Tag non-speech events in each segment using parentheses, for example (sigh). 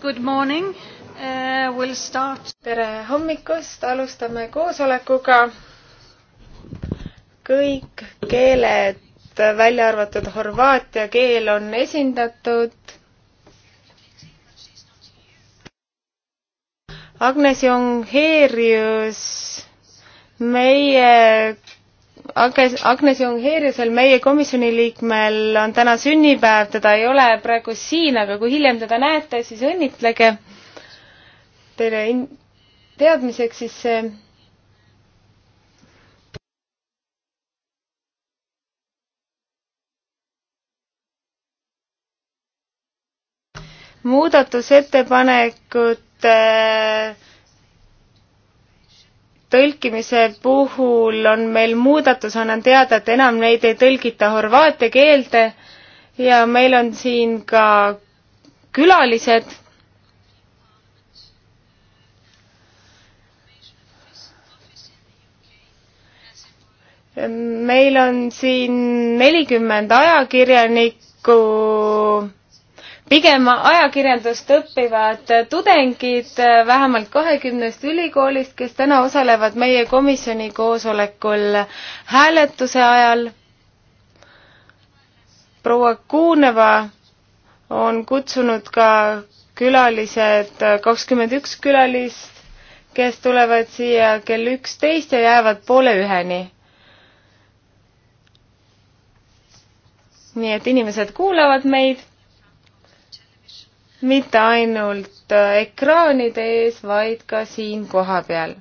Good morning uh,, we'll start. tere hommikust, alustame koosolekuga. kõik keeled, välja arvatud horvaatia keel, on esindatud. Agnes Jongheerius, meie Agnes, Agnes Jong-Heerisel, meie komisjoni liikmel on täna sünnipäev, teda ei ole praegu siin, aga kui hiljem teda näete, siis õnnitlege. Teile in-, teadmiseks siis see muudatusettepanekute äh, tõlkimise puhul on meil muudatus, annan teada, et enam neid ei tõlgita horvaatia keelde ja meil on siin ka külalised. meil on siin nelikümmend ajakirjanikku pigem ajakirjandust õppivad tudengid äh, vähemalt kahekümnest ülikoolist, kes täna osalevad meie komisjoni koosolekul hääletuse ajal. proua Kuuneva on kutsunud ka külalised, äh, kakskümmend üks külalist, kes tulevad siia kell üksteist ja jäävad poole üheni nii et inimesed kuulavad meid mitte ainult äh, ekraanide ees, vaid ka siin kohapeal.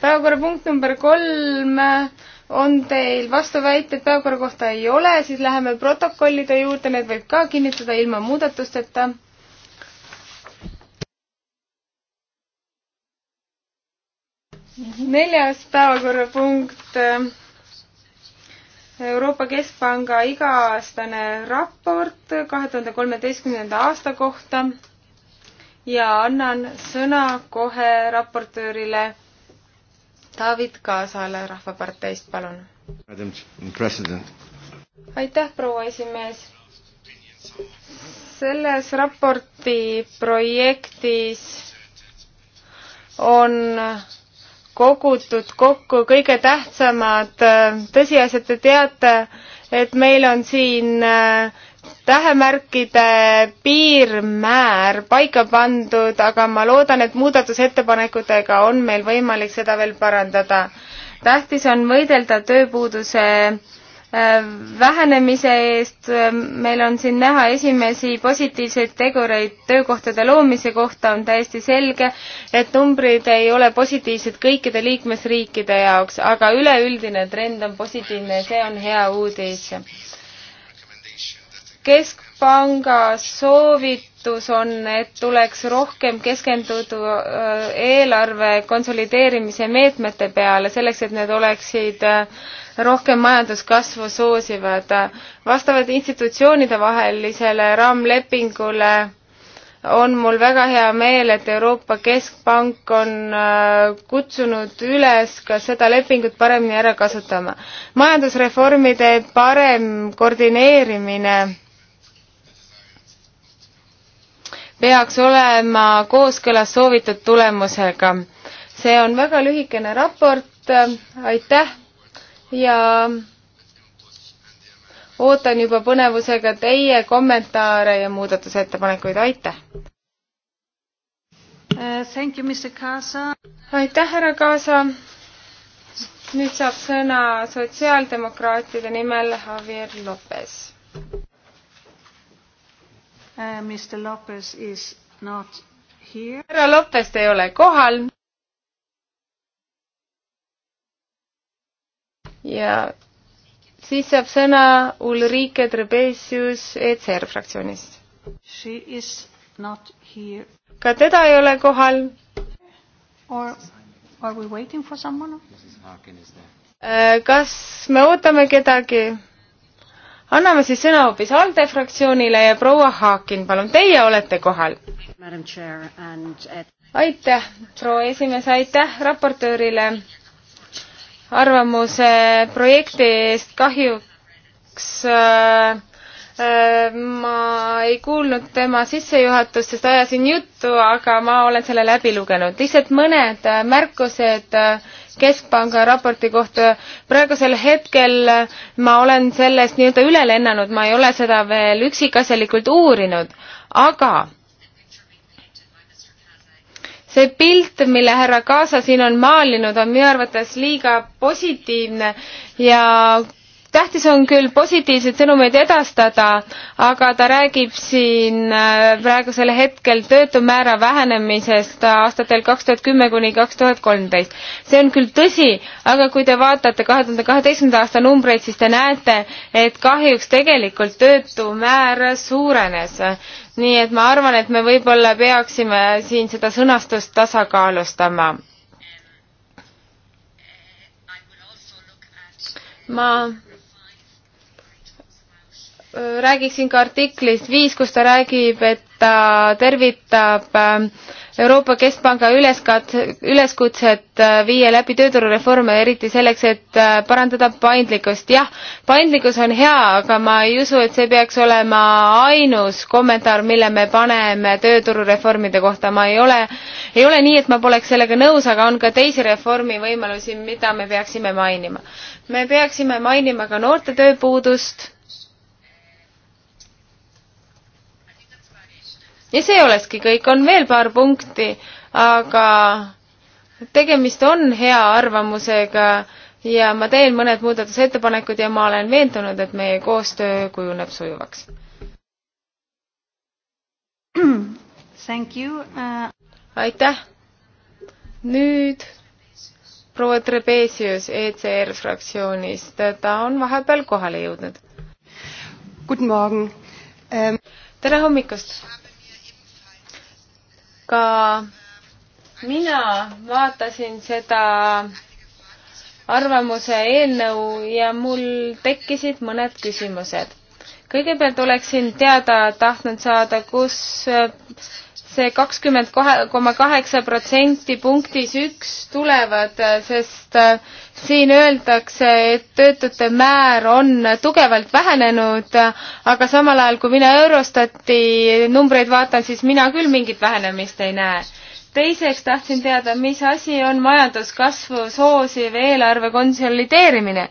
päevakorrapunkt number kolm äh, on teil vastuväited päevakorra kohta ei ole, siis läheme protokollide juurde, need võib ka kinnitada ilma muudatusteta. neljas päevakorrapunkt äh, Euroopa Keskpanga iga-aastane raport kahe tuhande kolmeteistkümnenda aasta kohta ja annan sõna kohe raportöörile David Kaasale Rahvaparteist, palun. aitäh, proua esimees. selles raporti projektis on kogutud kokku kõige tähtsamad äh, tõsiasjad, te teate, et meil on siin äh, tähemärkide piirmäär paika pandud, aga ma loodan, et muudatusettepanekutega on meil võimalik seda veel parandada. tähtis on võidelda tööpuuduse Äh, vähenemise eest. Äh, meil on siin näha esimesi positiivseid tegureid töökohtade loomise kohta, on täiesti selge, et numbrid ei ole positiivsed kõikide liikmesriikide jaoks, aga üleüldine trend on positiivne ja see on hea uudis. keskpanga soovitus on, et tuleks rohkem keskenduda äh, eelarve konsolideerimise meetmete peale, selleks et need oleksid äh, rohkem majanduskasvu soosivad. vastavalt institutsioonide vahelisele raamlepingule on mul väga hea meel, et Euroopa Keskpank on äh, kutsunud üles ka seda lepingut paremini ära kasutama. majandusreformide parem koordineerimine peaks olema kooskõlas soovitud tulemusega. see on väga lühikene raport, aitäh ja ootan juba põnevusega teie kommentaare ja muudatusettepanekuid, aitäh! Uh, thank you, Mr Kaasa! aitäh, härra Kaasa! nüüd saab sõna sotsiaaldemokraatide nimel Javier Lopez uh,. Mr Lopez is not here. härra Lopez ei ole kohal ja siis saab sõna Ulrike Trebesius ECR fraktsioonist. ka teda ei ole kohal. Äh, kas me ootame kedagi? anname siis sõna hoopis ALDE fraktsioonile ja proua Haakin, palun, teie olete kohal. aitäh, proua esimees, aitäh raportöörile arvamuse projekti eest, kahjuks äh, äh, ma ei kuulnud tema sissejuhatust, sest ajasin juttu, aga ma olen selle läbi lugenud. lihtsalt mõned äh, märkused äh, Keskpanga raporti kohta. praegusel hetkel äh, ma olen sellest nii-öelda üle lennanud, ma ei ole seda veel üksikasjalikult uurinud, aga see pilt, mille härra Kaasa siin on maalinud, on minu arvates liiga positiivne ja tähtis on küll positiivseid sõnumeid edastada, aga ta räägib siin äh, praegusel hetkel töötumäära vähenemisest aastatel kaks tuhat kümme kuni kaks tuhat kolmteist. see on küll tõsi, aga kui te vaatate kahe tuhande kaheteistkümnenda aasta numbreid, siis te näete, et kahjuks tegelikult töötumäär suurenes nii et ma arvan, et me võib-olla peaksime siin seda sõnastust tasakaalustama. ma äh, räägiksin ka artiklist viis, kus ta räägib, et ta tervitab äh, Euroopa Keskpanga üleskat-, üleskutset äh, viia läbi tööturureforme, eriti selleks, et äh, parandada paindlikkust. jah, paindlikkus on hea, aga ma ei usu, et see peaks olema ainus kommentaar, mille me paneme tööturureformide kohta. ma ei ole, ei ole nii, et ma poleks sellega nõus, aga on ka teisi reformi võimalusi, mida me peaksime mainima. me peaksime mainima ka noorte tööpuudust ja see olekski kõik, on veel paar punkti, aga tegemist on hea arvamusega ja ma teen mõned muudatusettepanekud ja ma olen veendunud, et meie koostöö kujuneb sujuvaks. Thank you uh.... aitäh. nüüd proua Trebesius ECR fraktsioonist, ta on vahepeal kohale jõudnud. Guten Morgen um.... tere hommikust ka mina vaatasin seda arvamuse eelnõu ja mul tekkisid mõned küsimused. kõigepealt oleksin teada tahtnud saada, kus see kakskümmend kahe koma kaheksa protsenti punktis üks tulevad, sest äh, siin öeldakse, et töötute määr on tugevalt vähenenud, aga samal ajal, kui mina Eurostati numbreid vaatan, siis mina küll mingit vähenemist ei näe. teiseks tahtsin teada, mis asi on majanduskasvu soosiv eelarve konsolideerimine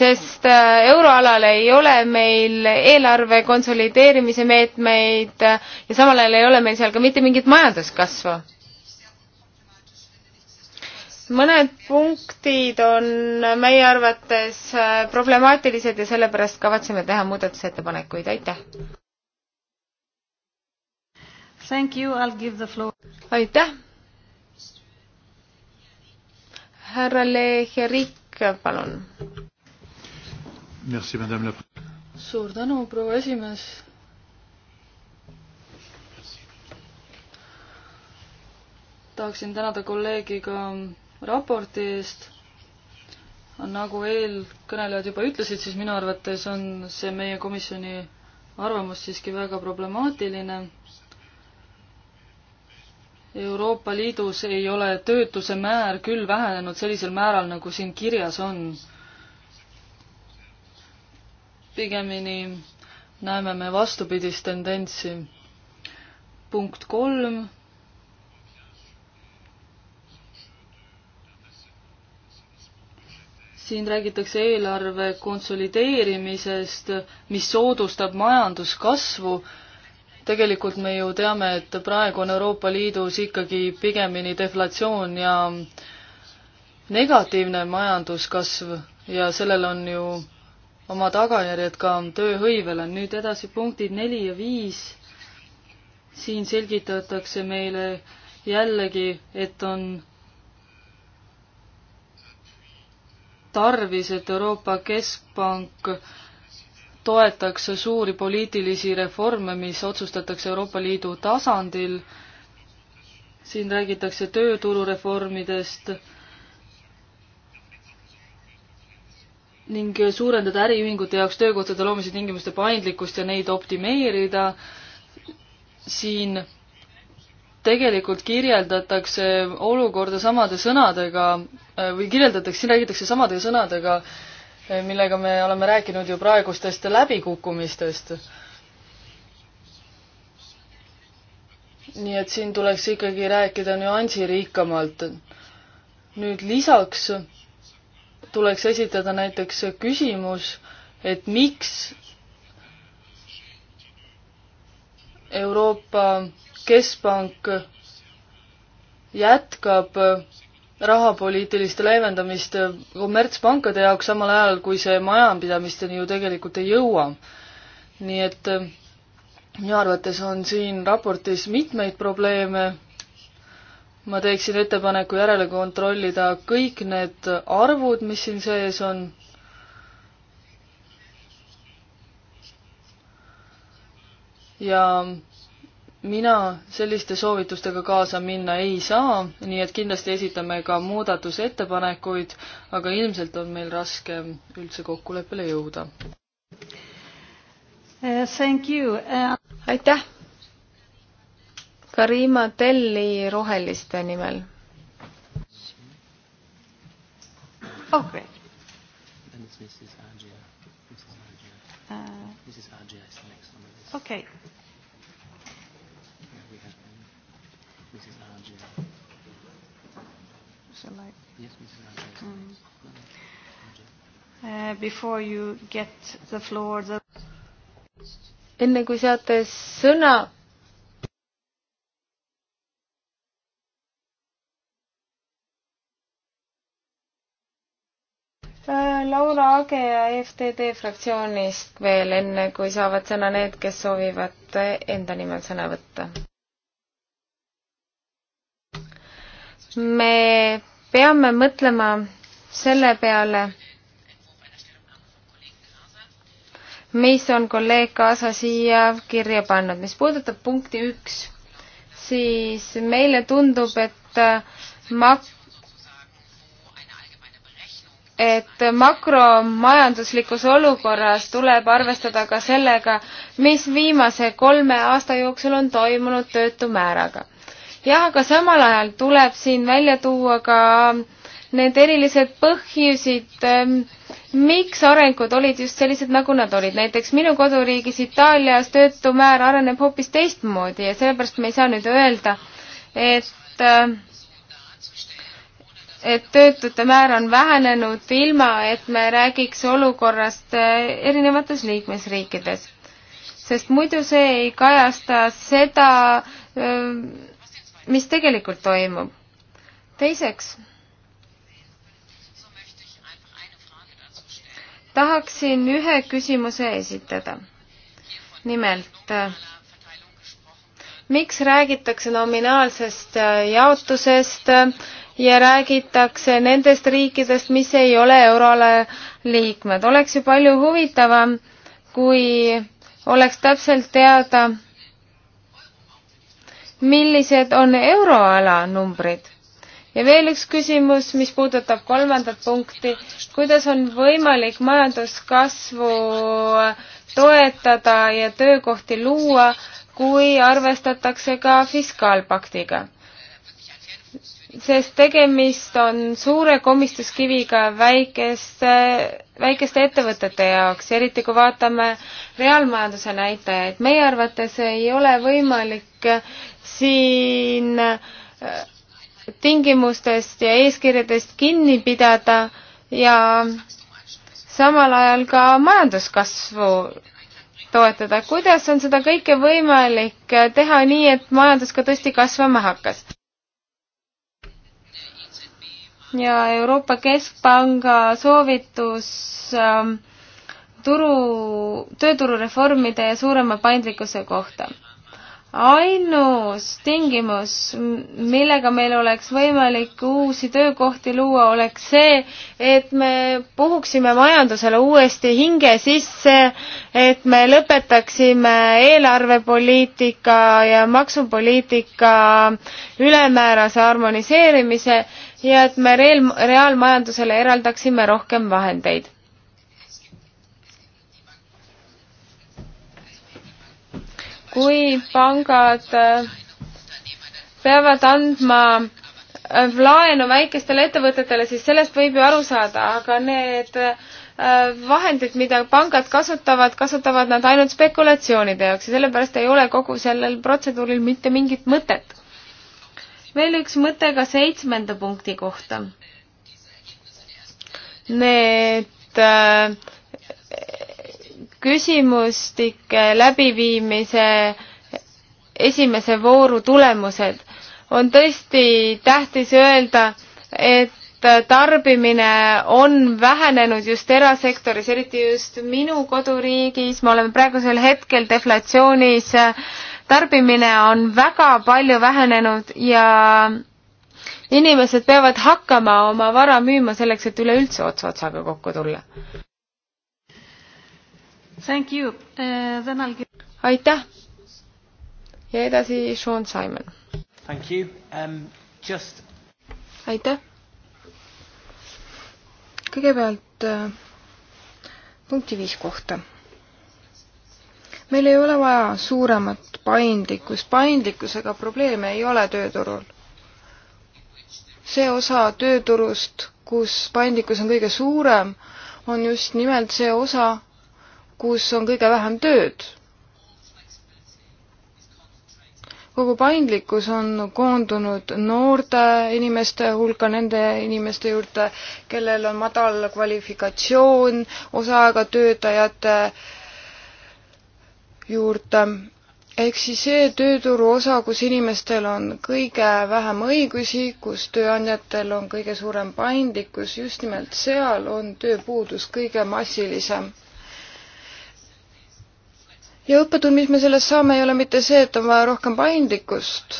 sest äh, euroalal ei ole meil eelarve konsolideerimise meetmeid äh, ja samal ajal ei ole meil seal ka mitte mingit majanduskasvu. mõned punktid on meie arvates äh, problemaatilised ja sellepärast kavatseme teha muudatusettepanekuid, aitäh! aitäh! härra Leherik, palun! suur tänu, proua esimees. tahaksin tänada kolleegi ka raporti eest. nagu eelkõnelejad juba ütlesid, siis minu arvates on see meie komisjoni arvamus siiski väga problemaatiline Euroopa Liidus ei ole töötuse määr küll vähenenud sellisel määral, nagu siin kirjas on pigemini näeme me vastupidist tendentsi. punkt kolm. siin räägitakse eelarve konsolideerimisest, mis soodustab majanduskasvu. tegelikult me ju teame, et praegu on Euroopa Liidus ikkagi pigemini deflatsioon ja negatiivne majanduskasv ja sellel on ju oma tagajärjed ka tööhõivele. nüüd edasi punktid neli ja viis. siin selgitatakse meile jällegi, et on tarvis, et Euroopa Keskpank toetaks suuri poliitilisi reforme, mis otsustatakse Euroopa Liidu tasandil. siin räägitakse tööturureformidest ning suurendada äriühingute jaoks töökohtade loomise tingimuste paindlikkust ja neid optimeerida. siin tegelikult kirjeldatakse olukorda samade sõnadega äh, või kirjeldatakse, siin räägitakse samade sõnadega, äh, millega me oleme rääkinud ju praegustest läbikukkumistest. nii et siin tuleks ikkagi rääkida nüansirikkamalt. nüüd lisaks tuleks esitada näiteks küsimus, et miks Euroopa Keskpank jätkab rahapoliitilist leevendamist kommertspankade jaoks, samal ajal kui see majapidamisteni ju tegelikult ei jõua. nii et minu arvates on siin raportis mitmeid probleeme ma teeksin ettepaneku järele kontrollida kõik need arvud, mis siin sees on. ja mina selliste soovitustega kaasa minna ei saa, nii et kindlasti esitame ka muudatusettepanekuid, aga ilmselt on meil raske üldse kokkuleppele jõuda. Uh, thank you. Uh, aitäh Karima Telli Roheliste nimel. oh, great. And it's Mrs. Agia. Mrs. Agia. Uh, Mrs. Agia is the next on the list. Okay. Yeah, we have um, Mrs. Agia. Shall I? Yes, Mrs. Agia is mm. the next. Mm. No, no. Uh, before you get the floor the enne kui saate sõna, Äh, Laura Age ja EFTD fraktsioonist veel enne, kui saavad sõna need, kes soovivad äh, enda nimel sõna võtta. me peame mõtlema selle peale, mis on kolleeg kaasa siia kirja pannud. mis puudutab punkti üks, siis meile tundub, et äh, mak-, et makromajanduslikus olukorras tuleb arvestada ka sellega, mis viimase kolme aasta jooksul on toimunud töötumääraga. jah, aga samal ajal tuleb siin välja tuua ka need erilised põhjusid, ähm, miks arengud olid just sellised, nagu nad olid. näiteks minu koduriigis Itaalias töötumäär areneb hoopis teistmoodi ja sellepärast me ei saa nüüd öelda, et äh, et töötute määr on vähenenud, ilma et me räägiks olukorrast äh, erinevates liikmesriikides. sest muidu see ei kajasta seda, äh, mis tegelikult toimub. teiseks tahaksin ühe küsimuse esitada. nimelt, äh, miks räägitakse nominaalsest jaotusest äh, ja räägitakse nendest riikidest, mis ei ole euroala liikmed. oleks ju palju huvitavam, kui oleks täpselt teada, millised on euroala numbrid. ja veel üks küsimus, mis puudutab kolmandat punkti. kuidas on võimalik majanduskasvu toetada ja töökohti luua, kui arvestatakse ka fiskaalpaktiga? sest tegemist on suure komistuskiviga väikeste, väikeste ettevõtete jaoks, eriti kui vaatame reaalmajanduse näitajaid. meie arvates ei ole võimalik siin äh, tingimustest ja eeskirjadest kinni pidada ja samal ajal ka majanduskasvu toetada. kuidas on seda kõike võimalik teha nii, et majandus ka tõesti kasvama hakkas? ja Euroopa Keskpanga soovitus ähm, turu, tööturureformide ja suurema paindlikkuse kohta. ainus tingimus, millega meil oleks võimalik uusi töökohti luua, oleks see, et me puhuksime majandusele uuesti hinge sisse, et me lõpetaksime eelarvepoliitika ja maksupoliitika ülemäärase harmoniseerimise ja et me reel, reaalmajandusele eraldaksime rohkem vahendeid. kui pangad äh, peavad andma äh, laenu väikestele ettevõtetele, siis sellest võib ju aru saada, aga need äh, vahendid, mida pangad kasutavad, kasutavad nad ainult spekulatsioonide jaoks ja sellepärast ei ole kogu sellel protseduuril mitte mingit mõtet veel üks mõte ka seitsmenda punkti kohta. Need äh, küsimustike läbiviimise esimese vooru tulemused on tõesti tähtis öelda, et tarbimine on vähenenud just erasektoris, eriti just minu koduriigis, me oleme praegusel hetkel deflatsioonis tarbimine on väga palju vähenenud ja inimesed peavad hakkama oma vara müüma selleks, et üleüldse ots otsaga kokku tulla. Uh, aitäh! ja edasi Sean Simon. Um, just... aitäh! kõigepealt äh, punkti viis kohta meil ei ole vaja suuremat paindlikkust, paindlikkusega probleeme ei ole tööturul. see osa tööturust, kus paindlikkus on kõige suurem, on just nimelt see osa, kus on kõige vähem tööd. kogu paindlikkus on koondunud noorte inimeste hulka, nende inimeste juurde, kellel on madal kvalifikatsioon, osaaega töötajate äh, juurde, ehk siis see tööturu osa, kus inimestel on kõige vähem õigusi, kus tööandjatel on kõige suurem paindlikkus, just nimelt seal on tööpuudus kõige massilisem. ja õppetund, mis me sellest saame, ei ole mitte see, et on vaja rohkem paindlikkust,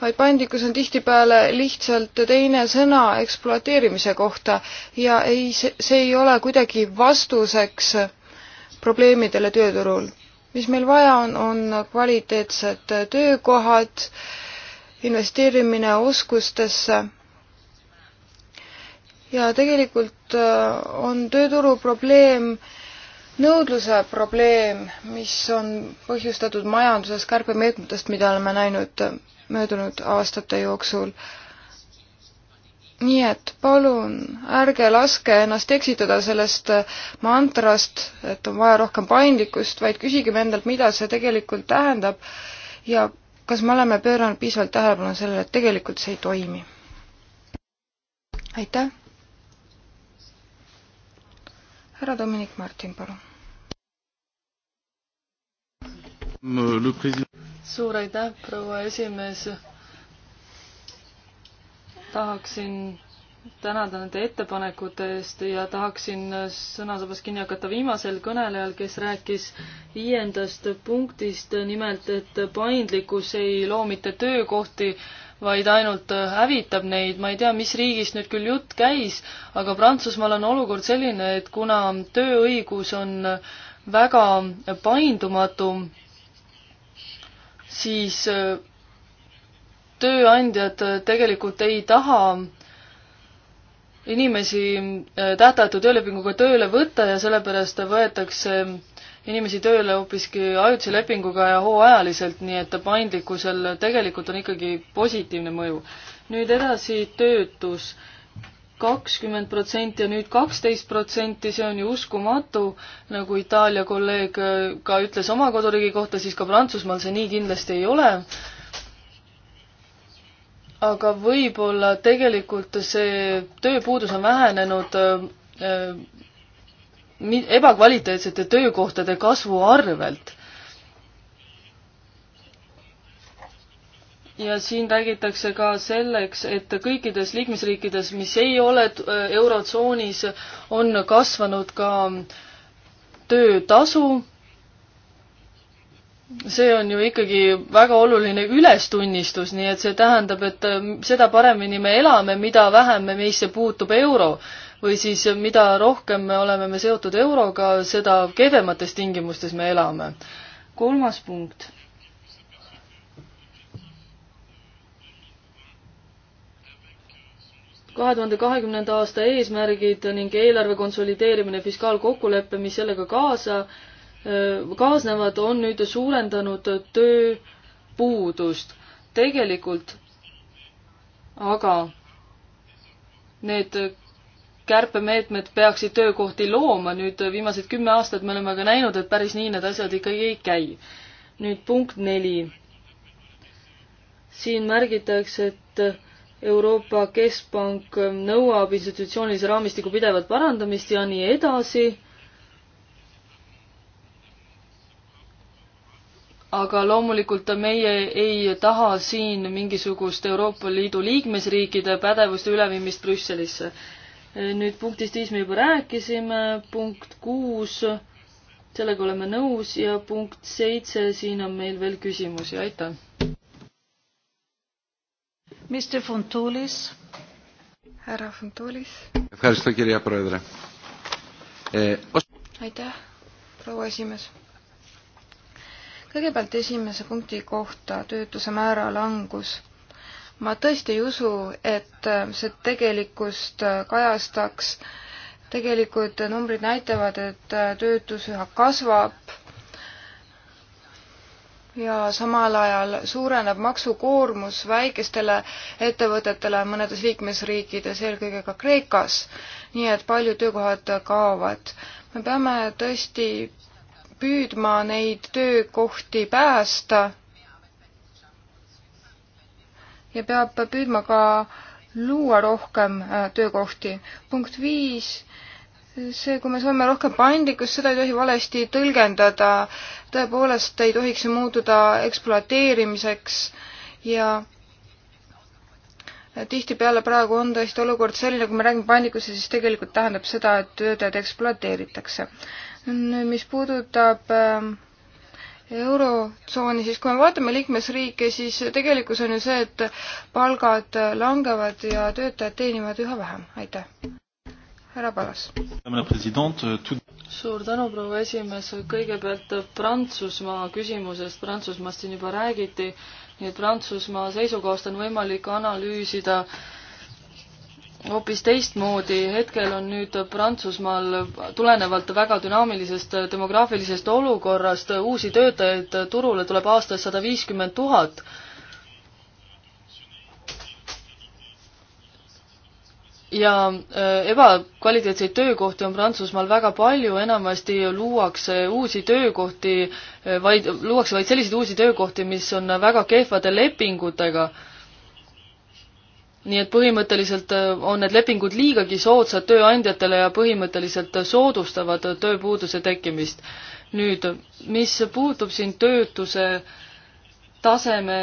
vaid paindlikkus on tihtipeale lihtsalt teine sõna ekspluateerimise kohta ja ei, see ei ole kuidagi vastuseks probleemidele tööturul. mis meil vaja on, on kvaliteetsed töökohad, investeerimine oskustesse ja tegelikult äh, on tööturu probleem nõudluse probleem, mis on põhjustatud majanduses kärpemeetmetest, mida oleme näinud möödunud aastate jooksul nii et palun ärge laske ennast eksitada sellest mantrast, et on vaja rohkem paindlikkust, vaid küsigem endalt, mida see tegelikult tähendab ja kas me oleme pööranud piisavalt tähelepanu sellele, et tegelikult see ei toimi. aitäh. härra Dominik Martin, palun. Mm, suur aitäh, proua esimees tahaksin tänada nende ettepanekute eest ja tahaksin sõnasabas kinni hakata viimasel kõnelejal, kes rääkis viiendast punktist, nimelt et paindlikkus ei loo mitte töökohti, vaid ainult hävitab neid, ma ei tea, mis riigist nüüd küll jutt käis, aga Prantsusmaal on olukord selline, et kuna tööõigus on väga paindumatu, siis tööandjad äh, tegelikult ei taha inimesi äh, tähtajatu töölepinguga tööle võtta ja sellepärast võetakse inimesi tööle hoopiski ajutise lepinguga ja hooajaliselt, nii et paindlikkusel tegelikult on ikkagi positiivne mõju. nüüd edasi töötus kakskümmend protsenti ja nüüd kaksteist protsenti, see on ju uskumatu, nagu Itaalia kolleeg ka ütles oma koduriigi kohta, siis ka Prantsusmaal see nii kindlasti ei ole aga võib-olla tegelikult see tööpuudus on vähenenud äh, äh, ebakvaliteetsete töökohtade kasvu arvelt. ja siin räägitakse ka selleks, et kõikides liikmesriikides, mis ei ole äh, eurotsoonis, on kasvanud ka töötasu see on ju ikkagi väga oluline ülestunnistus, nii et see tähendab, et äh, seda paremini me elame, mida vähem me meisse puutub euro. või siis äh, mida rohkem me oleme me seotud euroga, seda kehvemates tingimustes me elame. kolmas punkt. kahe tuhande kahekümnenda aasta eesmärgid ning eelarve konsolideerimine, fiskaalkokkulepe, mis sellega kaasa äh, kaasnevad, on nüüd suurendanud tööpuudust. tegelikult aga need kärpemeetmed peaksid töökohti looma, nüüd viimased kümme aastat me oleme ka näinud, et päris nii need asjad ikkagi ei käi. nüüd punkt neli. siin märgitakse, et Euroopa Keskpank nõuab institutsioonilise raamistiku pidevat parandamist ja nii edasi aga loomulikult meie ei taha siin mingisugust Euroopa Liidu liikmesriikide pädevuste üleviimist Brüsselisse. nüüd punktist viis me juba rääkisime, punkt kuus, sellega oleme nõus ja punkt seitse, siin on meil veel küsimusi, aitäh. Mr Fontoulis. härra Fontoulis. aitäh, proua esimees kõigepealt esimese punkti kohta töötuse määra langus. ma tõesti ei usu, et see tegelikkust kajastaks. tegelikult numbrid näitavad, et töötus üha kasvab ja samal ajal suureneb maksukoormus väikestele ettevõtetele mõnedes liikmesriikides, eelkõige ka Kreekas, nii et paljud töökohad kaovad. me peame tõesti püüdma neid töökohti päästa ja peab püüdma ka luua rohkem äh, töökohti. punkt viis, see, kui me saame rohkem paindlikkust, seda ei tohi valesti tõlgendada. tõepoolest ei tohiks see muutuda ekspluateerimiseks ja tihtipeale praegu on tõesti olukord selline, kui me räägime paindlikkusest, siis tegelikult tähendab seda, et töötajad ekspluateeritakse nüüd, mis puudutab ähm, eurotsooni, siis kui me vaatame liikmesriike, siis tegelikkus on ju see, et palgad langevad ja töötajad teenivad üha vähem. aitäh! härra Palas. Euh, suur tänu, proua esimees, kõigepealt äh, Prantsusmaa küsimusest, Prantsusmaast siin juba räägiti, nii et Prantsusmaa seisukohast on võimalik analüüsida äh, hoopis teistmoodi, hetkel on nüüd Prantsusmaal tulenevalt väga dünaamilisest demograafilisest olukorrast uusi töötajaid turule tuleb aastas sada viiskümmend tuhat. ja äh, ebakvaliteetseid töökohti on Prantsusmaal väga palju, enamasti luuakse uusi töökohti, äh, vaid, luuakse vaid selliseid uusi töökohti, mis on väga kehvade lepingutega nii et põhimõtteliselt äh, on need lepingud liigagi soodsad tööandjatele ja põhimõtteliselt äh, soodustavad äh, tööpuuduse tekkimist. nüüd, mis puutub siin töötuse taseme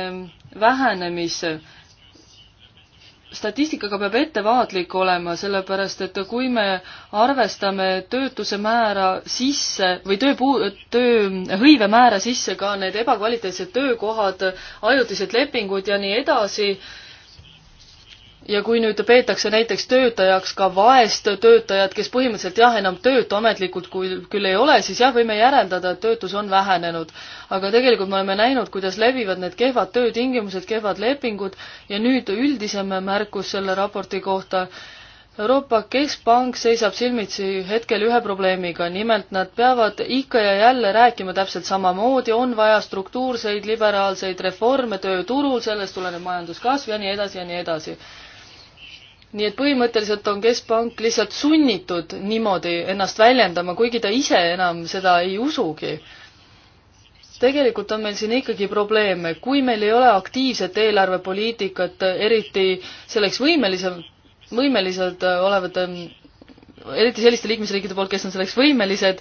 vähenemisse, statistikaga peab ettevaatlik olema, sellepärast et kui me arvestame töötuse määra sisse või tööpuu-, tööhõive määra sisse ka need ebakvaliteetsed töökohad, ajutised lepingud ja nii edasi, ja kui nüüd peetakse näiteks töötajaks ka vaest töötajat, kes põhimõtteliselt jah, enam töötu ametlikult kui, küll ei ole, siis jah, võime järeldada, et töötus on vähenenud. aga tegelikult me oleme näinud, kuidas levivad need kehvad töötingimused, kehvad lepingud ja nüüd üldisem märkus selle raporti kohta. Euroopa Keskpank seisab silmitsi hetkel ühe probleemiga, nimelt nad peavad ikka ja jälle rääkima täpselt samamoodi, on vaja struktuurseid liberaalseid reforme tööturul, sellest tuleneb majanduskasv ja nii edasi ja nii edasi nii et põhimõtteliselt on keskpank lihtsalt sunnitud niimoodi ennast väljendama, kuigi ta ise enam seda ei usugi. tegelikult on meil siin ikkagi probleeme, kui meil ei ole aktiivset eelarvepoliitikat, eriti selleks võimelise, võimelised olevad, eriti selliste liikmesriikide poolt, kes on selleks võimelised,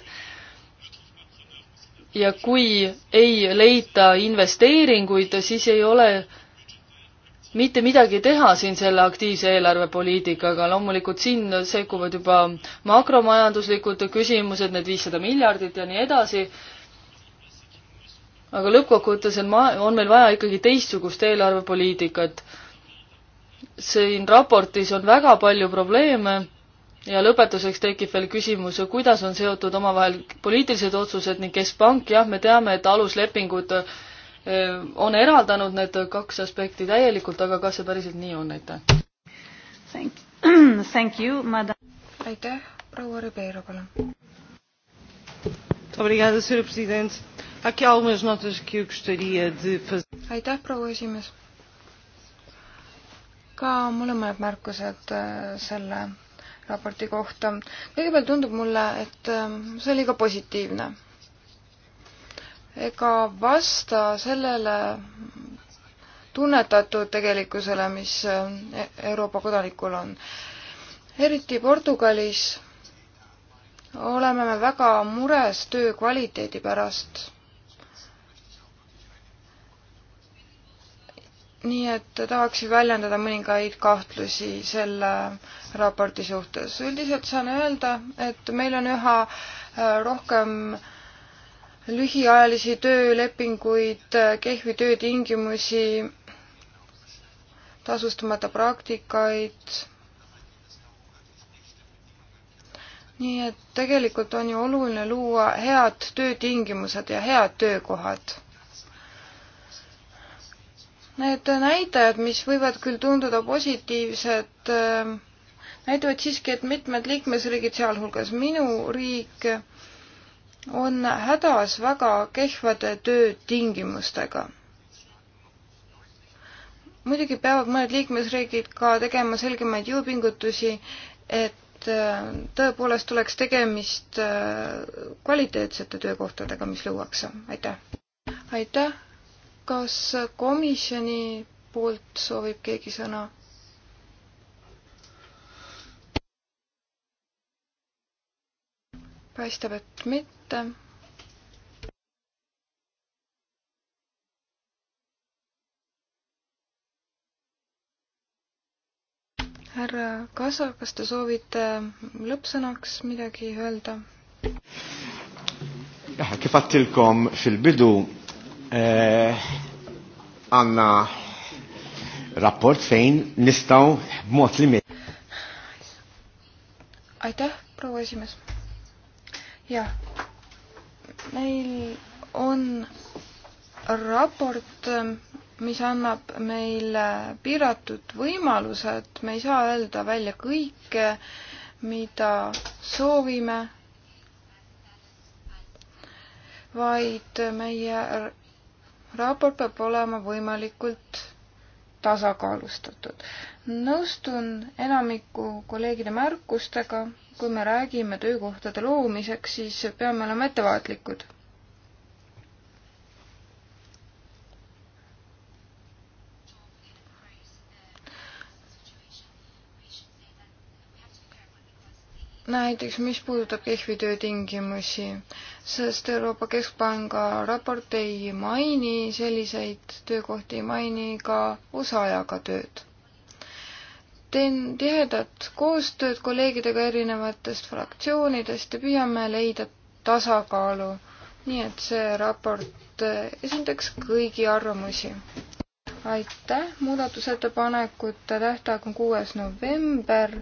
ja kui ei leita investeeringuid, siis ei ole mitte midagi teha siin selle aktiivse eelarvepoliitikaga, loomulikult siin sekkuvad juba makromajanduslikud küsimused, need viissada miljardit ja nii edasi, aga lõppkokkuvõttes on ma-, on meil vaja ikkagi teistsugust eelarvepoliitikat. siin raportis on väga palju probleeme ja lõpetuseks tekib veel küsimus, kuidas on seotud omavahel poliitilised otsused ning keskpank, jah, me teame, et aluslepingud on eraldanud need kaks aspekti täielikult, aga kas see päriselt nii on, aitäh! Thank, (clears throat) thank you, madam. aitäh, proua Ribeiro, palun. aitäh, proua esimees. ka mul on mõned märkused äh, selle raporti kohta. kõigepealt tundub mulle, et äh, see oli ka positiivne ega vasta sellele tunnetatud tegelikkusele, mis eh, Euroopa kodanikul on. eriti Portugalis oleme me väga mures töö kvaliteedi pärast. nii et tahaksin väljendada mõningaid kahtlusi selle raporti suhtes. üldiselt saan öelda, et meil on üha eh, rohkem äh, lühiajalisi töölepinguid, kehvi töötingimusi, tasustamata praktikaid. nii et tegelikult on ju oluline luua head töötingimused ja head töökohad. Need näitajad, mis võivad küll tunduda positiivsed, näitavad siiski, et mitmed liikmesriigid, sealhulgas minu riik, on hädas väga kehvade töötingimustega. muidugi peavad mõned liikmesriigid ka tegema selgemaid jõupingutusi, et äh, tõepoolest oleks tegemist äh, kvaliteetsete töökohtadega, mis luuakse. aitäh! aitäh! kas komisjoni poolt soovib keegi sõna? paistab, et mitte. härra Kasa, kas te soovite lõppsõnaks midagi öelda? jah, kifatilkom fil-bidu għanna eh, rapport fejn nistaw b'mod li Aitäh, proua esimees jah, meil on raport, ähm, mis annab meile piiratud võimalused, me ei saa öelda välja kõike, mida soovime, vaid meie raport peab olema võimalikult tasakaalustatud. nõustun enamiku kolleegide märkustega kui me räägime töökohtade loomiseks, siis peame olema ettevaatlikud. näiteks mis puudutab kehvi töötingimusi, sest Euroopa Keskpanga raport ei maini selliseid töökohti, ei maini ka osaajaga tööd teen tihedat koostööd kolleegidega erinevatest fraktsioonidest ja püüame leida tasakaalu, nii et see raport eh, esindaks kõigi arvamusi. aitäh, muudatusettepanekute tähtaeg on kuues november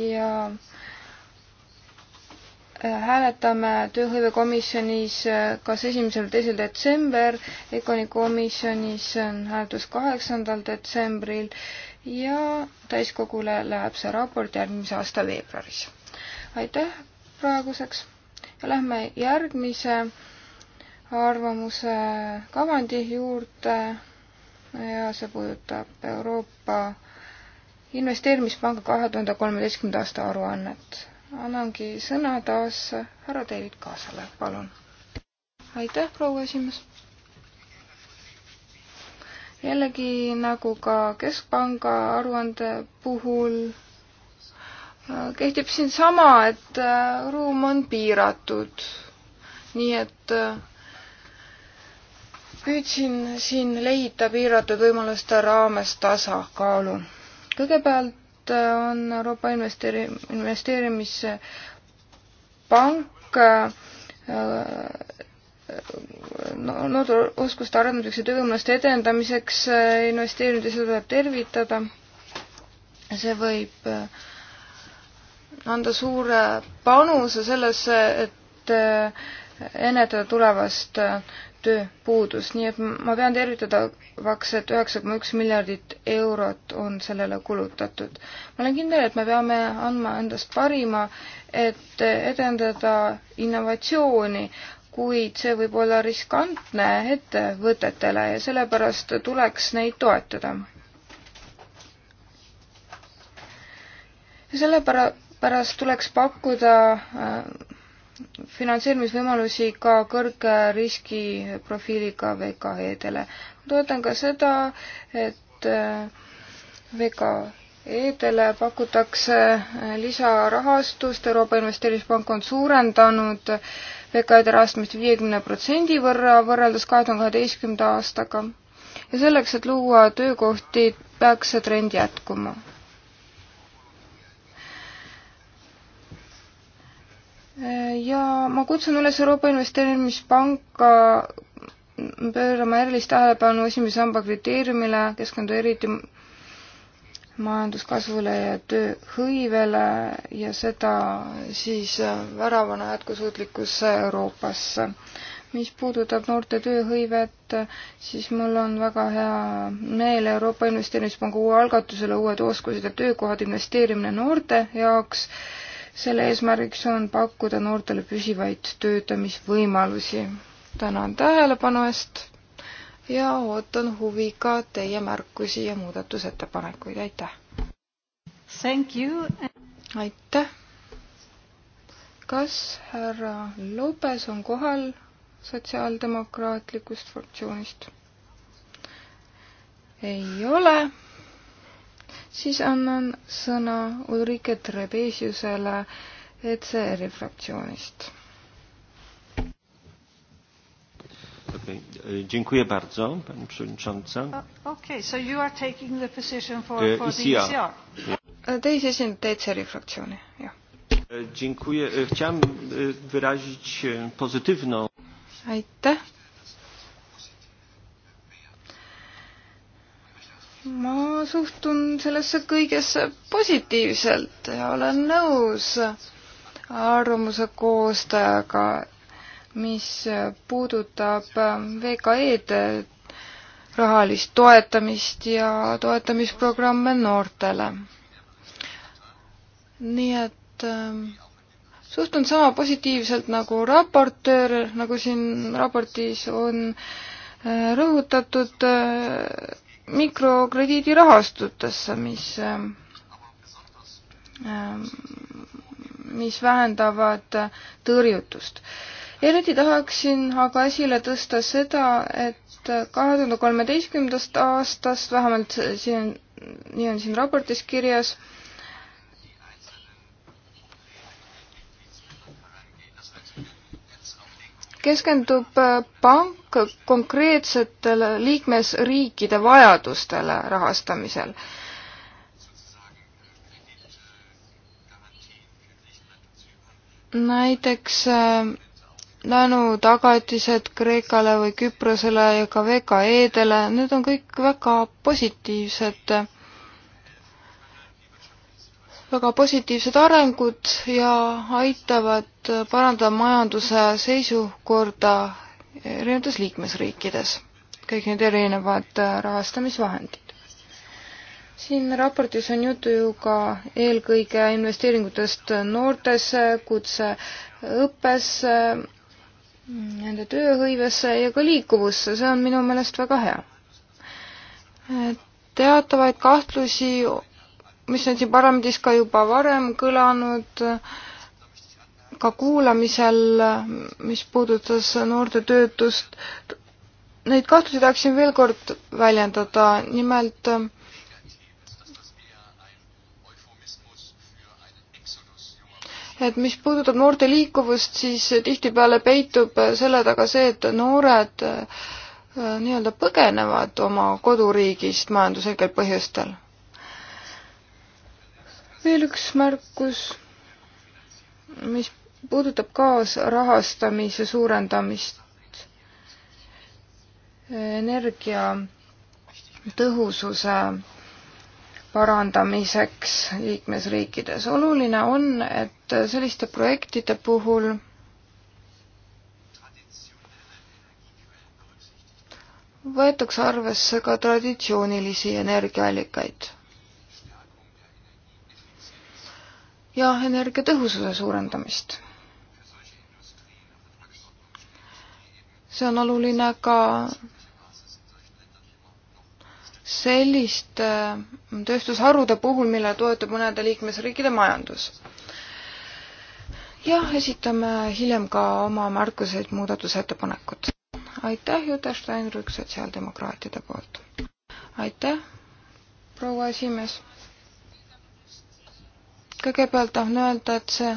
ja eh, hääletame tööhõivekomisjonis eh, kas esimesel või teisel detsember, EKONi komisjonis on hääletus kaheksandal detsembril ja täiskogule läheb see raport järgmise aasta veebruaris. aitäh praeguseks ja lähme järgmise arvamuse kavandi juurde ja see puudutab Euroopa investeerimispanga kahe tuhande kolmeteistkümnenda aasta aruannet. annangi sõna taas härra David Kaasale, palun. aitäh, proua esimees jällegi nagu ka Keskpanga aruande puhul äh, kehtib siin sama, et äh, ruum on piiratud. nii et äh, püüdsin siin leida piiratud võimaluste raames tasakaalu. kõigepealt on Euroopa investeeri-, investeerimispank noorteoskuste arendamiseks ja töövõimaluste edendamiseks äh, investeerinud ja seda tuleb tervitada. see võib äh, anda suure panuse sellesse, et äh, ennetada tulevast tööpuudust, nii et ma pean tervitadavaks, et üheksa koma üks miljardit eurot on sellele kulutatud. ma olen kindel, et me peame andma endast parima, et edendada innovatsiooni kuid see võib olla riskantne ettevõtetele ja sellepärast tuleks neid toetada. ja sellepärast tuleks pakkuda äh, finantseerimisvõimalusi ka kõrge riskiprofiiliga VKE-dele. toetan ka seda, et äh, VKE-dele pakutakse äh, lisarahastust, Euroopa Investeerimispank on suurendanud äh, VKD rahastamist viiekümne protsendi võrra võrreldes kahe tuhande kaheteistkümnenda aastaga ja selleks, et luua töökohti, peaks see trend jätkuma. ja ma kutsun üles Euroopa Investeerimispanka pöörama erilist tähelepanu esimese samba kriteeriumile, keskenduda eriti majanduskasvule ja tööhõivele ja seda siis väravana jätkusuutlikkusse Euroopasse. mis puudutab noorte tööhõivet, siis mul on väga hea meel Euroopa Investeerimispanga uue algatusele Uued oskused ja töökohad investeerimine noorte jaoks. selle eesmärgiks on pakkuda noortele püsivaid töötamisvõimalusi. tänan tähelepanu eest ja ootan huviga teie märkusi ja muudatusettepanekuid, aitäh! Thank you! aitäh! kas härra Lopes on kohal sotsiaaldemokraatlikust fraktsioonist? ei ole. siis annan sõna Ulrike Trebesiusele ECR-i fraktsioonist Okay. E, dziękuję bardzo, Pani Przewodnicząca. Uh, okay, so you are taking the position for, uh, for ECR. the ECR. E yeah. Teie esindate ECR-i fraktsiooni, jah. Dziękuję. Chciałem wyrazić pozytywną... Aitäh. ma suhtun sellesse kõigesse positiivselt ja olen nõus arvamuse koostajaga, mis puudutab VKE-d rahalist toetamist ja toetamisprogramme noortele. nii et ähm, suhtun sama positiivselt nagu raportöör, nagu siin raportis on äh, rõhutatud äh, mikrokrediidirahastutesse, mis ähm, ähm, mis vähendavad tõrjutust eriti tahaksin aga esile tõsta seda, et kahe tuhande kolmeteistkümnendast aastast, vähemalt siin, nii on siin raportis kirjas, keskendub pank konkreetsetele liikmesriikide vajadustele rahastamisel näiteks äh, laenutagatised Kreekale või Küprosele ja ka VKE-dele, need on kõik väga positiivsed, väga positiivsed arengud ja aitavad parandada majanduse seisukorda erinevates liikmesriikides. kõik need erinevad äh, rahastamisvahendid. siin raportis on juttu ju ka eelkõige investeeringutest noortesse, kutseõppesse, nende tööhõivesse ja ka liikuvusse, see on minu meelest väga hea. teatavaid kahtlusi, mis on siin parlamendis ka juba varem kõlanud, ka kuulamisel, mis puudutas noorte töötust, neid kahtlusi tahaksin veel kord väljendada, nimelt et mis puudutab noorte liikuvust, siis tihtipeale peitub selle taga see, et noored äh, nii-öelda põgenevad oma koduriigist majanduslikel põhjustel. veel üks märkus, mis puudutab kaasrahastamise suurendamist energiatõhususe parandamiseks liikmesriikides. oluline on, et selliste projektide puhul võetakse arvesse ka traditsioonilisi energiaallikaid ja energiatõhususe suurendamist. see on oluline ka selliste äh, tööstusharude puhul, millele toetub mõnede liikmesriikide majandus. jah, esitame hiljem ka oma märkuseid, muudatusettepanekud. aitäh, Jüte Steinrück sotsiaaldemokraatide poolt. aitäh, proua esimees. kõigepealt tahan öelda, et see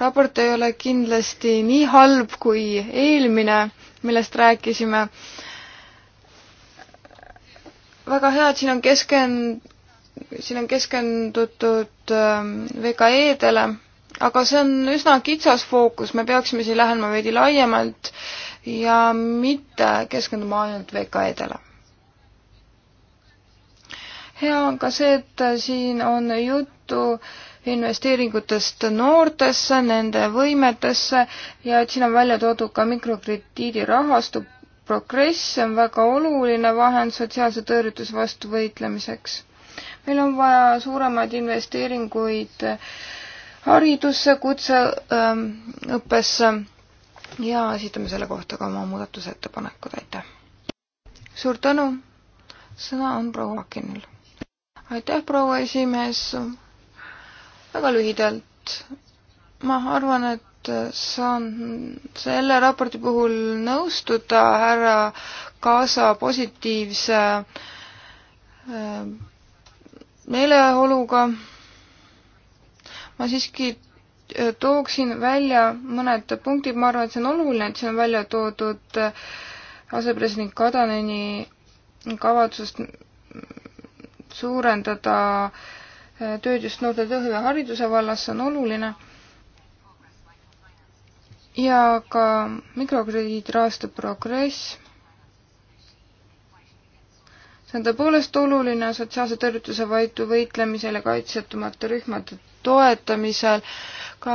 raport ei ole kindlasti nii halb kui eelmine, millest rääkisime väga hea, et siin on keskend-, siin on keskendutud ähm, VKE-dele, aga see on üsna kitsas fookus, me peaksime siin lähenema veidi laiemalt ja mitte keskenduma ainult VKE-dele. hea on ka see, et siin on juttu investeeringutest noortesse, nende võimetesse ja et siin on välja toodud ka mikrokrediidirahastu progress on väga oluline vahend sotsiaalse tõrjutuse vastu võitlemiseks. meil on vaja suuremaid investeeringuid haridusse, kutseõppesse ähm, ja esitame selle kohta ka oma muudatusettepanekud, aitäh! suur tänu! sõna on proua Akinil. aitäh, proua esimees! väga lühidalt, ma arvan, et saan selle raporti puhul nõustuda härra Kaasa positiivse äh, meeleoluga. ma siiski äh, tooksin välja mõned punktid, ma arvan, et see on oluline, et see on välja toodud äh, asepresident Kadaneni kavatsust suurendada tööd just noorte tööhõive hariduse vallas, see on oluline ja ka mikrokrediidi rahastu progress. see on tõepoolest oluline sotsiaalse tõrjutuse vaid võitlemisel ja kaitsetumate rühmade toetamisel. ka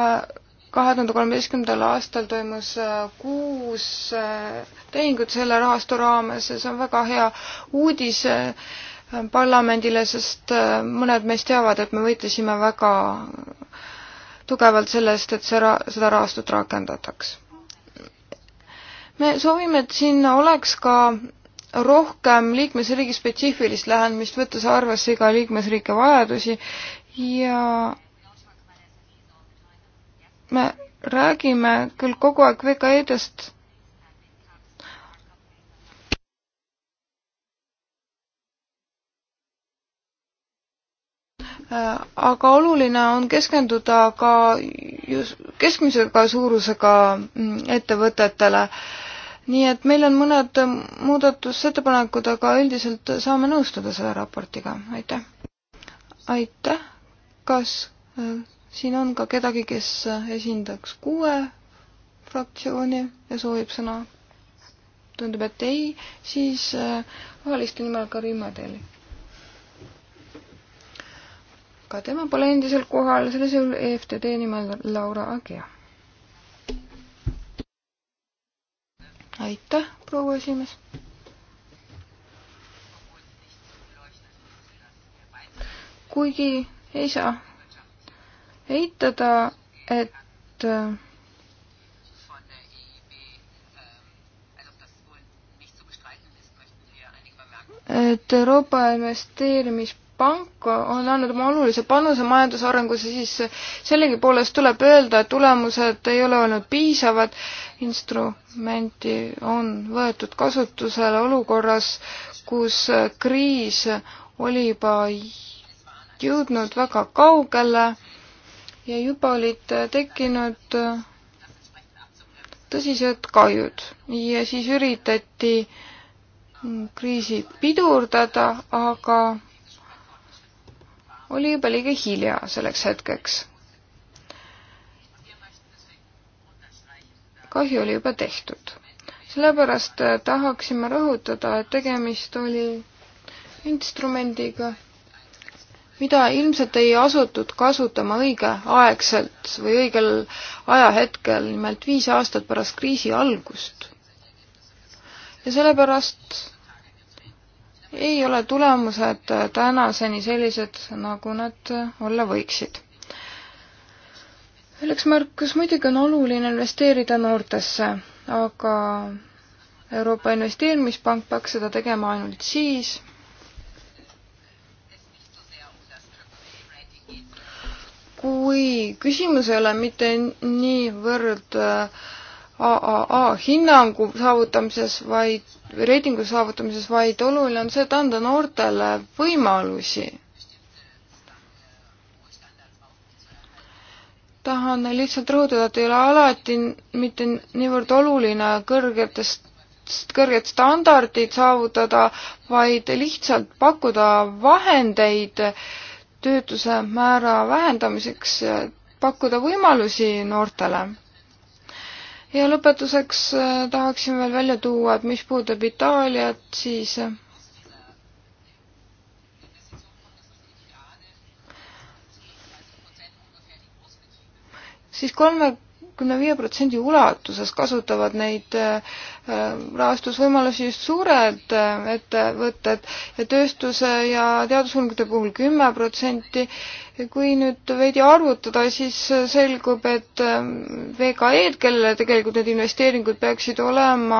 kahe tuhande kolmeteistkümnendal aastal toimus äh, kuus äh, tehingut selle rahastu raames ja see on väga hea uudis äh, parlamendile, sest mõned meist teavad, et me võitlesime väga tugevalt selle eest, et see ra-, seda rahastut rakendataks. me soovime, et siin oleks ka rohkem liikmesriigi spetsiifilist lähenemist, võttes arvesse iga liikmesriike vajadusi ja me räägime küll kogu aeg VKE-dest Äh, aga oluline on keskenduda ka just keskmisega suurusega mm, ettevõtetele. nii et meil on mõned muudatusettepanekud, aga üldiselt saame nõustuda selle raportiga, aitäh. aitäh, kas äh, siin on ka kedagi, kes esindaks kuue fraktsiooni ja soovib sõna? tundub, et ei, siis roheliste äh, nimel Karima Teli aga tema pole endiselt kohal, selles juhul EFTD nimel Laura Agia. aitäh, proua esimees. kuigi ei saa eitada, et et Euroopa investeerimis- pank on andnud oma olulise panuse majanduse arengusse, siis sellegipoolest tuleb öelda, et tulemused ei ole olnud piisavad. instrumenti on võetud kasutusele olukorras, kus kriis oli juba jõudnud väga kaugele ja juba olid tekkinud tõsised kahjud ja siis üritati kriisi pidurdada, aga oli juba liiga hilja selleks hetkeks. kahju oli juba tehtud. sellepärast äh, tahaksime rõhutada, et tegemist oli instrumendiga, mida ilmselt ei asutud kasutama õigeaegselt või õigel ajahetkel, nimelt viis aastat pärast kriisi algust. ja sellepärast ei ole tulemused tänaseni sellised, nagu nad olla võiksid. veel üks märkus, muidugi on oluline investeerida noortesse, aga Euroopa Investeerimispank peaks seda tegema ainult siis, kui küsimus ei ole mitte niivõrd äh, AAA hinnangu saavutamises, vaid, reitingu saavutamises, vaid oluline on see, et anda noortele võimalusi. tahan lihtsalt rõhutada, et ei ole alati mitte niivõrd oluline kõrgetest, kõrged standardid saavutada, vaid lihtsalt pakkuda vahendeid töötuse määra vähendamiseks, pakkuda võimalusi noortele ja lõpetuseks äh, tahaksin veel välja tuua, et mis puudutab Itaaliat, siis äh, siis kolme kuuekümne viie protsendi ulatuses kasutavad neid äh, rahastusvõimalusi just suured äh, ettevõtted ja tööstuse ja teadusuuringute puhul kümme protsenti. kui nüüd veidi arvutada, siis selgub, et äh, VKE-d, kellele tegelikult need investeeringud peaksid olema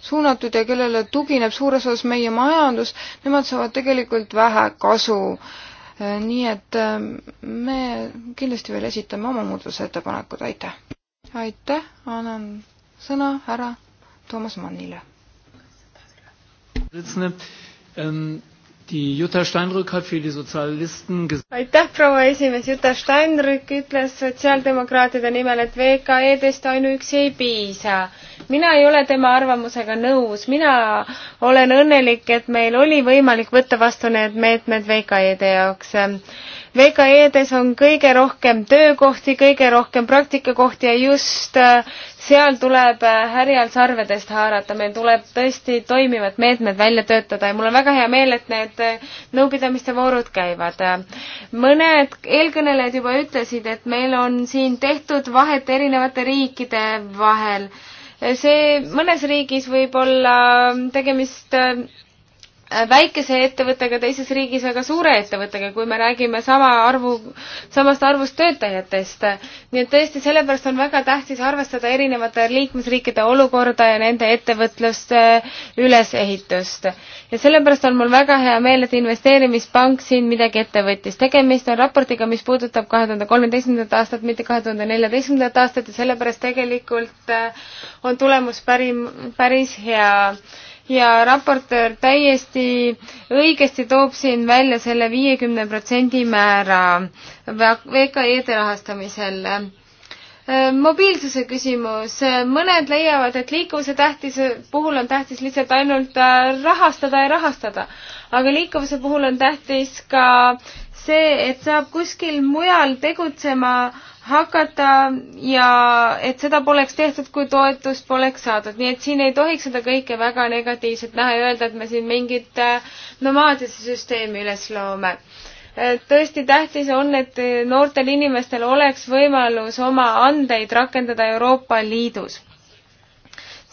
suunatud ja kellele tugineb suures osas meie majandus, nemad saavad tegelikult vähe kasu nii et me kindlasti veel esitame oma muudatusettepanekud, aitäh! aitäh, annan sõna härra Toomas Mannile. Ähm, aitäh, proua esimees, Juta Steinrück ütles sotsiaaldemokraatide nimel, et VKE-dest ainuüksi ei piisa mina ei ole tema arvamusega nõus, mina olen õnnelik, et meil oli võimalik võtta vastu need meetmed VKE-de jaoks. VKE-des on kõige rohkem töökohti, kõige rohkem praktikakohti ja just äh, seal tuleb äh, härjal sarvedest haarata, meil tuleb tõesti toimivad meetmed välja töötada ja mul on väga hea meel, et need äh, nõupidamiste voorud käivad. mõned eelkõnelejad juba ütlesid, et meil on siin tehtud vahet erinevate riikide vahel see mõnes riigis võib olla tegemist Äh, väikese ettevõttega teises riigis, aga suure ettevõttega, kui me räägime sama arvu, samast arvust töötajatest. nii et tõesti, sellepärast on väga tähtis arvestada erinevate liikmesriikide olukorda ja nende ettevõtluste ülesehitust. ja sellepärast on mul väga hea meel, et investeerimispank siin midagi ette võttis. tegemist on raportiga, mis puudutab kahe tuhande kolmeteistkümnendat aastat, mitte kahe tuhande neljateistkümnendat aastat ja sellepärast tegelikult äh, on tulemus pärim, päris hea ja raportöör täiesti õigesti toob siin välja selle viiekümne protsendi määra VKE-de rahastamisel mobiilsuse küsimus, mõned leiavad, et liikuvuse tähtis, puhul on tähtis lihtsalt ainult äh, rahastada ja rahastada, aga liikuvuse puhul on tähtis ka see, et saab kuskil mujal tegutsema hakata ja et seda poleks tehtud, kui toetust poleks saadud, nii et siin ei tohiks seda kõike väga negatiivselt näha ja öelda, et me siin mingit äh, nomaadilise süsteemi üles loome. tõesti tähtis on, et noortel inimestel oleks võimalus oma andeid rakendada Euroopa Liidus.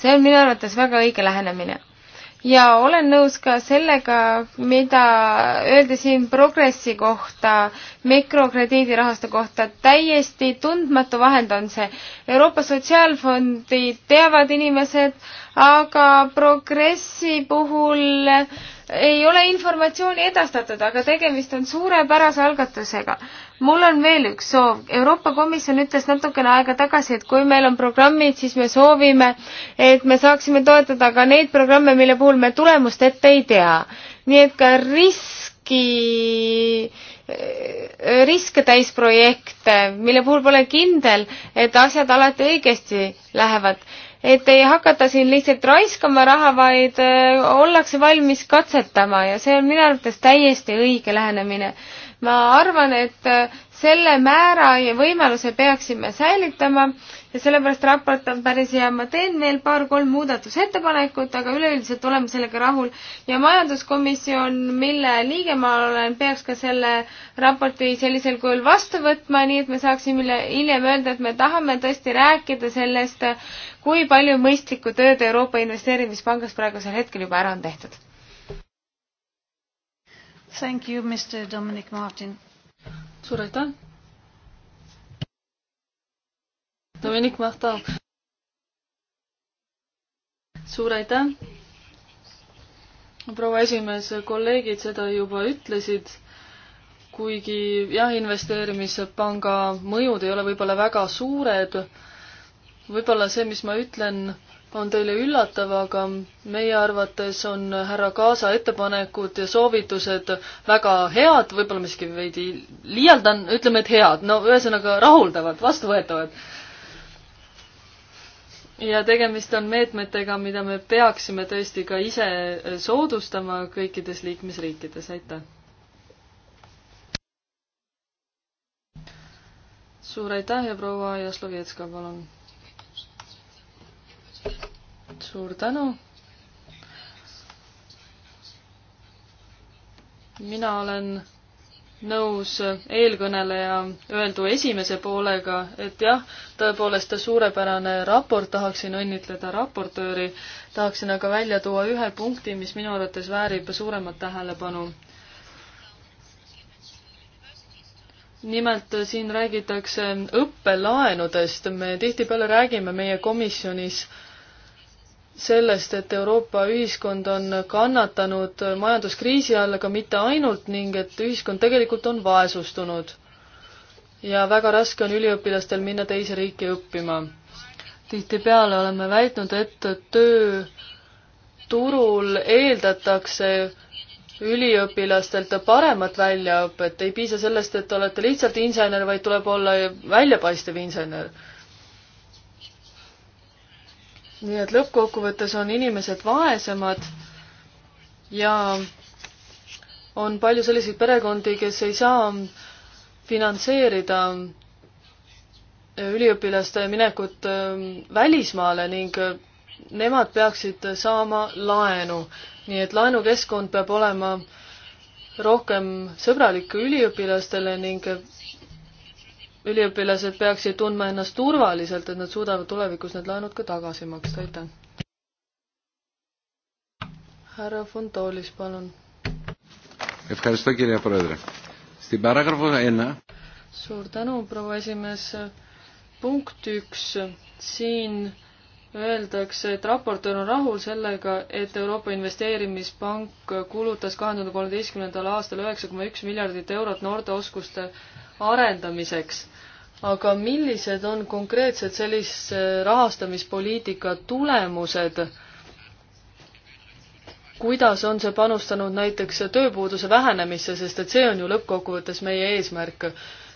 see on minu arvates väga õige lähenemine ja olen nõus ka sellega, mida öeldi siin progressi kohta, mikrokrediidirahastu kohta, täiesti tundmatu vahend on see. Euroopa Sotsiaalfondi teavad inimesed, aga progressi puhul ei ole informatsiooni edastatud, aga tegemist on suurepärase algatusega mul on veel üks soov. Euroopa Komisjon ütles natukene aega tagasi, et kui meil on programmid, siis me soovime, et me saaksime toetada ka neid programme, mille puhul me tulemust ette ei tea. nii et ka riski eh, riske täis projekte, mille puhul pole kindel, et asjad alati õigesti lähevad. et ei hakata siin lihtsalt raiskama raha, vaid eh, ollakse valmis katsetama ja see on minu arvates täiesti õige lähenemine ma arvan, et äh, selle määra ja võimaluse peaksime säilitama ja sellepärast raport on päris hea. ma teen veel paar-kolm muudatusettepanekut, aga üleüldiselt oleme sellega rahul ja majanduskomisjon, mille liige ma olen, peaks ka selle raporti sellisel kujul vastu võtma, nii et me saaksime hiljem öelda, et me tahame tõesti rääkida sellest, kui palju mõistlikku tööd Euroopa Investeerimispangas praegusel hetkel juba ära on tehtud Thank you, Mr Dominic Martin. suur aitäh. Dominic Martin. suur aitäh. proua esimees, kolleegid seda juba ütlesid kuigi jah, investeerimispanga mõjud ei ole võib-olla väga suured, võib-olla see, mis ma ütlen, on teile üllatav, aga meie arvates on härra Kaasa ettepanekud ja soovitused väga head, võib-olla ma isegi veidi liialdan, ütleme, et head, no ühesõnaga rahuldavad, vastuvõetavad. ja tegemist on meetmetega, mida me peaksime tõesti ka ise soodustama kõikides liikmesriikides, aitäh. suur aitäh ja proua Jaslovetska, palun suur tänu. mina olen nõus eelkõneleja öeldu esimese poolega, et jah, tõepoolest suurepärane raport, tahaksin õnnitleda raportööri, tahaksin aga välja tuua ühe punkti, mis minu arvates väärib suuremat tähelepanu. nimelt siin räägitakse õppelaenudest, me tihtipeale räägime meie komisjonis äh, sellest, et Euroopa ühiskond on kannatanud majanduskriisi all, aga mitte ainult ning et ühiskond tegelikult on vaesustunud. ja väga raske on üliõpilastel minna teise riiki õppima. tihtipeale oleme väitnud, et tööturul eeldatakse üliõpilastelt paremat väljaõpet, ei piisa sellest, et olete lihtsalt insener, vaid tuleb olla väljapaistev insener nii et lõppkokkuvõttes on inimesed vaesemad ja on palju selliseid perekondi, kes ei saa finantseerida üliõpilaste minekut ähm, välismaale ning nemad peaksid saama laenu. nii et laenukeskkond peab olema rohkem sõbralik üliõpilastele ning üliõpilased peaksid tundma ennast turvaliselt, et nad suudavad tulevikus need laenud ka tagasi maksta, aitäh. härra Fontoolis, palun. suur tänu, proua esimees. punkt üks, siin öeldakse, et raportöör on rahul sellega, et Euroopa Investeerimispank kulutas kahe tuhande kolmeteistkümnendal aastal üheksa koma üks miljardit eurot noorte oskuste arendamiseks. aga millised on konkreetsed sellise eh, rahastamispoliitika tulemused? kuidas on see panustanud näiteks tööpuuduse vähenemisse, sest et see on ju lõppkokkuvõttes meie eesmärk.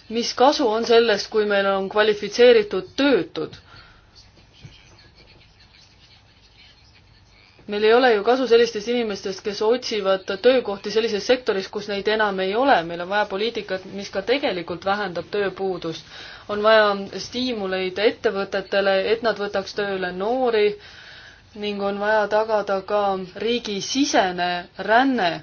mis kasu on sellest, kui meil on kvalifitseeritud töötud? meil ei ole ju kasu sellistest inimestest, kes otsivad töökohti sellises sektoris, kus neid enam ei ole, meil on vaja poliitikat, mis ka tegelikult vähendab tööpuudust. on vaja stiimuleid ettevõtetele, et nad võtaks tööle noori ning on vaja tagada ka riigisisene ränne.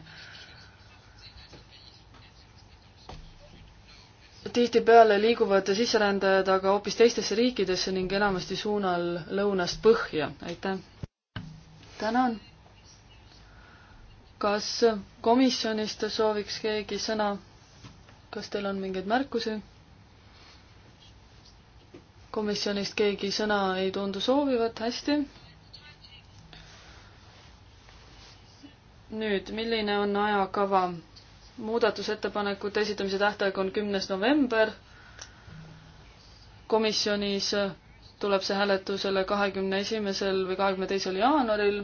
tihtipeale liiguvad sisserändajad aga hoopis teistesse riikidesse ning enamasti suunal lõunast põhja, aitäh tänan. kas komisjonist sooviks keegi sõna? kas teil on mingeid märkusi? komisjonist keegi sõna ei tundu soovivat, hästi. nüüd, milline on ajakava? muudatusettepanekute esitamise tähtaeg on kümnes november. komisjonis tuleb see hääletusele kahekümne esimesel või kahekümne teisel jaanuaril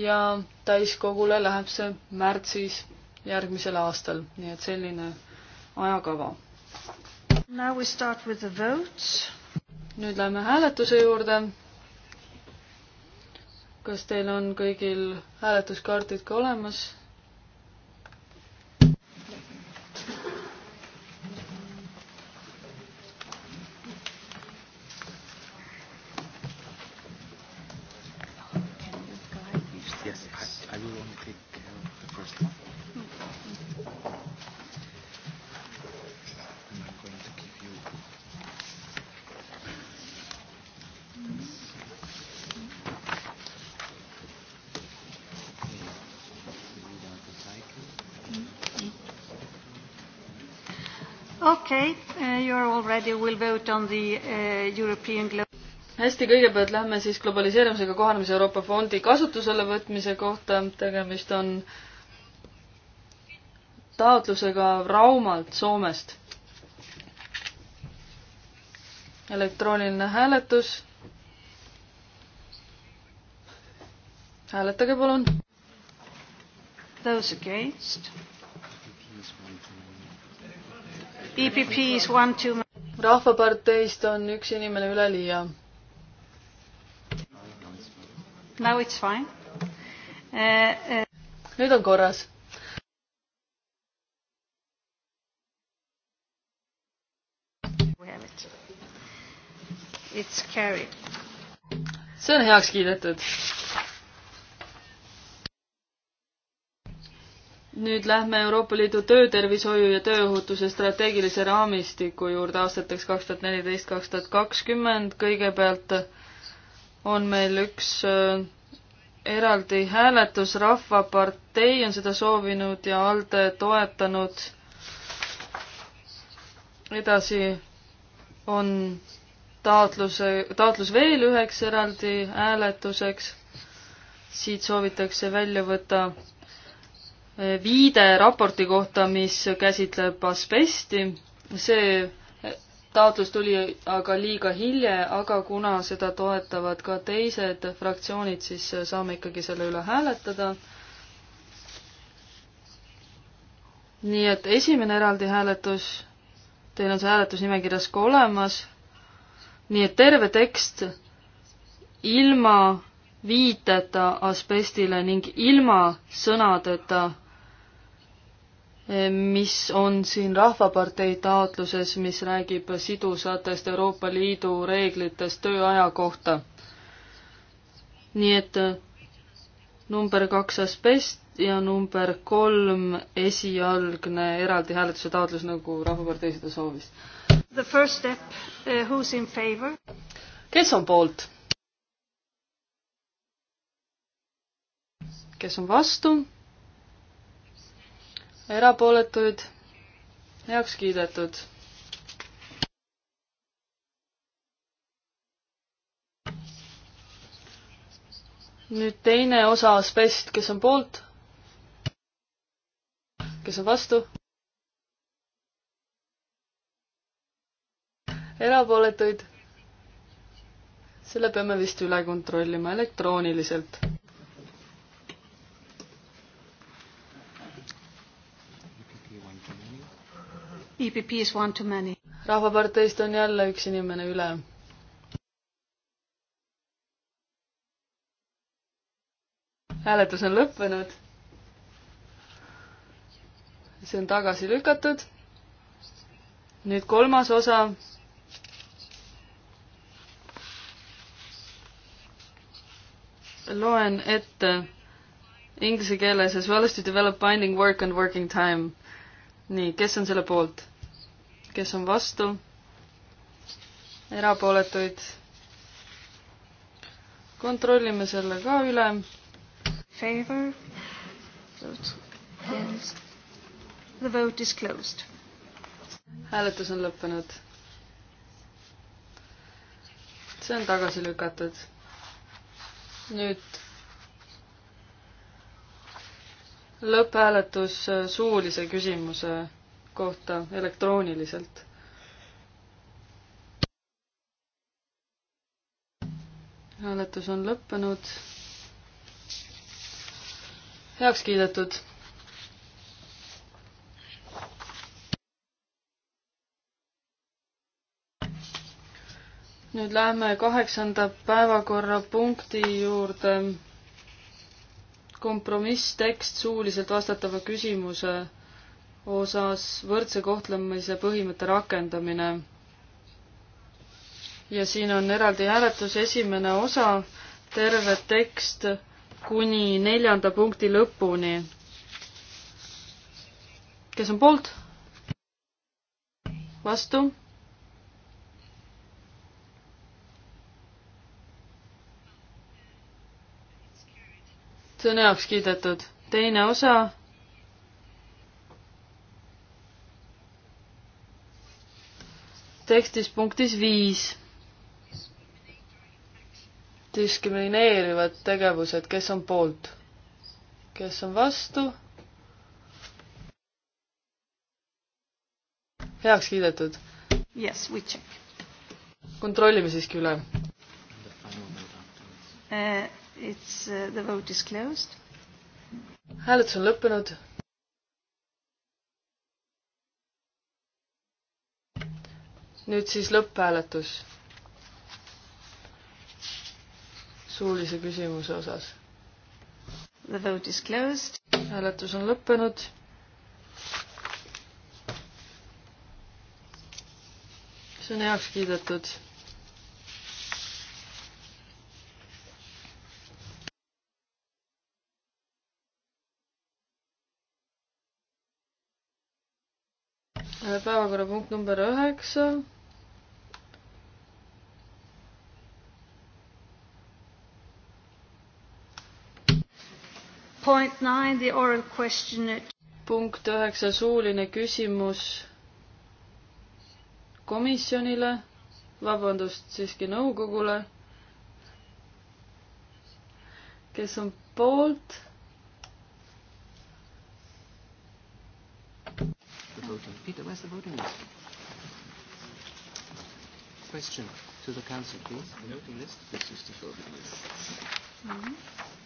ja täiskogule läheb see märtsis järgmisel aastal, nii et selline ajakava. nüüd läheme hääletuse juurde. kas teil on kõigil hääletuskaardid ka olemas? Friday we'll vote on the uh, European Glo- hästi, kõigepealt lähme siis globaliseerimisega kohanemise Euroopa Fondi kasutusele võtmise kohta. tegemist on taotlusega Raumalt Soomest. elektrooniline hääletus. hääletage palun. Those against. EPP is one too many rahvaparteist on üks inimene üleliia. Now it's fine uh,. Uh... nüüd on korras It's carried. see on heaks kiidetud. nüüd lähme Euroopa Liidu töötervishoiu ja tööohutuse strateegilise raamistiku juurde aastateks kaks tuhat neliteist, kaks tuhat kakskümmend. kõigepealt on meil üks äh, eraldi hääletus, Rahvapartei on seda soovinud ja ALDE toetanud. edasi on taotluse, taotlus veel üheks eraldi hääletuseks. siit soovitakse välja võtta viide raporti kohta, mis käsitleb asbesti, see taotlus tuli aga liiga hilja, aga kuna seda toetavad ka teised fraktsioonid, siis saame ikkagi selle üle hääletada. nii et esimene eraldi hääletus, teil on see hääletusnimekirjas ka olemas, nii et terve tekst ilma viiteta asbestile ning ilma sõnadeta mis on siin Rahvapartei taotluses, mis räägib sidusatest Euroopa Liidu reeglitest tööaja kohta. nii et äh, number kaks asbest ja number kolm esialgne eraldi hääletuse taotlus, nagu Rahvapartei seda soovis. The first step uh,, who is in favor? kes on poolt? kes on vastu? erapooletuid heaks kiidetud. nüüd teine osa asbest, kes on poolt? kes on vastu? erapooletuid? selle peame vist üle kontrollima elektrooniliselt EPP is one too many. rahvaparteist on jälle üks inimene üle. hääletus on lõppenud. see on tagasi lükatud. nüüd kolmas osa loen ette inglise keeles as well as to develop binding work and working time. nii, kes on selle poolt? kes on vastu, erapooletuid. kontrollime selle ka üle. Favor, vote against, the vote is closed. hääletus on lõppenud. see on tagasi lükatud. nüüd lõpphääletus suulise küsimuse kohta elektrooniliselt. hääletus on lõppenud. heaks kiidetud nüüd läheme kaheksanda päevakorrapunkti juurde. kompromisstekst suuliselt vastatava küsimuse osas võrdse kohtlemise põhimõtte rakendamine. ja siin on eraldi hääletus, esimene osa, terve tekst kuni neljanda punkti lõpuni. kes on poolt? vastu? see on heaks kiidetud. teine osa tekstis punktis viis. diskrimineerivad tegevused, kes on poolt, kes on vastu? heaks kiidetud. Yes, we check. kontrollime siiski üle. Uh, it's uh, the vote is closed. hääletus on lõppenud nüüd siis lõpphääletus suulise küsimuse osas. The vote is closed. hääletus on lõppenud. see on heaks kiidetud päevakorrapunkt number üheksa. Point nine, the oral question. punkt üheksa, suuline küsimus komisjonile, vabandust, siiski nõukogule. kes on poolt? Peter, where's the voting list? Question to the council, please. The voting list? This is the voting list. Mm -hmm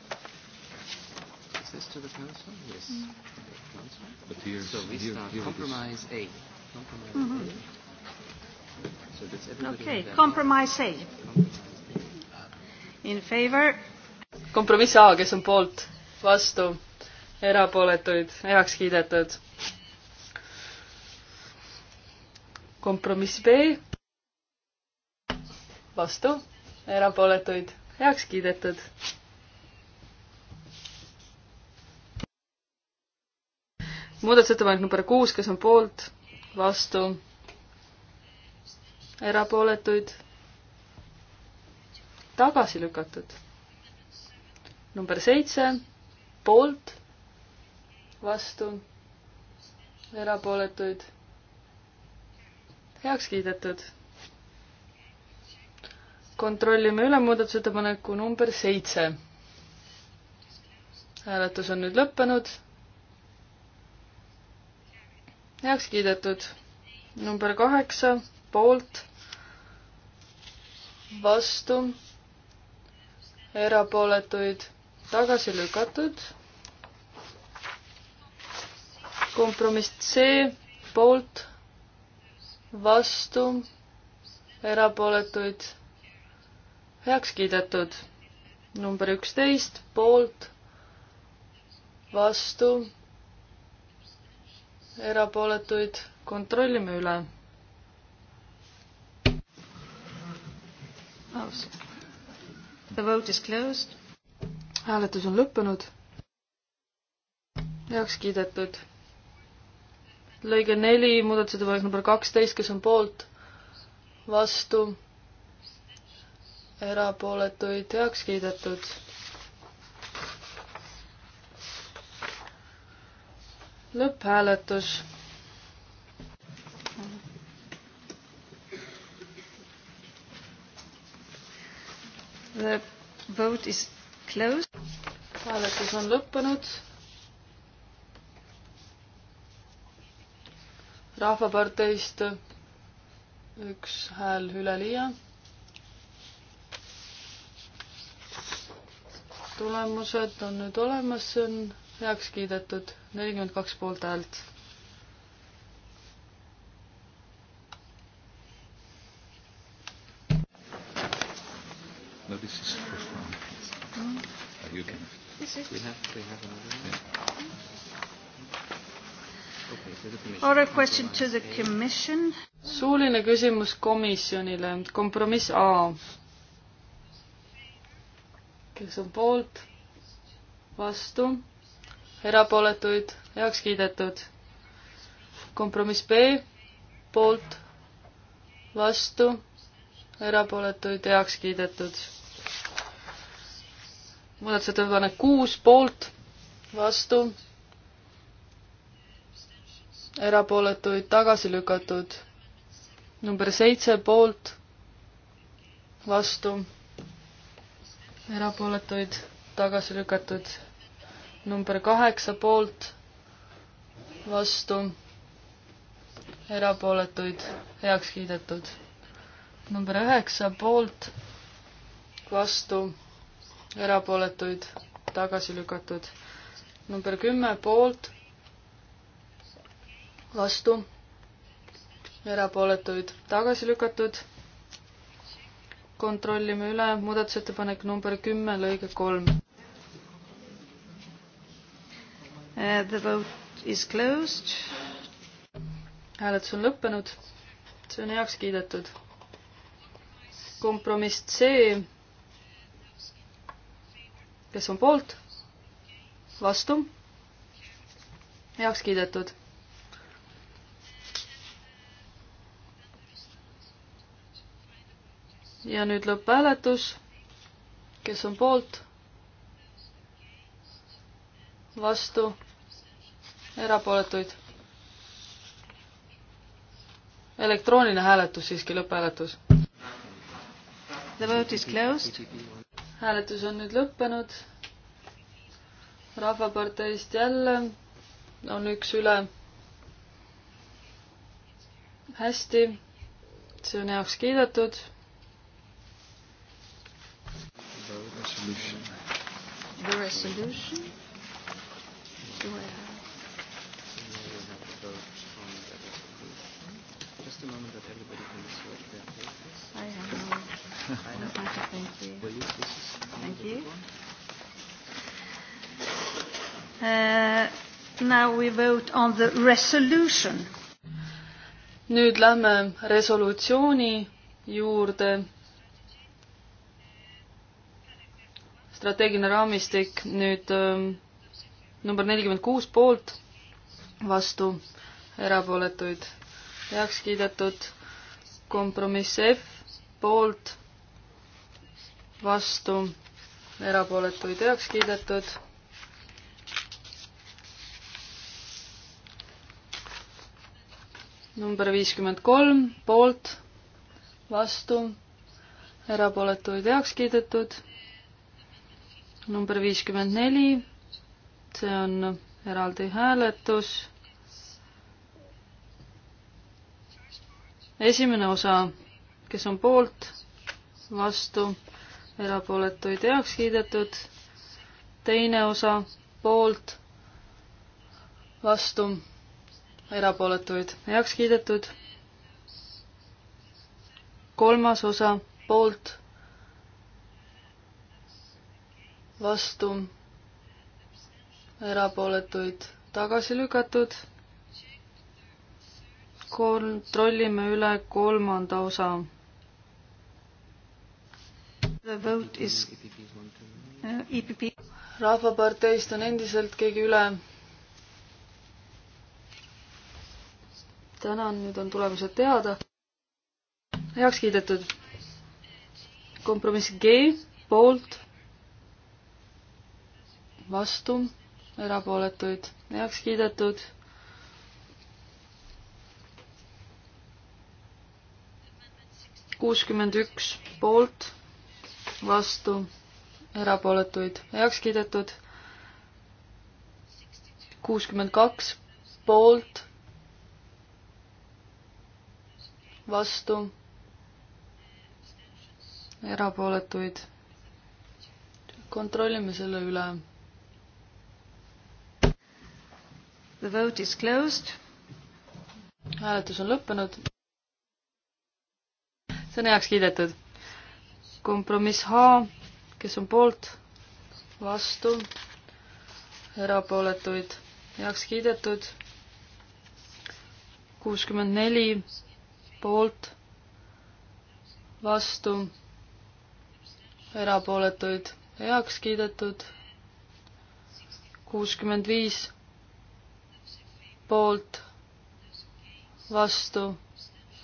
this to the Council? Yes. Mm. The council. But here, so we here, start here compromise A. Compromise mm-hmm. A. So that's everybody okay, compromise A. In favor. kompromiss A, kes on poolt, vastu, erapooletuid, heaks kiidetud. kompromiss B, vastu, erapooletuid, heaks kiidetud muudatusettepanek number kuus, kes on poolt, vastu, erapooletuid, tagasi lükatud. number seitse, poolt, vastu, erapooletuid, heaks kiidetud. kontrollime üle muudatusettepaneku number seitse. hääletus on nüüd lõppenud heaks kiidetud. number kaheksa, poolt, vastu, erapooletuid tagasi lükatud. kompromiss C, poolt, vastu, erapooletuid heaks kiidetud. number üksteist, poolt, vastu erapooletuid kontrollime üle. The vote is closed. hääletus on lõppenud. heaks kiidetud. lõige neli, muudatusettepanek number kaksteist, kes on poolt, vastu, erapooletuid heaks kiidetud lõpphääletus. The vote is closed. hääletus on lõppenud. rahvaparteist üks hääl üleliia. tulemused on nüüd olemas, see on heaks kiidetud, nelikümmend kaks poolthäält. no this is the first one mm.. You can. This is. We have. We have another one. Yeah. Okay, so the commission. Or a question to the commission. suuline küsimus komisjonile, kompromiss A. kes on poolt, vastu erapooletuid, heaks kiidetud. kompromiss B, poolt, vastu, erapooletuid, heaks kiidetud. muudatusettepanek kuus, poolt, vastu, erapooletuid, tagasi lükatud. number seitse, poolt, vastu, erapooletuid, tagasi lükatud number kaheksa poolt, vastu, erapooletuid heaks kiidetud. number üheksa poolt, vastu, erapooletuid tagasi lükatud. number kümme poolt, vastu, erapooletuid tagasi lükatud. kontrollime üle muudatusettepanek number kümme lõige kolm Uh, the vote is closed. hääletus on lõppenud, see on heaks kiidetud. kompromiss C. kes on poolt? vastu? heaks kiidetud ja nüüd lõpphääletus. kes on poolt? vastu? erapooletuid. elektrooniline hääletus siiski, lõpphääletus. The vote is closed. hääletus on nüüd lõppenud. rahvaparteist jälle on üks üle. hästi, see on heaks kiidetud the resolution. Do I have I have no. I know. Thank you. Will you please? Thank you. Uh, now we vote on the resolution. nüüd lähme resolutsiooni juurde. strateegiline raamistik nüüd äh, number nelikümmend kuus poolt, vastu, erapooletuid heaks kiidetud kompromiss F poolt, vastu, erapooletuid heaks kiidetud. number viiskümmend kolm poolt, vastu, erapooletuid heaks kiidetud. number viiskümmend neli, see on eraldi hääletus esimene osa, kes on poolt, vastu, erapooletuid heaks kiidetud. teine osa, poolt, vastu, erapooletuid heaks kiidetud. kolmas osa, poolt, vastu, erapooletuid tagasi lükatud kontrollime üle kolmanda osa. The vote is uh, EPP. rahvaparteist on endiselt keegi üle. tänan, nüüd on tulemused teada. heaks kiidetud. kompromiss G poolt, vastu, erapooletuid heaks kiidetud kuuskümmend üks poolt, vastu, erapooletuid heaks kiidetud. kuuskümmend kaks poolt, vastu, erapooletuid. kontrollime selle üle. The vote is closed. hääletus on lõppenud see on heaks kiidetud. kompromiss H, kes on poolt, vastu, erapooletuid heaks kiidetud. kuuskümmend neli poolt, vastu, erapooletuid heaks kiidetud. kuuskümmend viis poolt, vastu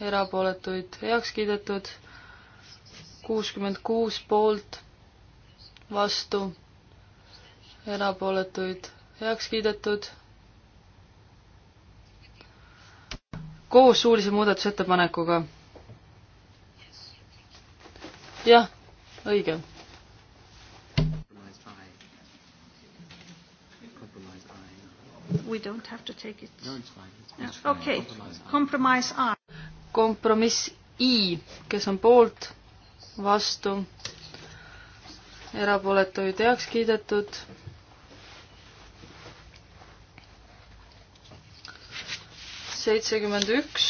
erapooletuid heaks kiidetud, kuuskümmend kuus poolt, vastu, erapooletuid heaks kiidetud. koos suulise muudatusettepanekuga. jah, õige we don't have to take it. No, it's fine. It's no. Okay. Compromise I kompromiss I, kes on poolt, vastu, erapooletuid heaks kiidetud. seitsekümmend üks.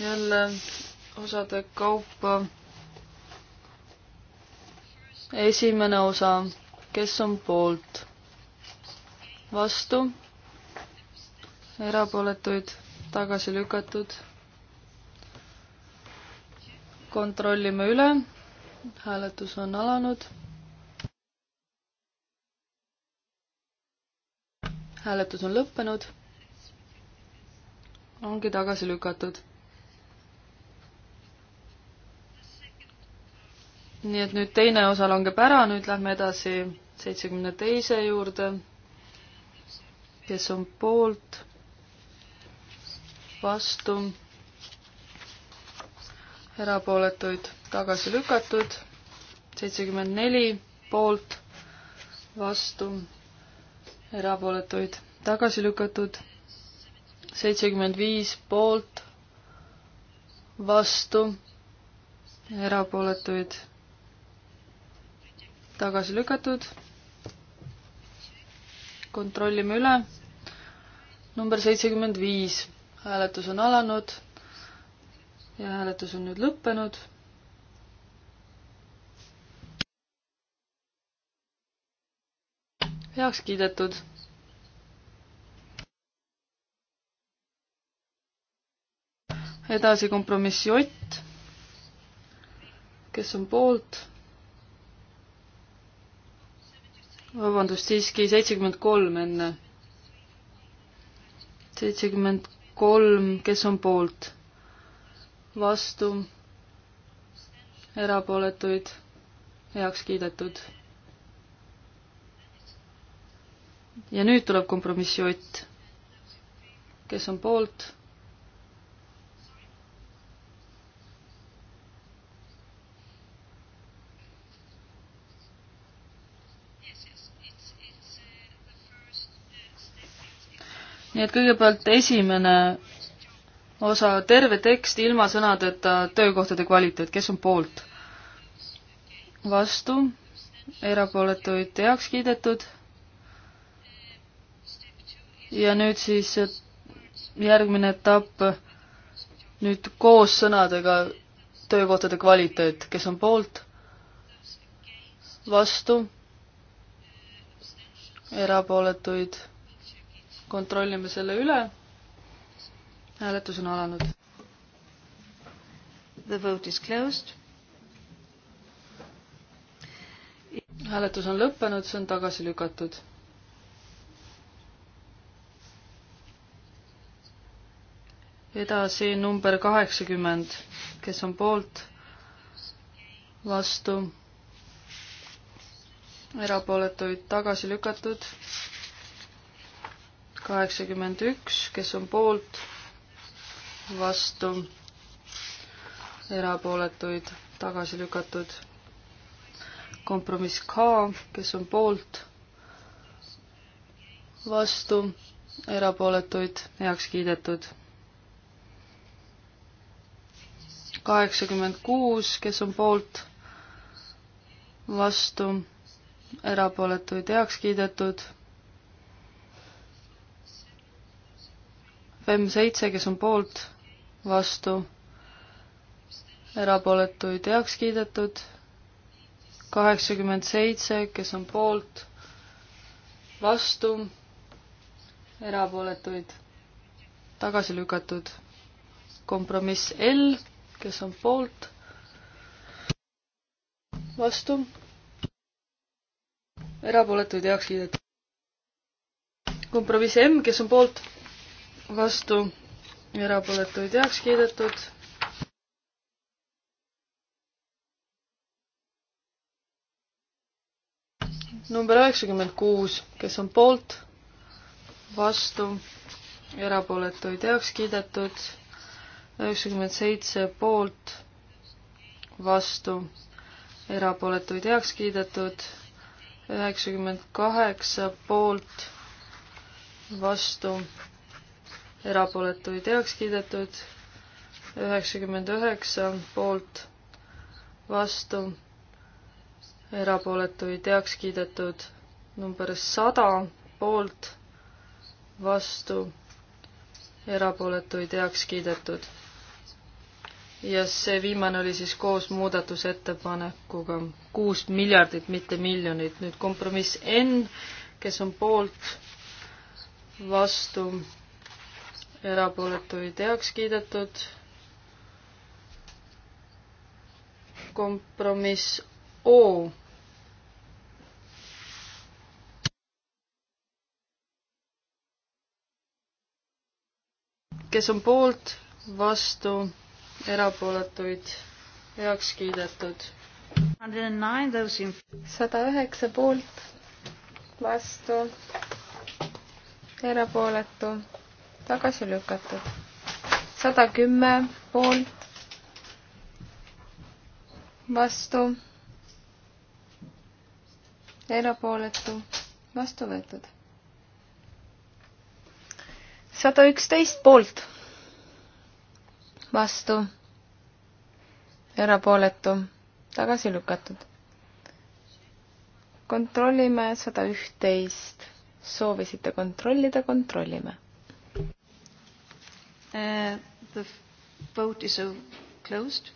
jälle osade kaupa. esimene osa, kes on poolt, vastu, erapooletuid tagasi lükatud. kontrollime üle. hääletus on alanud. hääletus on lõppenud. ongi tagasi lükatud. nii et nüüd teine osa langeb ära, nüüd lähme edasi seitsmekümne teise juurde. kes on poolt? vastu, erapooletuid tagasi lükatud, seitsekümmend neli poolt, vastu, erapooletuid tagasi lükatud, seitsekümmend viis poolt, vastu, erapooletuid tagasi lükatud. kontrollime üle. number seitsekümmend viis hääletus on alanud ja hääletus on nüüd lõppenud. heaks kiidetud. edasi kompromissi Ott, kes on poolt. vabandust, siiski seitsekümmend kolm enne. seitsekümmend kolm, kes on poolt, vastu, erapooletuid, heaks kiidetud. ja nüüd tuleb kompromissi Ott, kes on poolt nii et kõigepealt esimene osa, terve tekst ilma sõnadeta töökohtade kvaliteet, kes on poolt? vastu, erapooletuid heaks kiidetud. ja nüüd siis järgmine etapp, nüüd koos sõnadega töökohtade kvaliteet, kes on poolt? vastu, erapooletuid kontrollime selle üle. hääletus on alanud. The vote is closed. hääletus on lõppenud, see on tagasi lükatud edasi number kaheksakümmend, kes on poolt, vastu, erapooletuid tagasi lükatud kaheksakümmend üks, kes on poolt, vastu, erapooletuid, tagasi lükatud. kompromiss K, kes on poolt, vastu, erapooletuid, heaks kiidetud. kaheksakümmend kuus, kes on poolt, vastu, erapooletuid, heaks kiidetud FEM seitse, kes on poolt, vastu, erapooletuid heaks kiidetud, kaheksakümmend seitse, kes on poolt, vastu, erapooletuid tagasi lükatud. kompromiss L, kes on poolt, vastu, erapooletuid heaks kiidetud. kompromiss M, kes on poolt vastu, erapooletuid heaks kiidetud. number üheksakümmend kuus, kes on poolt, vastu, erapooletuid heaks kiidetud, üheksakümmend seitse poolt, vastu, erapooletuid heaks kiidetud, üheksakümmend kaheksa poolt, vastu, erapooletuid heaks kiidetud, üheksakümmend üheksa poolt, vastu, erapooletuid heaks kiidetud, number sada poolt, vastu, erapooletuid heaks kiidetud. ja see viimane oli siis koos muudatusettepanekuga kuus miljardit, mitte miljonit, nüüd kompromiss N, kes on poolt, vastu, erapooletuid heaks kiidetud. kompromiss O. kes on poolt, vastu, erapooletuid heaks kiidetud. sada üheksa poolt, vastu, erapooletu tagasi lükatud. sada kümme poolt, vastu, erapooletu, vastu võetud. sada üksteist poolt, vastu, erapooletu, tagasi lükatud kontrollime sada üht-teist. soovisite kontrollida, kontrollime. Uh, the vote is closed.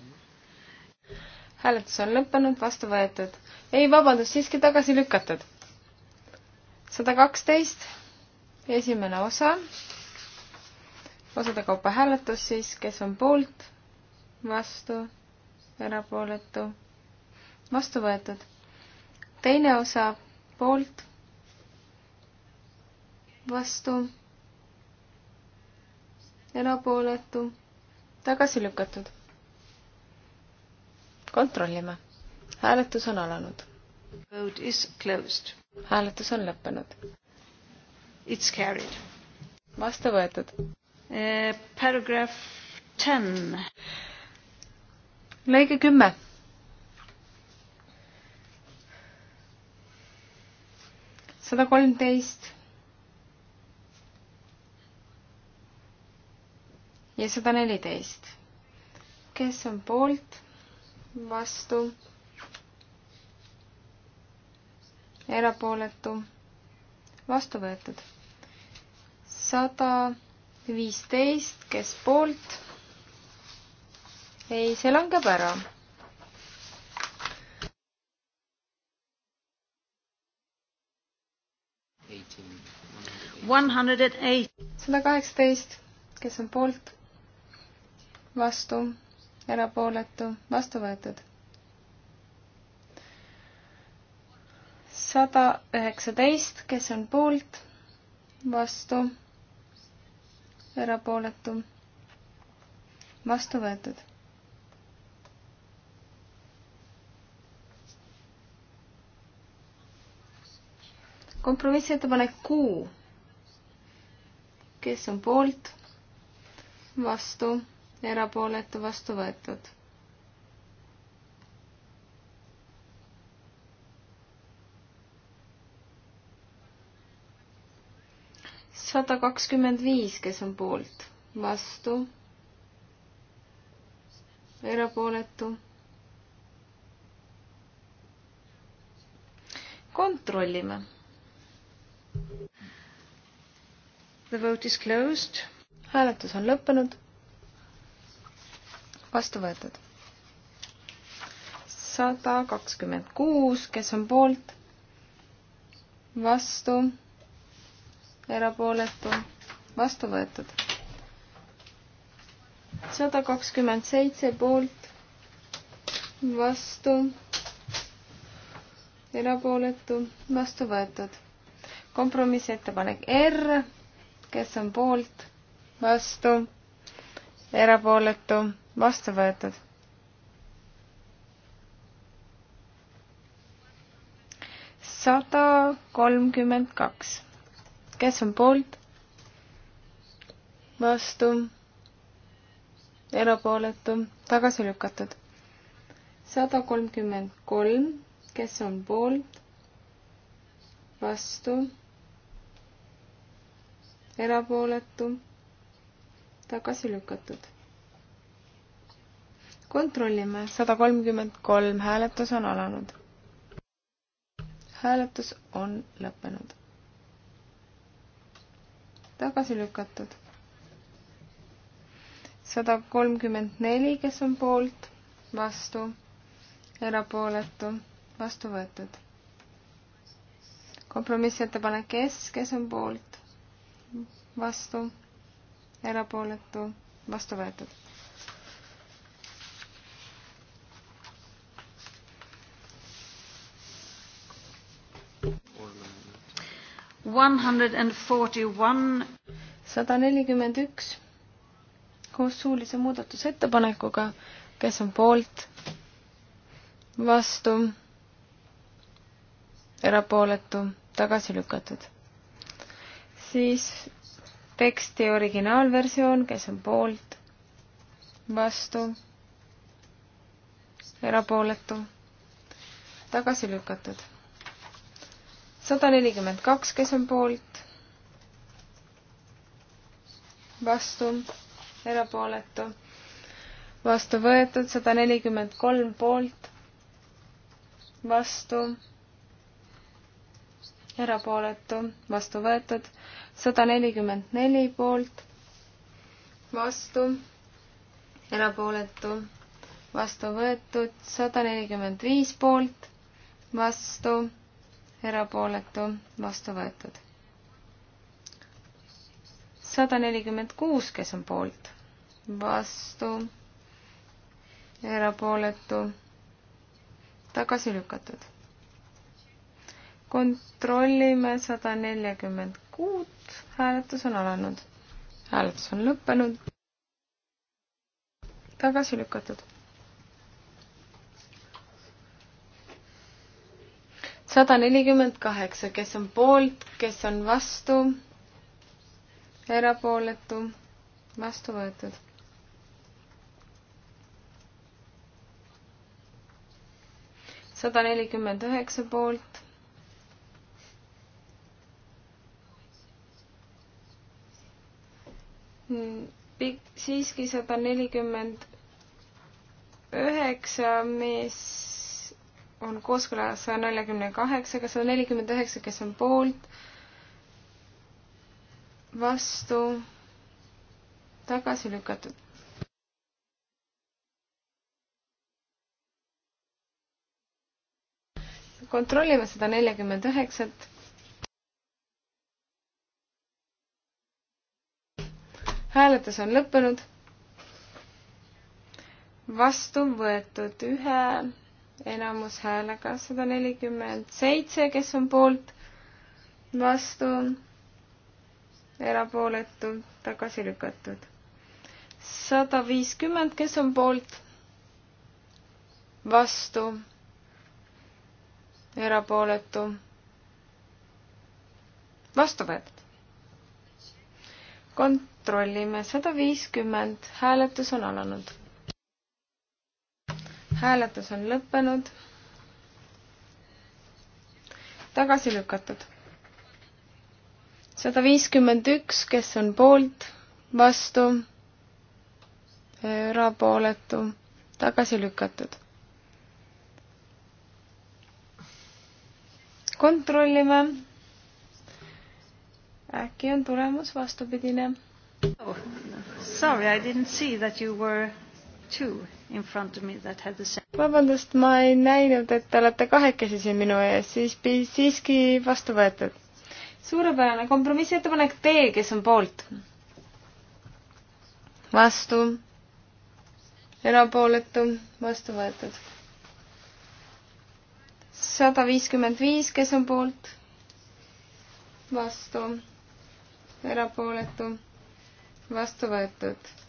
hääletus on lõppenud, vastu võetud. ei, vabandust, siiski tagasi lükatud. sada kaksteist, esimene osa, osade kaupa hääletus siis, kes on poolt, vastu, erapooletu, vastu võetud. teine osa, poolt, vastu erapooletu, tagasi lükatud. kontrollime. hääletus on alanud. Vote is closed. hääletus on lõppenud. It's carried. vastu võetud eh,. Paragrahv ten. lõige kümme. sada kolmteist ja sada neliteist. kes on poolt, vastu, erapooletu, vastu võetud. sada viisteist, kes poolt? ei, see langeb ära. sada kaheksateist, kes on poolt? vastu, erapooletu, vastu võetud. sada üheksateist, kes on poolt, vastu, erapooletu, vastu võetud kompromissettepanek Q. kes on poolt, vastu, erapooletu vastu võetud. sada kakskümmend viis, kes on poolt, vastu, erapooletu. kontrollime. The vote is closed. hääletus on lõppenud vastu võetud. sada kakskümmend kuus, kes on poolt, vastu, erapooletu, vastu võetud. sada kakskümmend seitse poolt, vastu, erapooletu, vastu võetud. kompromissettepanek R, kes on poolt, vastu, erapooletu vastu võetud. sada kolmkümmend kaks. kes on poolt? vastu? erapooletu, tagasi lükatud. sada kolmkümmend kolm, kes on poolt? vastu? erapooletu, tagasi lükatud kontrollime, sada kolmkümmend kolm hääletus on alanud. hääletus on lõppenud. tagasi lükatud. sada kolmkümmend neli, kes on poolt, vastu, erapooletu, vastu võetud. kompromissettepanek S, kes on poolt, vastu, erapooletu, vastu võetud sada nelikümmend üks koos suulise muudatusettepanekuga, kes on poolt, vastu, erapooletu, tagasi lükatud. siis teksti originaalversioon, kes on poolt, vastu, erapooletu, tagasi lükatud sada nelikümmend kaks, kes on poolt? vastu, erapooletu. vastu võetud, sada nelikümmend kolm poolt, vastu, erapooletu, vastu võetud, sada nelikümmend neli poolt, vastu, erapooletu, vastu võetud, sada nelikümmend viis poolt, vastu erapooletu, vastu võetud. sada nelikümmend kuus, kes on poolt, vastu, erapooletu, tagasi lükatud. kontrollime sada neljakümmend kuut, hääletus on alanud, hääletus on lõppenud, tagasi lükatud sada nelikümmend kaheksa, kes on poolt, kes on vastu, erapooletu, vastu võetud. sada nelikümmend üheksa poolt siiski sada nelikümmend üheksa, mis on kooskõlas saja neljakümne kaheksaga, sada nelikümmend üheksa, kes on poolt, vastu, tagasi lükatud. kontrollime seda neljakümmend üheksat. hääletus on lõppenud. vastu võetud ühe enamushäälega sada nelikümmend seitse, kes on poolt, vastu, erapooletu, tagasi lükatud. sada viiskümmend, kes on poolt, vastu, erapooletu, vastu võetud. kontrollime, sada viiskümmend, hääletus on alanud hääletus on lõppenud. tagasi lükatud. sada viiskümmend üks, kes on poolt, vastu, erapooletu, tagasi lükatud. kontrollime. äkki on tulemus vastupidine oh,. Sorry, I didn't see that you were vabandust, ma ei näinud, et te olete kahekesi siin minu ees, siis siiski vastu võetud. suurepärane kompromissettepanek B, kes on poolt? vastu. erapooletu, vastu võetud. sada viiskümmend viis, kes on poolt? vastu. erapooletu, vastu võetud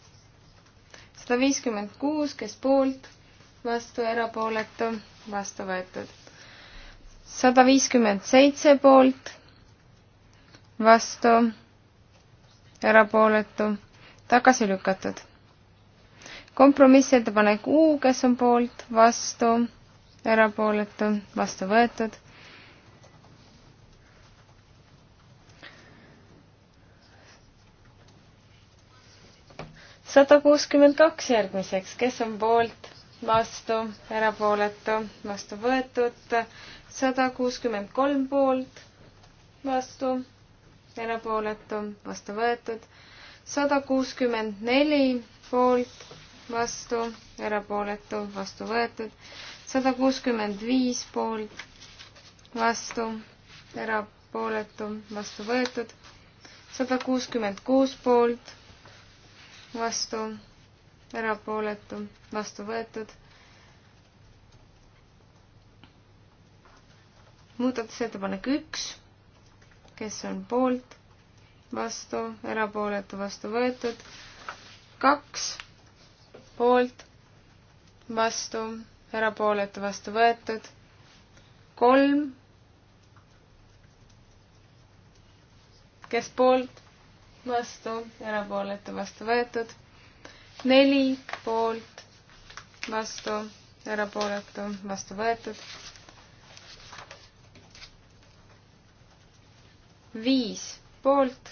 sada viiskümmend kuus, kes poolt, vastu, erapooletu, vastu võetud. sada viiskümmend seitse poolt, vastu, erapooletu, tagasi lükatud. kompromissettepanek U, kes on poolt, vastu, erapooletu, vastu võetud sada kuuskümmend kaks järgmiseks, kes on poolt, vastu, erapooletu, vastu võetud, sada kuuskümmend kolm poolt, vastu, erapooletu, vastu võetud, sada kuuskümmend neli poolt, vastu, erapooletu, vastu võetud, sada kuuskümmend viis poolt, vastu, erapooletu, vastu võetud, sada kuuskümmend kuus poolt vastu, erapooletu, vastu võetud. muudatusettepanek üks, kes on poolt, vastu, erapooletu, vastu võetud. kaks, poolt, vastu, erapooletu, vastu võetud. kolm, kes poolt, vastu, erapooletu, vastu võetud. neli poolt, vastu, erapooletu, vastu võetud. viis poolt,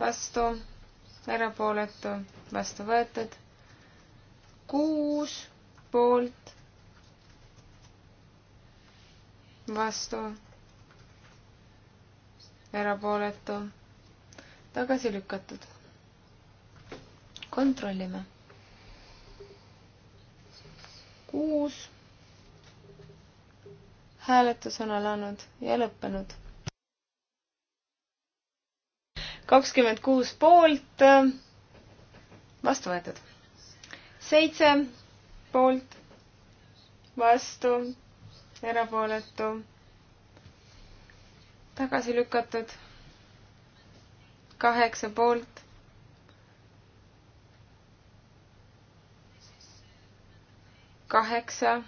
vastu, erapooletu, vastu võetud. kuus poolt, vastu, erapooletu tagasi lükatud. kontrollime. kuus. hääletus on alanud ja lõppenud. kakskümmend kuus poolt, vastu võetud. seitse poolt, vastu, erapooletu, tagasi lükatud kaheksa poolt. kaheksa.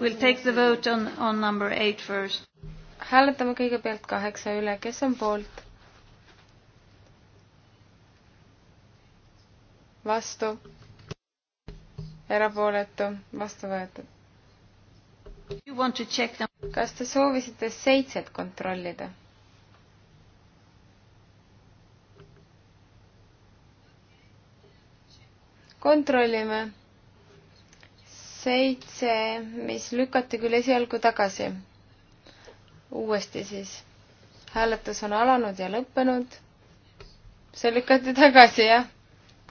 We'll take the vote on, on number eight first. hääletame kõigepealt kaheksa üle, kes on poolt? vastu, erapooletu, vastu võetud kas te soovisite seitset kontrollida? kontrollime. seitse, mis lükati küll esialgu tagasi. uuesti siis. hääletus on alanud ja lõppenud. see lükati tagasi, jah.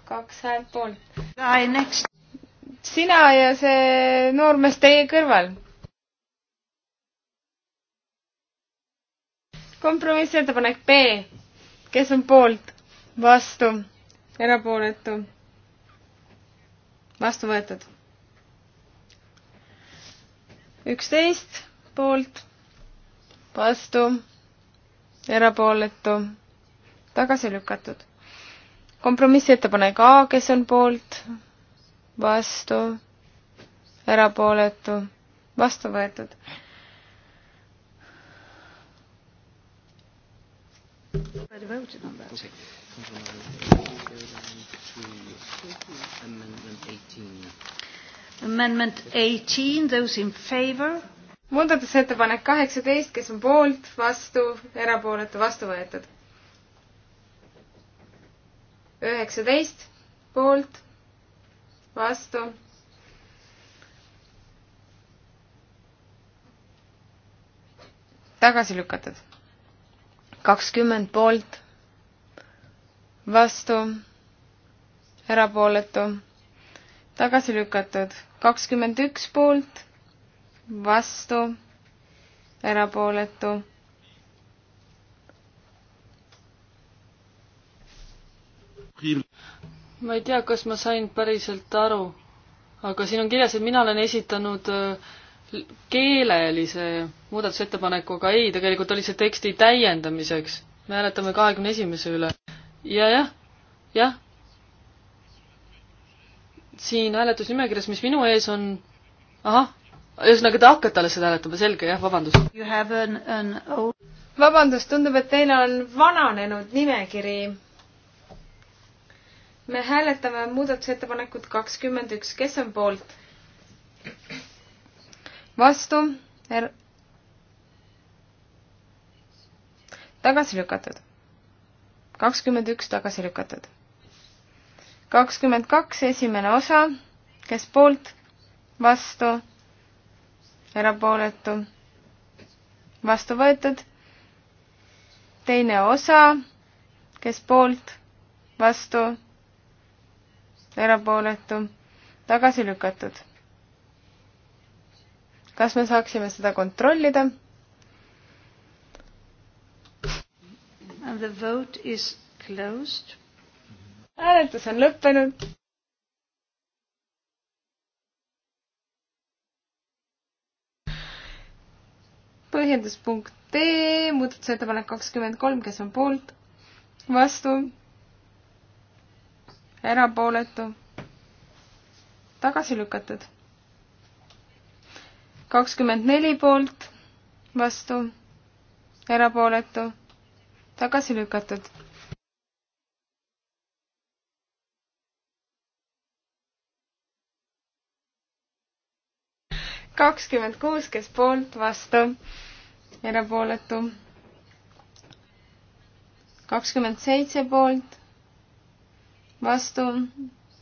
kaks häält poolt. sina ja see noormees teie kõrval kompromissettepanek B, kes on poolt, vastu, erapooletu, vastu võetud. üksteist poolt, vastu, erapooletu, tagasi lükatud. kompromissettepanek A, kes on poolt, vastu, erapooletu, vastu võetud Amendment eighteen, those in favor. muudatusettepanek kaheksateist, kes on poolt, vastu, erapooletu, vastu võetud. üheksateist, poolt, vastu tagasi lükatud kakskümmend poolt, vastu, erapooletu, tagasi lükatud, kakskümmend üks poolt, vastu, erapooletu. ma ei tea, kas ma sain päriselt aru, aga siin on kirjas, et mina olen esitanud äh, keelelise muudatusettepanekuga, ei, tegelikult oli see teksti täiendamiseks. me hääletame kahekümne esimese üle. ja jah, jah. siin hääletusnimekirjas, mis minu ees on, ahah, ühesõnaga te hakkate alles seda hääletama, selge, jah, vabandust. vabandust, tundub, et teil on vananenud nimekiri me hääletame muudatusettepanekut kakskümmend üks, kes on poolt? vastu er-, tagasi lükatud. kakskümmend üks tagasi lükatud. kakskümmend kaks esimene osa, kes poolt, vastu, erapooletu, vastu võetud. teine osa, kes poolt, vastu, erapooletu, tagasi lükatud kas me saaksime seda kontrollida? hääletus on lõppenud. põhjenduspunkt D, muudatusettepanek kakskümmend kolm, kes on poolt, vastu, erapooletu, tagasi lükatud kakskümmend neli poolt, vastu, erapooletu, tagasi lükatud. kakskümmend kuus, kes poolt, vastu, erapooletu. kakskümmend seitse poolt, vastu,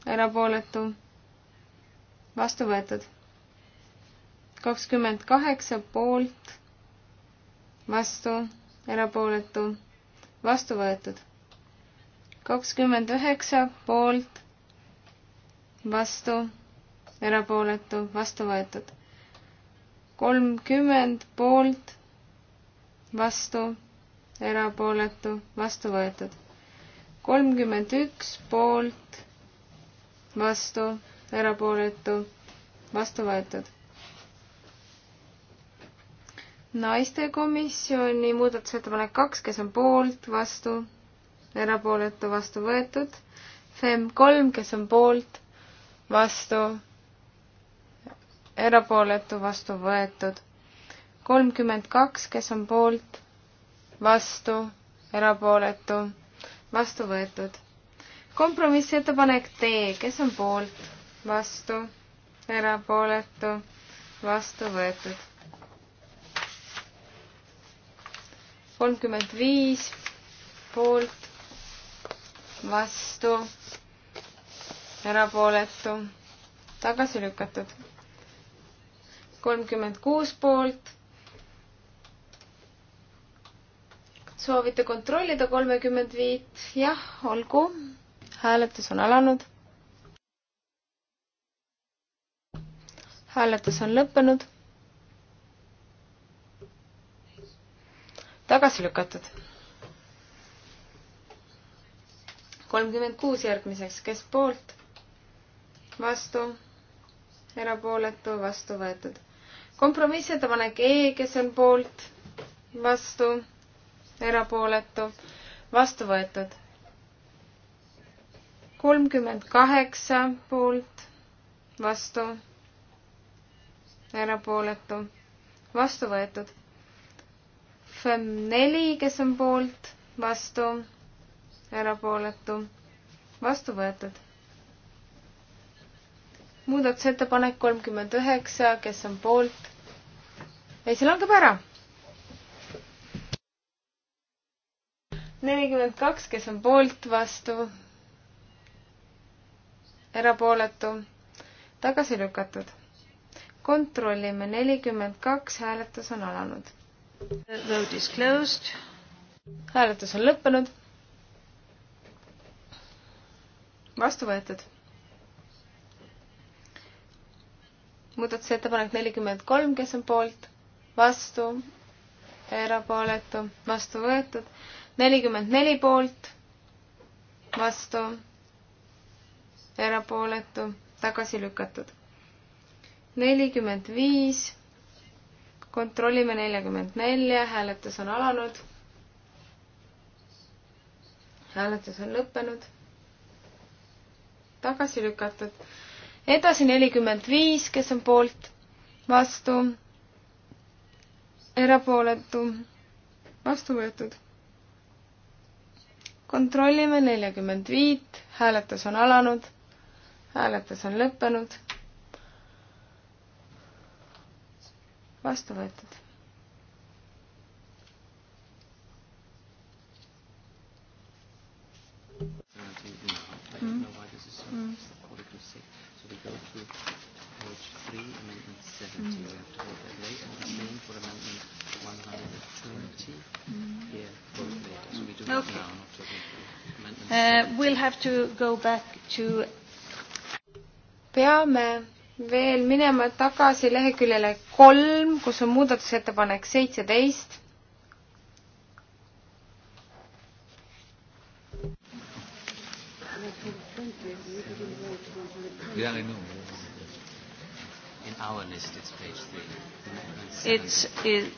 erapooletu, vastu võetud kakskümmend kaheksa poolt, vastu, erapooletu, vastu võetud. kakskümmend üheksa poolt, vastu, erapooletu, vastu võetud. kolmkümmend poolt, vastu, erapooletu, vastu võetud. kolmkümmend üks poolt, vastu, erapooletu, vastu võetud naistekomisjoni muudatusettepanek kaks, kes on poolt, vastu, erapooletu, vastu võetud. FEM kolm, kes on poolt, vastu, erapooletu, vastu võetud. kolmkümmend kaks, kes on poolt, vastu, erapooletu, vastu võetud. kompromissettepanek D, kes on poolt, vastu, erapooletu, vastu võetud kolmkümmend viis poolt, vastu, erapooletu, tagasi lükatud. kolmkümmend kuus poolt. soovite kontrollida kolmekümmend viit? jah, olgu. hääletus on alanud. hääletus on lõppenud tagasi lükatud. kolmkümmend kuus järgmiseks, kes poolt, vastu, erapooletu, vastu võetud. kompromissettepanek E, kes on poolt, vastu, erapooletu, vastu võetud. kolmkümmend kaheksa poolt, vastu, erapooletu, vastu võetud FEM neli, kes on poolt, vastu, erapooletu, vastu võetud. muudatusettepanek kolmkümmend üheksa, kes on poolt? ei, see langeb ära. nelikümmend kaks, kes on poolt, vastu, erapooletu, tagasi lükatud kontrollime, nelikümmend kaks hääletus on alanud hääletus on lõppenud. vastu võetud. muudatusettepanek nelikümmend kolm, kes on poolt, vastu, erapooletu, vastu võetud. nelikümmend neli poolt, vastu, erapooletu, tagasi lükatud. nelikümmend viis kontrollime neljakümmend nelja, hääletus on alanud. hääletus on lõppenud. tagasi lükatud. edasi nelikümmend viis, kes on poolt, vastu, erapooletu, vastu võetud. kontrollime neljakümmend viit, hääletus on alanud, hääletus on lõppenud vastu võetud. Mm. Mm. So we go to page 3, amendment 70. Mm. We have to vote that later. And the same for amendment 120. Mm. Here, hmm. vote hmm. later. So we do okay. that now, not to amendment uh, We'll have to go back to... Peame veel minema tagasi leheküljele kolm, kus on muudatusettepanek seitseteist. In our list it's page three. It's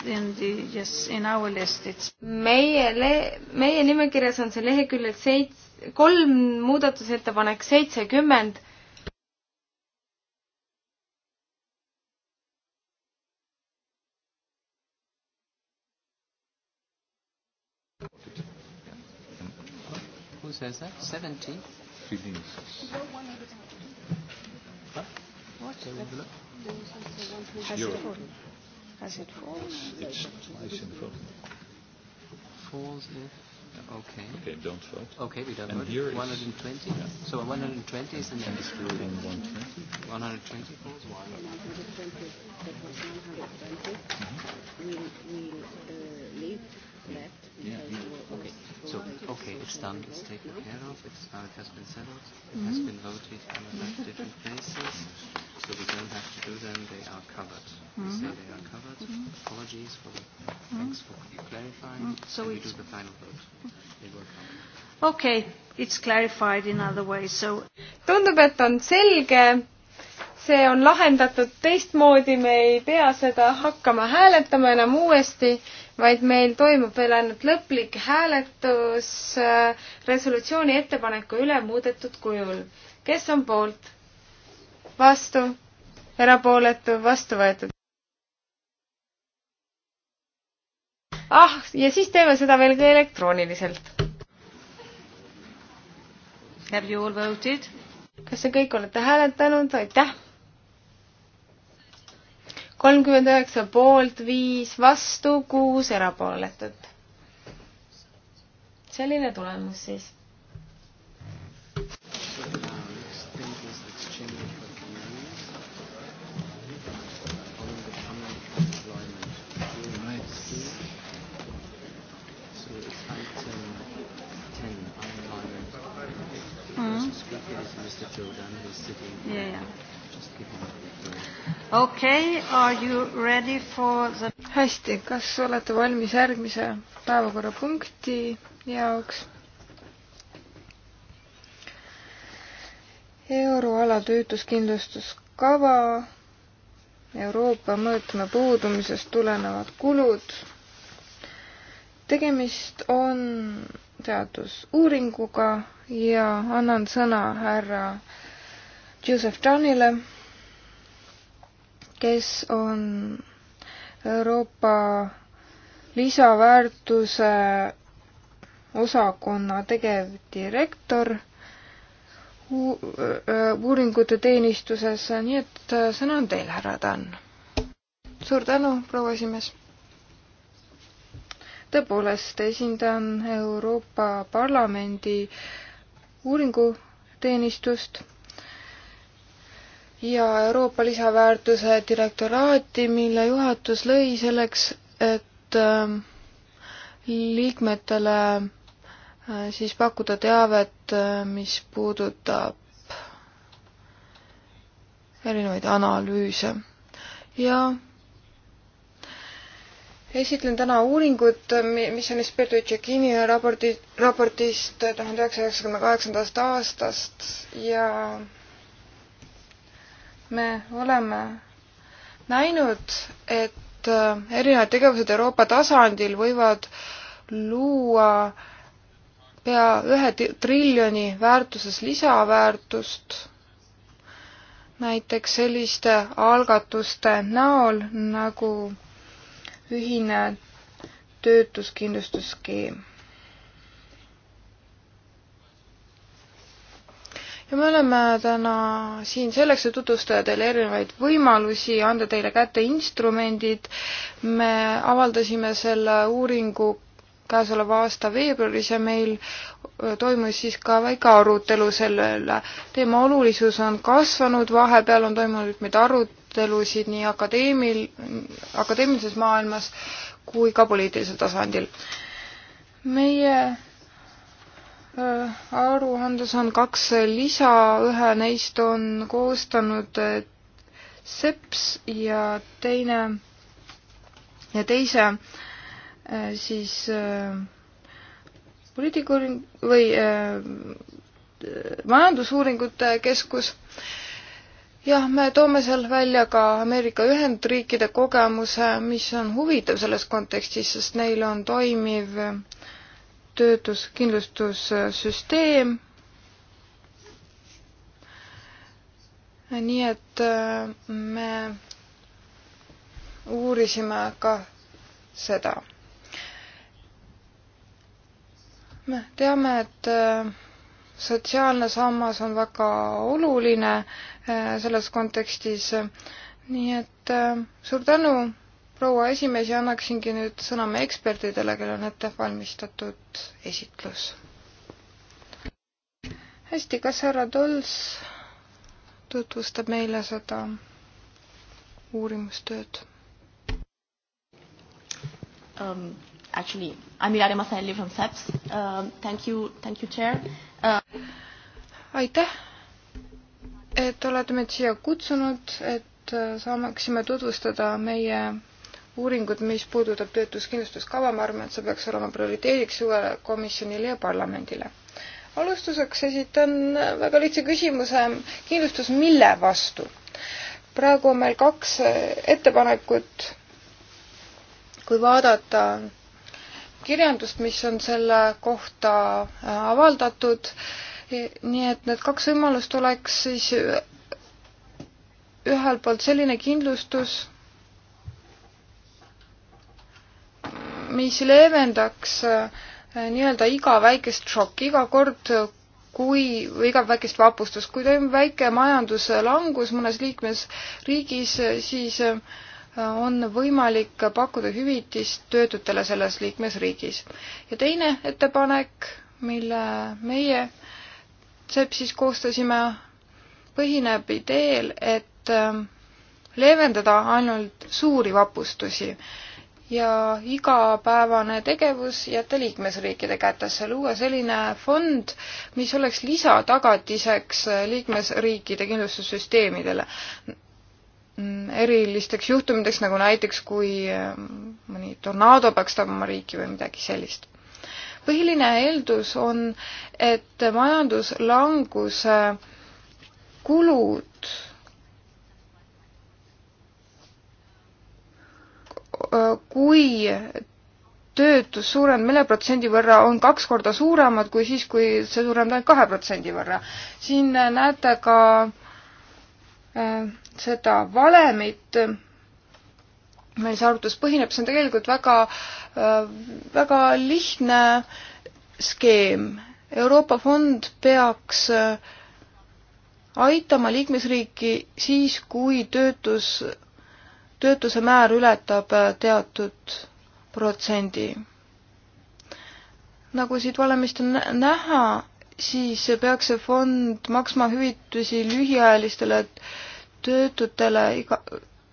in the yes in our list it's. meie le-, meie nimekirjas on see leheküljel seits-, kolm muudatusettepanek seitsekümmend says that? 70? 15. What? What? Has Euro. it fallen? Has it fallen? It's twice in full. Falls if... Okay. Okay, don't vote. Okay, we don't and vote. Here 120? Yeah. So 120 is the next. And excluding 120? 120 falls? 120. That was 120. Mm -hmm. We'll, we'll uh, leave left. Yeah, yeah. Okay. So, okay, it's done. It's taken care of. It's now it has been settled. It mm-hmm. has been voted on a lot of different places. So we don't have to do them. They are covered. Mm-hmm. We say they are covered. Mm-hmm. Apologies for the. Mm-hmm. Thanks for clarifying. Mm-hmm. So and we do the final vote. It will come. Okay, it's clarified in other ways. So. Tundub, et on selge see on lahendatud teistmoodi, me ei pea seda hakkama hääletama enam uuesti vaid meil toimub veel ainult lõplik hääletus äh, resolutsiooni ettepaneku üle muudetud kujul. kes on poolt? vastu? erapooletu? vastu võetud? ah, ja siis teeme seda veel ka elektrooniliselt. Have you all voted? kas te kõik olete hääletanud? aitäh! kolmkümmend üheksa poolt, viis vastu, kuus erapooletut. selline tulemus siis. Mm. Mr. Jordan, who's sitting. Yeah, yeah. Just give him okei okay,, are you ready for the hästi, kas olete valmis järgmise päevakorrapunkti jaoks? euroala töötuskindlustuskava, Euroopa mõõtme puudumisest tulenevad kulud. tegemist on teadusuuringuga ja annan sõna härra Joseph Johnile kes on Euroopa lisaväärtuse osakonna tegevdirektor uuringute teenistuses, nii et äh, sõna on teil, härra Tann. suur tänu, proua esimees. tõepoolest, esindan Euroopa Parlamendi uuringuteenistust ja Euroopa lisaväärtuse direktoraati, mille juhatus lõi selleks, et ähm, liikmetele äh, siis pakkuda teavet, äh, mis puudutab erinevaid analüüse ja esitlen täna uuringut, mis on Esperto Tšekini raporti, raportist tuhande üheksasaja üheksakümne kaheksandast aastast ja me oleme näinud, et äh, erinevad tegevused Euroopa tasandil võivad luua pea ühe triljoni väärtuses lisaväärtust, näiteks selliste algatuste näol nagu ühine töötuskindlustusskeem ja me oleme täna siin selleks, et tutvustada teile erinevaid võimalusi, anda teile kätte instrumendid. me avaldasime selle uuringu käesoleva aasta veebruaris ja meil toimus siis ka väike arutelu selle üle. teema olulisus on kasvanud, vahepeal on toimunud mitmeid arutelusid nii akadeemil, akadeemilises maailmas kui ka poliitilisel tasandil. meie Äh, aruandes on kaks lisa, ühe neist on koostanud äh, SEPS ja teine, ja teise äh, siis poliitikuuring- või majandusuuringute keskus. jah, me toome seal välja ka Ameerika Ühendriikide kogemuse, mis on huvitav selles kontekstis, sest neil on toimiv äh, töötuskindlustussüsteem. nii et äh, me uurisime ka seda. me teame, et äh, sotsiaalne sammas on väga oluline äh, selles kontekstis, nii et suur tänu proua esimees ja annaksingi nüüd sõna meie ekspertidele, kellel on ette valmistatud esitlus. hästi, kas härra Tols tutvustab meile seda uurimustööd um,? Actually, I'm Ilaria Maselli from SEPS um,. Thank you, thank you, chair uh.... aitäh, et olete meid siia kutsunud, et uh, saaksime tutvustada meie uuringut, mis puudutab töötuskindlustuskava, ma arvan, et see peaks olema prioriteediks uuele komisjonile ja parlamendile. alustuseks esitan väga lihtsa küsimuse, kindlustus mille vastu? praegu on meil kaks äh, ettepanekut, kui vaadata kirjandust, mis on selle kohta äh, avaldatud, nii et need kaks võimalust oleks siis ühelt poolt selline kindlustus, mis leevendaks äh, nii-öelda iga väikest šokki, iga kord, kui, või iga väikest vapustust, kui toimub väike majanduslangus mõnes liikmesriigis, siis äh, on võimalik pakkuda hüvitist töötutele selles liikmesriigis. ja teine ettepanek, mille meie CEPSis koostasime, põhineb ideel, et äh, leevendada ainult suuri vapustusi ja igapäevane tegevus jätta liikmesriikide kätesse, luua selline fond, mis oleks lisatagatiseks liikmesriikide kindlustussüsteemidele erilisteks juhtumiteks, nagu näiteks kui ähm, mõni tornaado peaks tabama riiki või midagi sellist. põhiline eeldus on, et majanduslanguse kulud kui töötus suureneb nelja protsendi võrra, on kaks korda suuremad kui siis, kui see suureneb ainult kahe protsendi võrra. siin näete ka seda valemit, meil see arvutus põhineb, see on tegelikult väga, väga lihtne skeem. Euroopa fond peaks aitama liikmesriiki siis, kui töötus töötuse määr ületab äh, teatud protsendi. nagu siit valemist on näha, siis peaks see fond maksma hüvitusi lühiajalistele töötutele iga,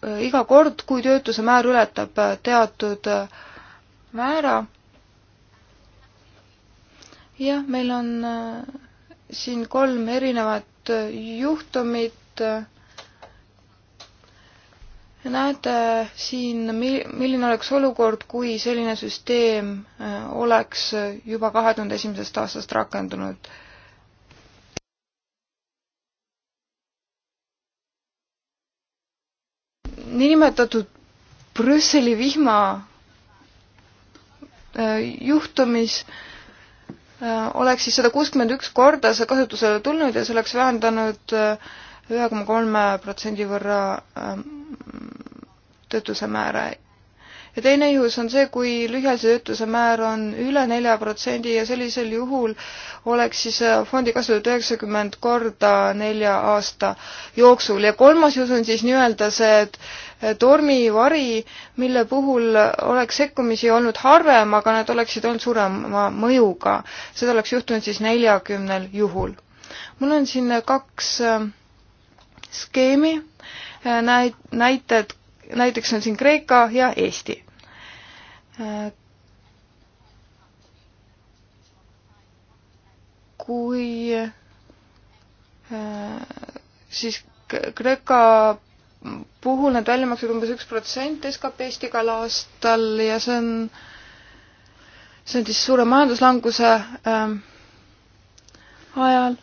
äh, iga kord, kui töötuse määr ületab äh, teatud määra. jah, meil on siin kolm erinevat juhtumit näete siin, milline oleks olukord, kui selline süsteem äh, oleks juba kahe tuhande esimesest aastast rakendunud? niinimetatud Brüsseli vihma äh, juhtumis äh, oleks siis sada kuuskümmend üks korda see kasutusele tulnud ja see oleks vähendanud ühe koma kolme protsendi võrra töötuse määra. ja teine juhus on see, kui lühiajalise töötuse määr on üle nelja protsendi ja sellisel juhul oleks siis äh, fondi kasutatud üheksakümmend korda nelja aasta jooksul ja kolmas juhus on siis nii-öelda see äh, tormivari, mille puhul oleks sekkumisi olnud harvem, aga need oleksid olnud suurema mõjuga. seda oleks juhtunud siis neljakümnel juhul. mul on siin äh, kaks skeemi näit-, näited näiteks on siin Kreeka ja Eesti. kui äh, siis Kreeka puhul need väljamaksed umbes üks protsent SKP-st igal aastal ja see on, see on siis suure majanduslanguse ähm, ajal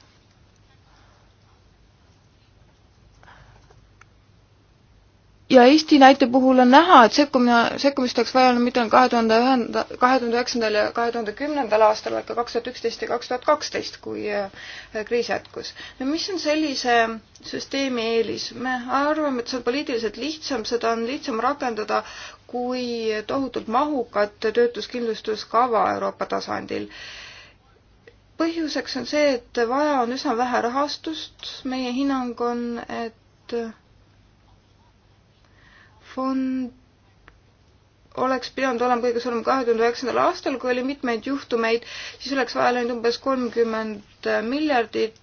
ja Eesti näite puhul on näha, et sekkumine, sekkumist oleks vaja olnud mitte ainult kahe tuhande ühenda, kahe tuhande üheksandal ja kahe tuhande kümnendal aastal, vaid ka kaks tuhat üksteist ja kaks tuhat kaksteist, kui äh, kriis jätkus. no mis on sellise süsteemi eelis? me arvame, et see on poliitiliselt lihtsam, seda on lihtsam rakendada kui tohutult mahukat töötuskindlustuskava Euroopa tasandil põhjuseks on see, et vaja on üsna vähe rahastust, meie hinnang on, et fond oleks pidanud olema kõige suurem kahe tuhande üheksandal aastal, kui oli mitmeid juhtumeid, siis oleks vaja läinud umbes kolmkümmend miljardit,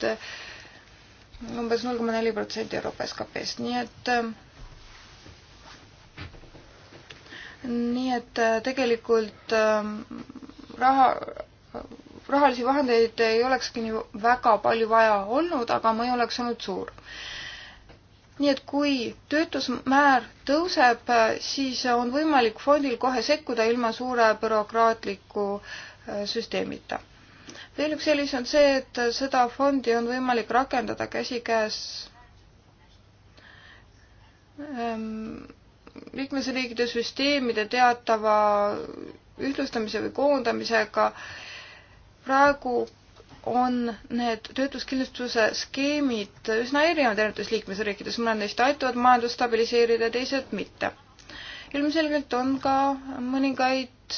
umbes null koma neli protsenti Euroopa SKP-st, nii et ähm, nii et äh, tegelikult ähm, raha, rahalisi vahendeid ei olekski nii väga palju vaja olnud, aga mõju oleks olnud suur nii et kui töötusmäär tõuseb, siis on võimalik fondil kohe sekkuda ilma suure bürokraatliku äh, süsteemita. veel üks eelis on see, et seda fondi on võimalik rakendada käsikäes ähm, liikmesriikide süsteemide teatava ühtlustamise või koondamisega. praegu on need töötuskindlustuse skeemid üsna erinevad erinevates liikmesriikides, mõned neist aitavad majandust stabiliseerida ja teised mitte. ilmselgelt on ka mõningaid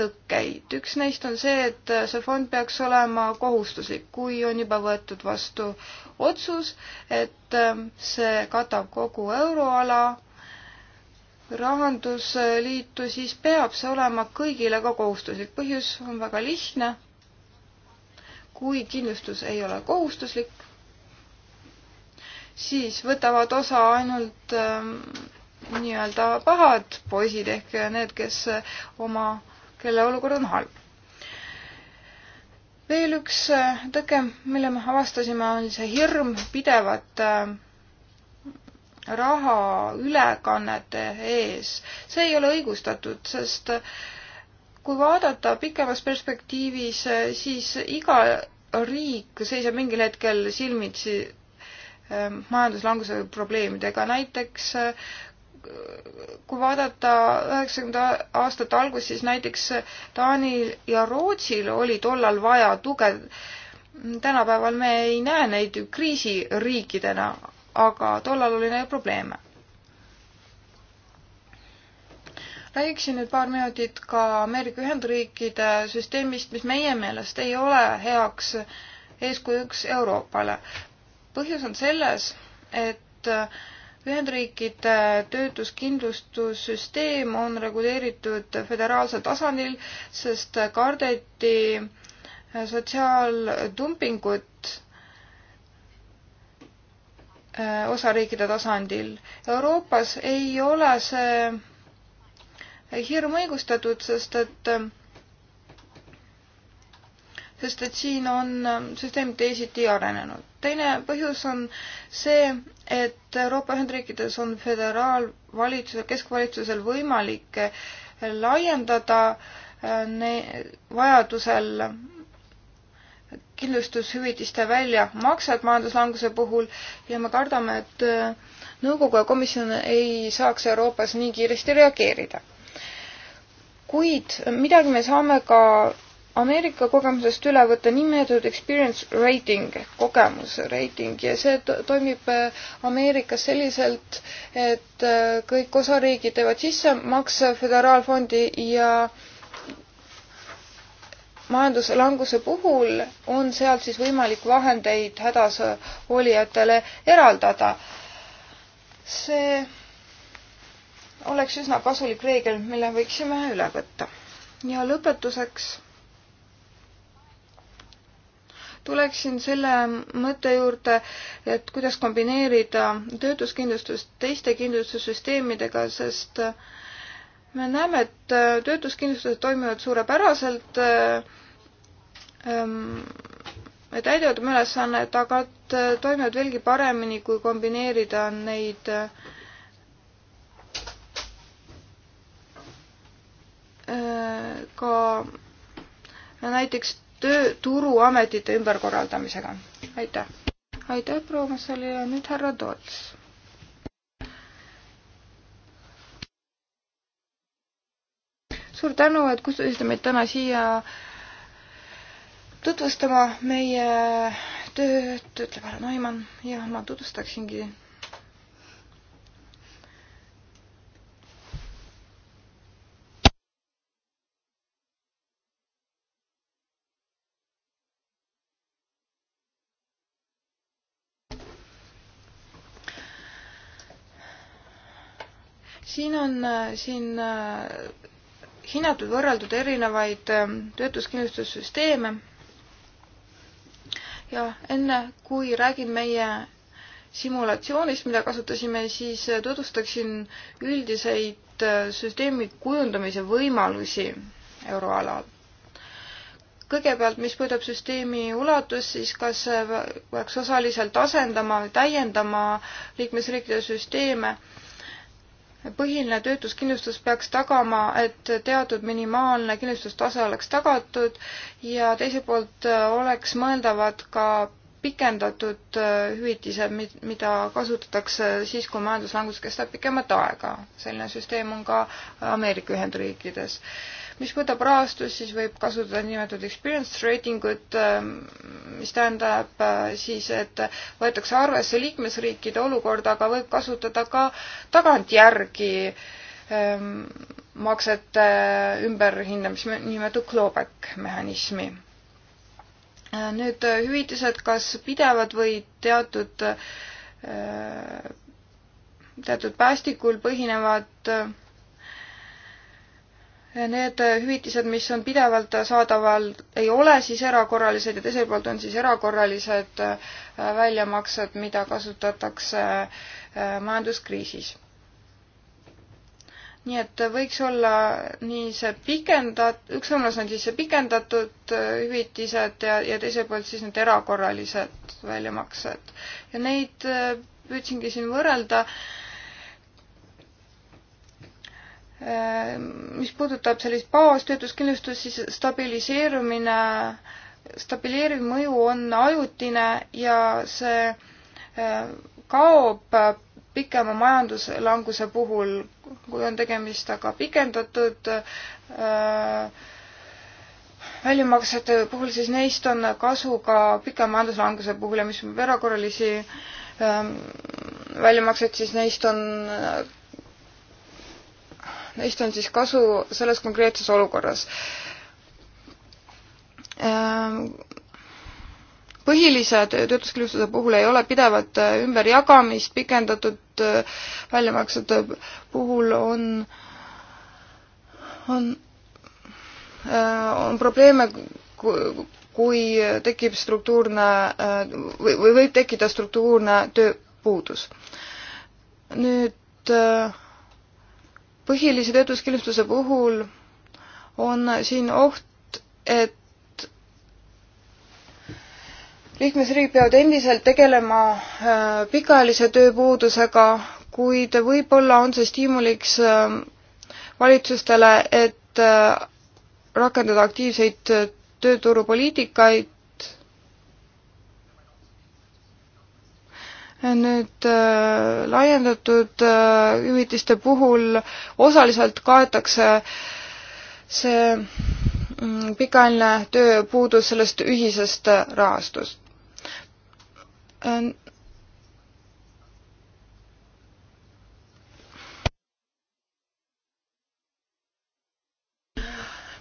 tõkkeid. üks neist on see, et see fond peaks olema kohustuslik, kui on juba võetud vastu otsus, et see katab kogu euroala rahandusliitu, siis peab see olema kõigile ka kohustuslik. põhjus on väga lihtne kui kindlustus ei ole kohustuslik, siis võtavad osa ainult ähm, nii-öelda pahad poisid ehk need, kes äh, oma, kelle olukord on halb. veel üks äh, tõke, mille me avastasime, on see hirm pidevat äh, raha ülekannete ees. see ei ole õigustatud, sest äh, kui vaadata pikemas perspektiivis, siis iga riik seisab mingil hetkel silmitsi ähm, majanduslanguse probleemidega, näiteks äh, kui vaadata üheksakümnenda aastate algust, siis näiteks Taanil ja Rootsil oli tollal vaja tuge. tänapäeval me ei näe neid kriisiriikidena, aga tollal oli neil probleeme. räägiksin nüüd paar minutit ka Ameerika Ühendriikide süsteemist, mis meie meelest ei ole heaks eeskujuks Euroopale. põhjus on selles, et Ühendriikide töötuskindlustussüsteem on reguleeritud föderaalsel tasandil, sest kardeti sotsiaaldumpingut osariikide tasandil. Euroopas ei ole see hirm õigustatud, sest et sest et siin on süsteem teisiti arenenud. teine põhjus on see, et Euroopa Ühendriikides on föderaalvalitsusel, keskvalitsusel võimalik laiendada ne-, vajadusel kindlustushüvitiste väljamakset majanduslanguse puhul ja me kardame, et nõukogu ja komisjon ei saaks Euroopas nii kiiresti reageerida kuid midagi me saame ka Ameerika kogemusest üle võtta nimetatud experience rating ehk kogemusreiting ja see to toimib äh, Ameerikas selliselt, et äh, kõik osariigid teevad sissemakse föderaalfondi ja majanduslanguse puhul on seal siis võimalik vahendeid hädas olijatele eraldada. see oleks üsna kasulik reegel, mille võiksime üle võtta. ja lõpetuseks tuleksin selle mõtte juurde, et kuidas kombineerida töötuskindlustust teiste kindlustussüsteemidega, sest me näeme, et töötuskindlustused toimivad suurepäraselt ähm,, täidavad oma ülesannet, aga eh, toimivad veelgi paremini, kui kombineerida neid äh, Äh, ka näiteks töö, turuametite ümberkorraldamisega. aitäh! aitäh, proua Massali ja nüüd härra Toots. suur tänu, et kutsusite meid täna siia tutvustama meie tööd, ütleb härra Noimann ja ma tutvustaksingi siin on äh, siin äh, hinnatud, võrreldud erinevaid ähm, töötuskindlustussüsteeme. ja enne, kui räägin meie simulatsioonist, mida kasutasime, siis äh, tutvustaksin üldiseid süsteemi kujundamise võimalusi euroalal. kõigepealt, mis puudutab süsteemi ulatust, siis kas peaks osaliselt asendama või täiendama liikmesriikide süsteeme põhiline töötuskindlustus peaks tagama, et teatud minimaalne kindlustustase oleks tagatud ja teiselt poolt äh, oleks mõeldavad ka pikendatud äh, hüvitised, mida kasutatakse siis, kui majanduslangus kestab pikemat aega. selline süsteem on ka Ameerika Ühendriikides mis puudutab rahastust, siis võib kasutada nimetatud experience rating ut, ähm, mis tähendab äh, siis, et võetakse arvesse liikmesriikide olukorda, aga võib kasutada ka tagantjärgi ähm, maksete ümberhindamist, nimetatud clawback mehhanismi. Äh, nüüd äh, hüvitised, kas pidevad või teatud, teatud päästikul põhinevad need hüvitised, mis on pidevalt saadaval, ei ole siis erakorralised ja teiselt poolt on siis erakorralised äh, väljamaksed, mida kasutatakse äh, majanduskriisis. nii et võiks olla nii see pikendat-, üks võimalus on siis see pikendatud äh, hüvitised ja, ja teiselt poolt siis need erakorralised väljamaksed. ja neid püüdsingi siin võrrelda mis puudutab sellist baastöötuskindlustust, siis stabiliseerumine, stabiliseeriv mõju on ajutine ja see äh, kaob pikema majanduslanguse puhul, kui on tegemist aga pikendatud äh, väljamaksete puhul, siis neist on kasu ka pikema majanduslanguse puhul ja mis erakorralisi ähm, väljamakseid, siis neist on neist on siis kasu selles konkreetses olukorras. Ähm, põhilise töötuskindlustuse puhul ei ole pidevat äh, ümberjagamist, pikendatud äh, väljamaksete puhul on, on, äh, on probleeme kui tekib struktuurne või, või võib tekkida struktuurne tööpuudus. nüüd põhilise töötuskindlustuse puhul on siin oht, et liikmesriigid peavad endiselt tegelema äh, pikaajalise tööpuudusega, kuid võib-olla on see stiimuliks äh, valitsustele, et äh, rakendada aktiivseid tööturupoliitikaid nüüd äh, laiendatud äh, hüvitiste puhul osaliselt kaetakse see mm, pikaajaline tööpuudus sellest ühisest rahastust äh,.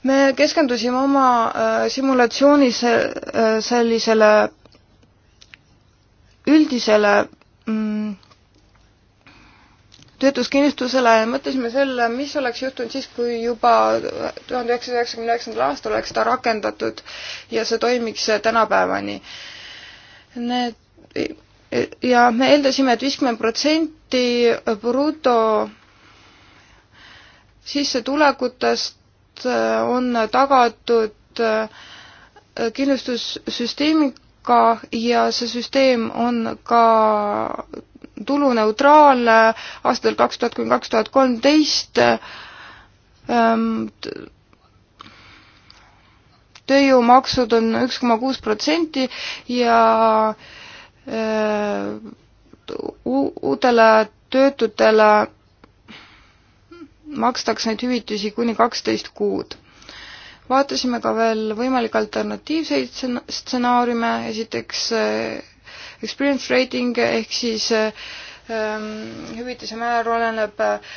me keskendusime oma äh, simulatsioonis äh, sellisele üldisele mm, töötuskindlustusele ja mõtlesime selle, mis oleks juhtunud siis, kui juba tuhande üheksasaja üheksakümne üheksandal aastal oleks seda rakendatud ja see toimiks tänapäevani. Need ja me eeldasime et, et viiskümmend protsenti bruto sissetulekutest on tagatud kindlustussüsteemi ka ja see süsteem on ka tuluneutraalne aastatel kaks tuhat kuni kaks tuhat kolmteist ehm, tööjõumaksud on üks koma kuus protsenti ja ehm, uutele töötutele makstakse neid hüvitisi kuni kaksteist kuud vaatasime ka veel võimalikke alternatiivseid stsenaariume, esiteks eh, experience rating ehk siis eh, ehm, hüvitise määr oleneb eh,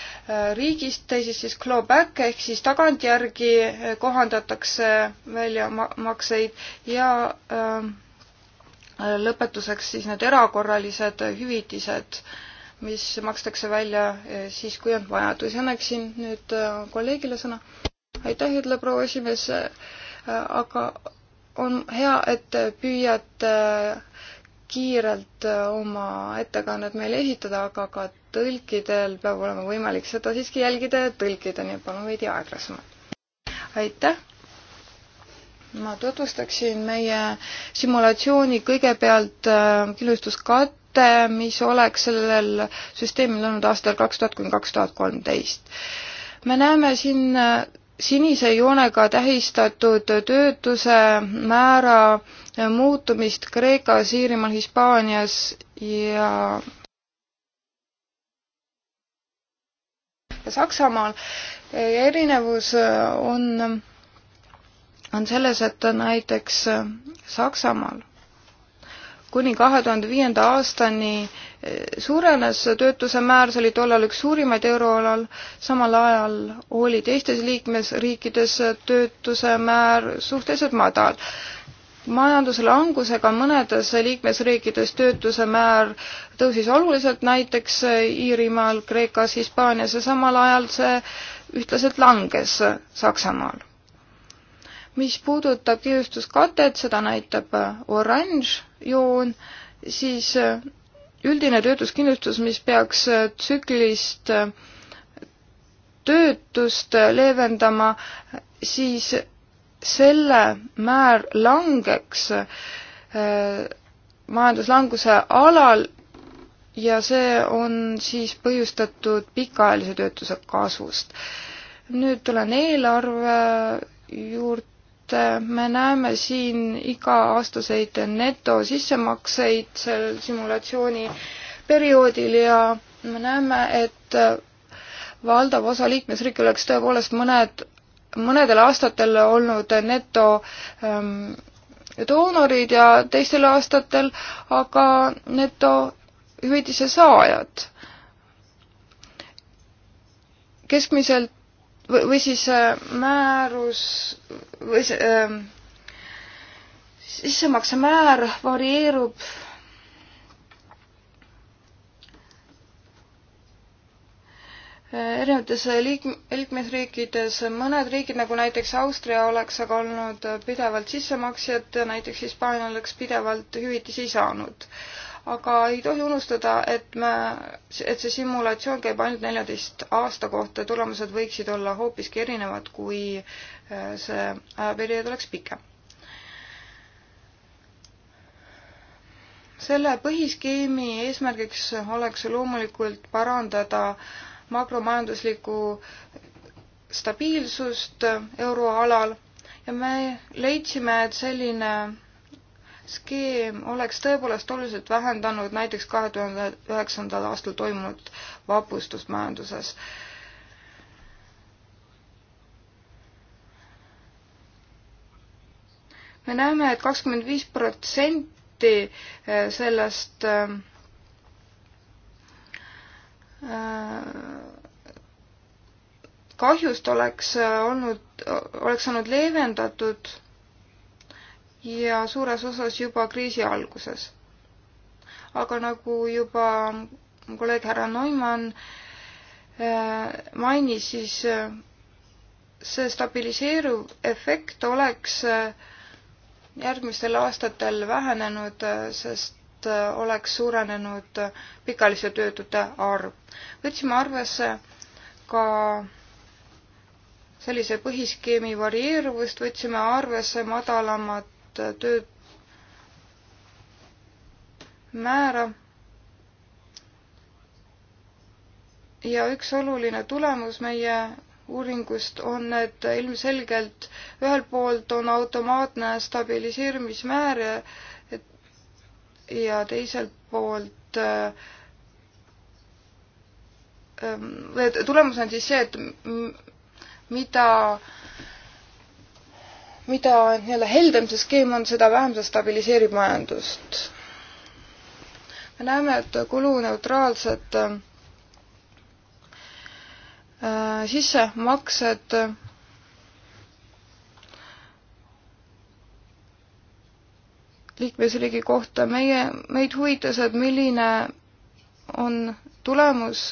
riigist, teisest siis clawback ehk siis tagantjärgi kohandatakse väljamakseid ja lõpetuseks siis need erakorralised hüvitised, mis makstakse välja siis, kui on vajadus. annaksin nüüd kolleegile sõna aitäh, ütleb proua esimees, äh, aga on hea, et püüate äh, kiirelt äh, oma ettekannet meile esitada, aga ka tõlkidel peab olema võimalik seda siiski jälgida ja tõlkida, nii et palun veidi aeglasemalt. aitäh! ma tutvustaksin meie simulatsiooni kõigepealt kindlustuskatte, mis oleks sellel süsteemil olnud aastal kaks tuhat kuni kaks tuhat kolmteist me näeme siin sinise joonega tähistatud töötuse määra muutumist Kreekas, Iirimaal, Hispaanias ja ja Saksamaal. erinevus on, on selles, et näiteks Saksamaal kuni kahe tuhande viienda aastani eh, suurenes töötuse määr, see oli tollal üks suurimaid euroalal, samal ajal oli teistes liikmesriikides töötuse määr suhteliselt madal. majanduslangusega mõnedes liikmesriikides töötuse määr tõusis oluliselt, näiteks Iirimaal, Kreekas, Hispaanias ja samal ajal see ühtlaselt langes Saksamaal. mis puudutab kiirustuskatet, seda näitab oranž joon, siis äh, üldine töötuskindlustus, mis peaks äh, tsüklist äh, töötust leevendama, siis selle määr langeks majanduslanguse alal ja see on siis põhjustatud pikaajalise töötuse kasvust. nüüd tulen eelarve juurde, et äh, me näeme siin iga-aastaseid netosissemakseid sel simulatsiooni perioodil ja me näeme, et äh, valdav osa liikmesriike oleks tõepoolest mõned, mõnedel aastatel olnud neto ähm, doonorid ja teistel aastatel aga netohüvitise saajad. keskmiselt või siis äh, määrus või see äh, sissemakse määr varieerub äh, erinevates liik-, liikmesriikides mõned riigid, nagu näiteks Austria, oleks aga olnud pidevalt sissemaksjad, näiteks Hispaania oleks pidevalt hüvitisi saanud aga ei tohi unustada, et me, et see simulatsioon käib ainult neljateist aasta kohta, tulemused võiksid olla hoopiski erinevad, kui äh, see ajaperiood oleks pikem. selle põhiskeemi eesmärgiks oleks loomulikult parandada makromajanduslikku stabiilsust euroalal ja me leidsime, et selline skeem oleks tõepoolest oluliselt vähendanud näiteks kahe tuhande üheksandal aastal toimunud vapustust majanduses. me näeme et, et kakskümmend viis protsenti eh, sellest äh, kahjust oleks eh, olnud, oleks olnud leevendatud ja suures osas juba kriisi alguses. aga nagu juba kolleeg härra Neumann äh, mainis, siis äh, see stabiliseeruv efekt oleks äh, järgmistel aastatel vähenenud, sest oleks suurenenud pikaajalise töötute arv. võtsime arvesse ka sellise põhiskeemi varieeruvust, võtsime arvesse madalamat Äh, töö määra. ja üks oluline tulemus meie uuringust on, et ilmselgelt ühelt poolt on automaatne stabiliseerimismäär ja, ja teiselt poolt äh, ähm, tulemus on siis see, et mida mida nii-öelda heldem see skeem on, seda vähem see stabiliseerib majandust. me näeme, et kuluneutraalsed äh, sissemaksed liikmesriigi kohta meie, meid huvitas, et milline on tulemus,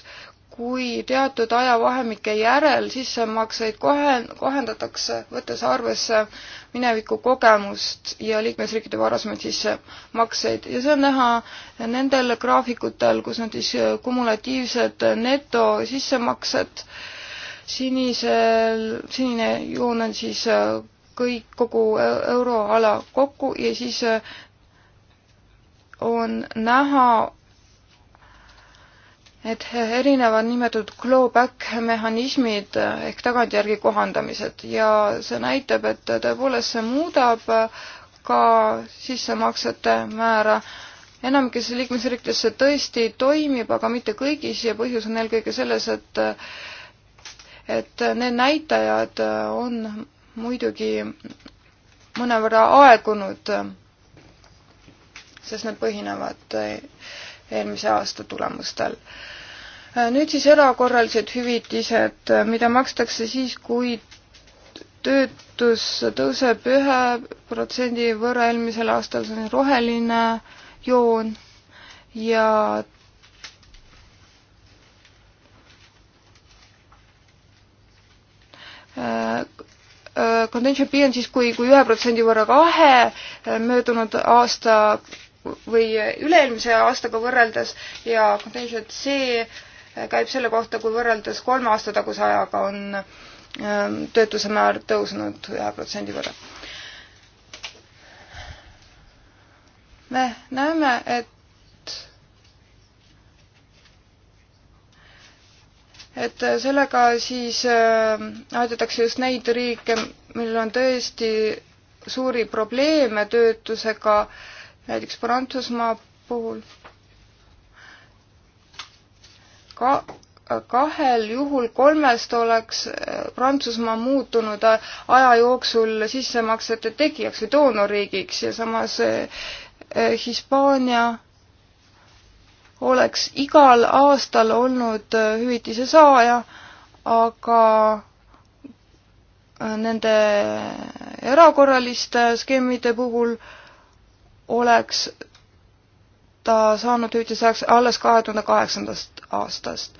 kui teatud ajavahemike järel sissemakseid kohe, kohendatakse, võttes arvesse mineviku kogemust ja liikmesriikide varasemaid sissemakseid ja see on näha nendel graafikutel, kus on siis kumulatiivsed netosissemaksed, sinisel, sinine joon on siis kõik, kogu euroala kokku ja siis on näha need erinevad nimetatud clawback mehhanismid ehk tagantjärgi kohandamised ja see näitab, et tõepoolest see muudab ka sissemaksete määra. enamikes liikmesriikides see tõesti toimib, aga mitte kõigis ja põhjus on eelkõige selles, et et need näitajad on muidugi mõnevõrra aegunud, sest need põhinevad eelmise aasta tulemustel. Äh, nüüd siis erakorralised hüvitised, äh, mida makstakse siis, kui töötus tõuseb ühe protsendi võrra eelmisel aastal, see on roheline joon ja äh, Contention B on siis, kui, kui ühe protsendi võrra kahe möödunud aasta või üle-eelmise aastaga võrreldes ja Contention C käib selle kohta, kui võrreldes kolme aasta taguse ajaga on ähm, töötuse määr tõusnud ühe protsendi võrra. me näeme, et, et sellega siis ähm, aidatakse just neid riike, millel on tõesti suuri probleeme töötusega, näiteks Prantsusmaa puhul ka kahel juhul kolmest oleks äh, Prantsusmaa muutunud aja jooksul sissemaksete tegijaks või doonorriigiks ja samas äh, äh, Hispaania oleks igal aastal olnud hüvitise saaja, aga nende erakorraliste skeemide puhul oleks ta saanud hüvitise ajaks alles kahe tuhande kaheksandast aastast.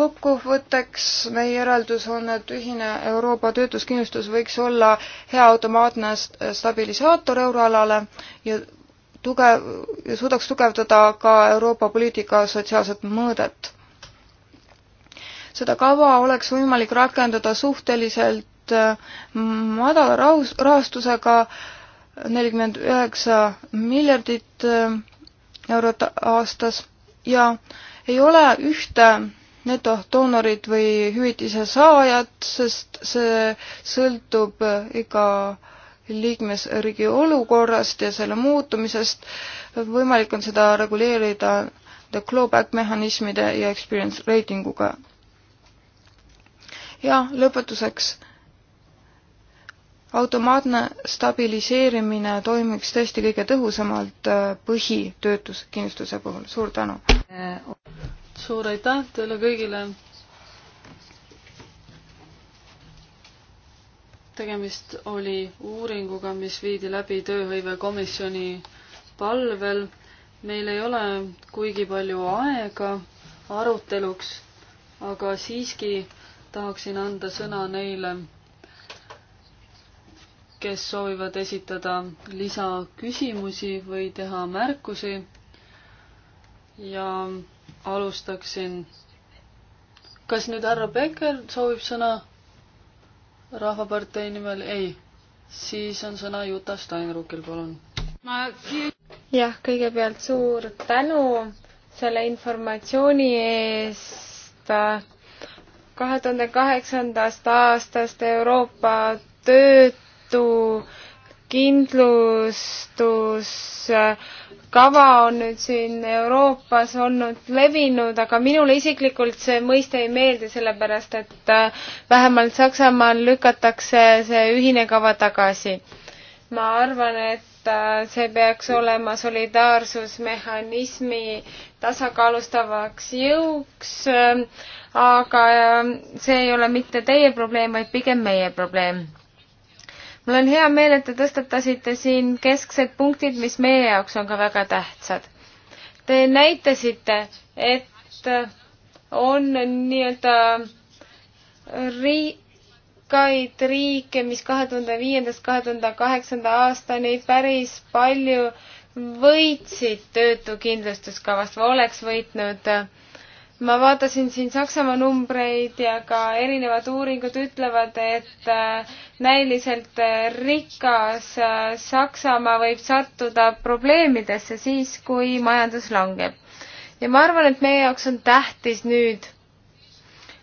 kokkuvõtteks meie järeldus on, et ühine Euroopa töötuskindlustus võiks olla hea automaatne stabilisaator euroalale ja tugev, suudaks tugevdada ka Euroopa poliitika sotsiaalset mõõdet. seda kava oleks võimalik rakendada suhteliselt äh, madala rahus, rahastusega nelikümmend üheksa miljardit äh, eurot aastas ja ei ole ühte netodoonorit või hüvitise saajat, sest see sõltub iga liikmesriigi olukorrast ja selle muutumisest. võimalik on seda reguleerida the clawback mehhanismide ja experience reitinguga. ja lõpetuseks automaatne stabiliseerimine toimiks tõesti kõige tõhusamalt äh, põhitöötuskindlustuse puhul. suur tänu! suur aitäh teile kõigile! tegemist oli uuringuga, mis viidi läbi tööhõivekomisjoni palvel. meil ei ole kuigi palju aega aruteluks, aga siiski tahaksin anda sõna neile kes soovivad esitada lisaküsimusi või teha märkusi. ja alustaksin. kas nüüd härra Becker soovib sõna Rahvapartei nimel? ei. siis on sõna Juta Steinruckil, palun. jah, kõigepealt suur tänu selle informatsiooni eest kahe tuhande kaheksandast aastast Euroopa töötajate tohutu kindlustuskava on nüüd siin Euroopas olnud levinud, aga minule isiklikult see mõiste ei meeldi, sellepärast et äh, vähemalt Saksamaal lükatakse see ühine kava tagasi. ma arvan, et äh, see peaks olema solidaarsusmehhanismi tasakaalustavaks jõuks, äh, aga see ei ole mitte teie probleem, vaid pigem meie probleem mul on hea meel, et te tõstatasite siin kesksed punktid, mis meie jaoks on ka väga tähtsad. Te näitasite, et on nii-öelda rikkaid riike, mis kahe tuhande viiendast kahe tuhande kaheksanda aastani päris palju võitsid töötukindlustuskavast või oleks võitnud ma vaatasin siin Saksamaa numbreid ja ka erinevad uuringud ütlevad, et näiliselt äh, rikas äh, Saksamaa võib sattuda probleemidesse siis, kui majandus langeb. ja ma arvan, et meie jaoks on tähtis nüüd,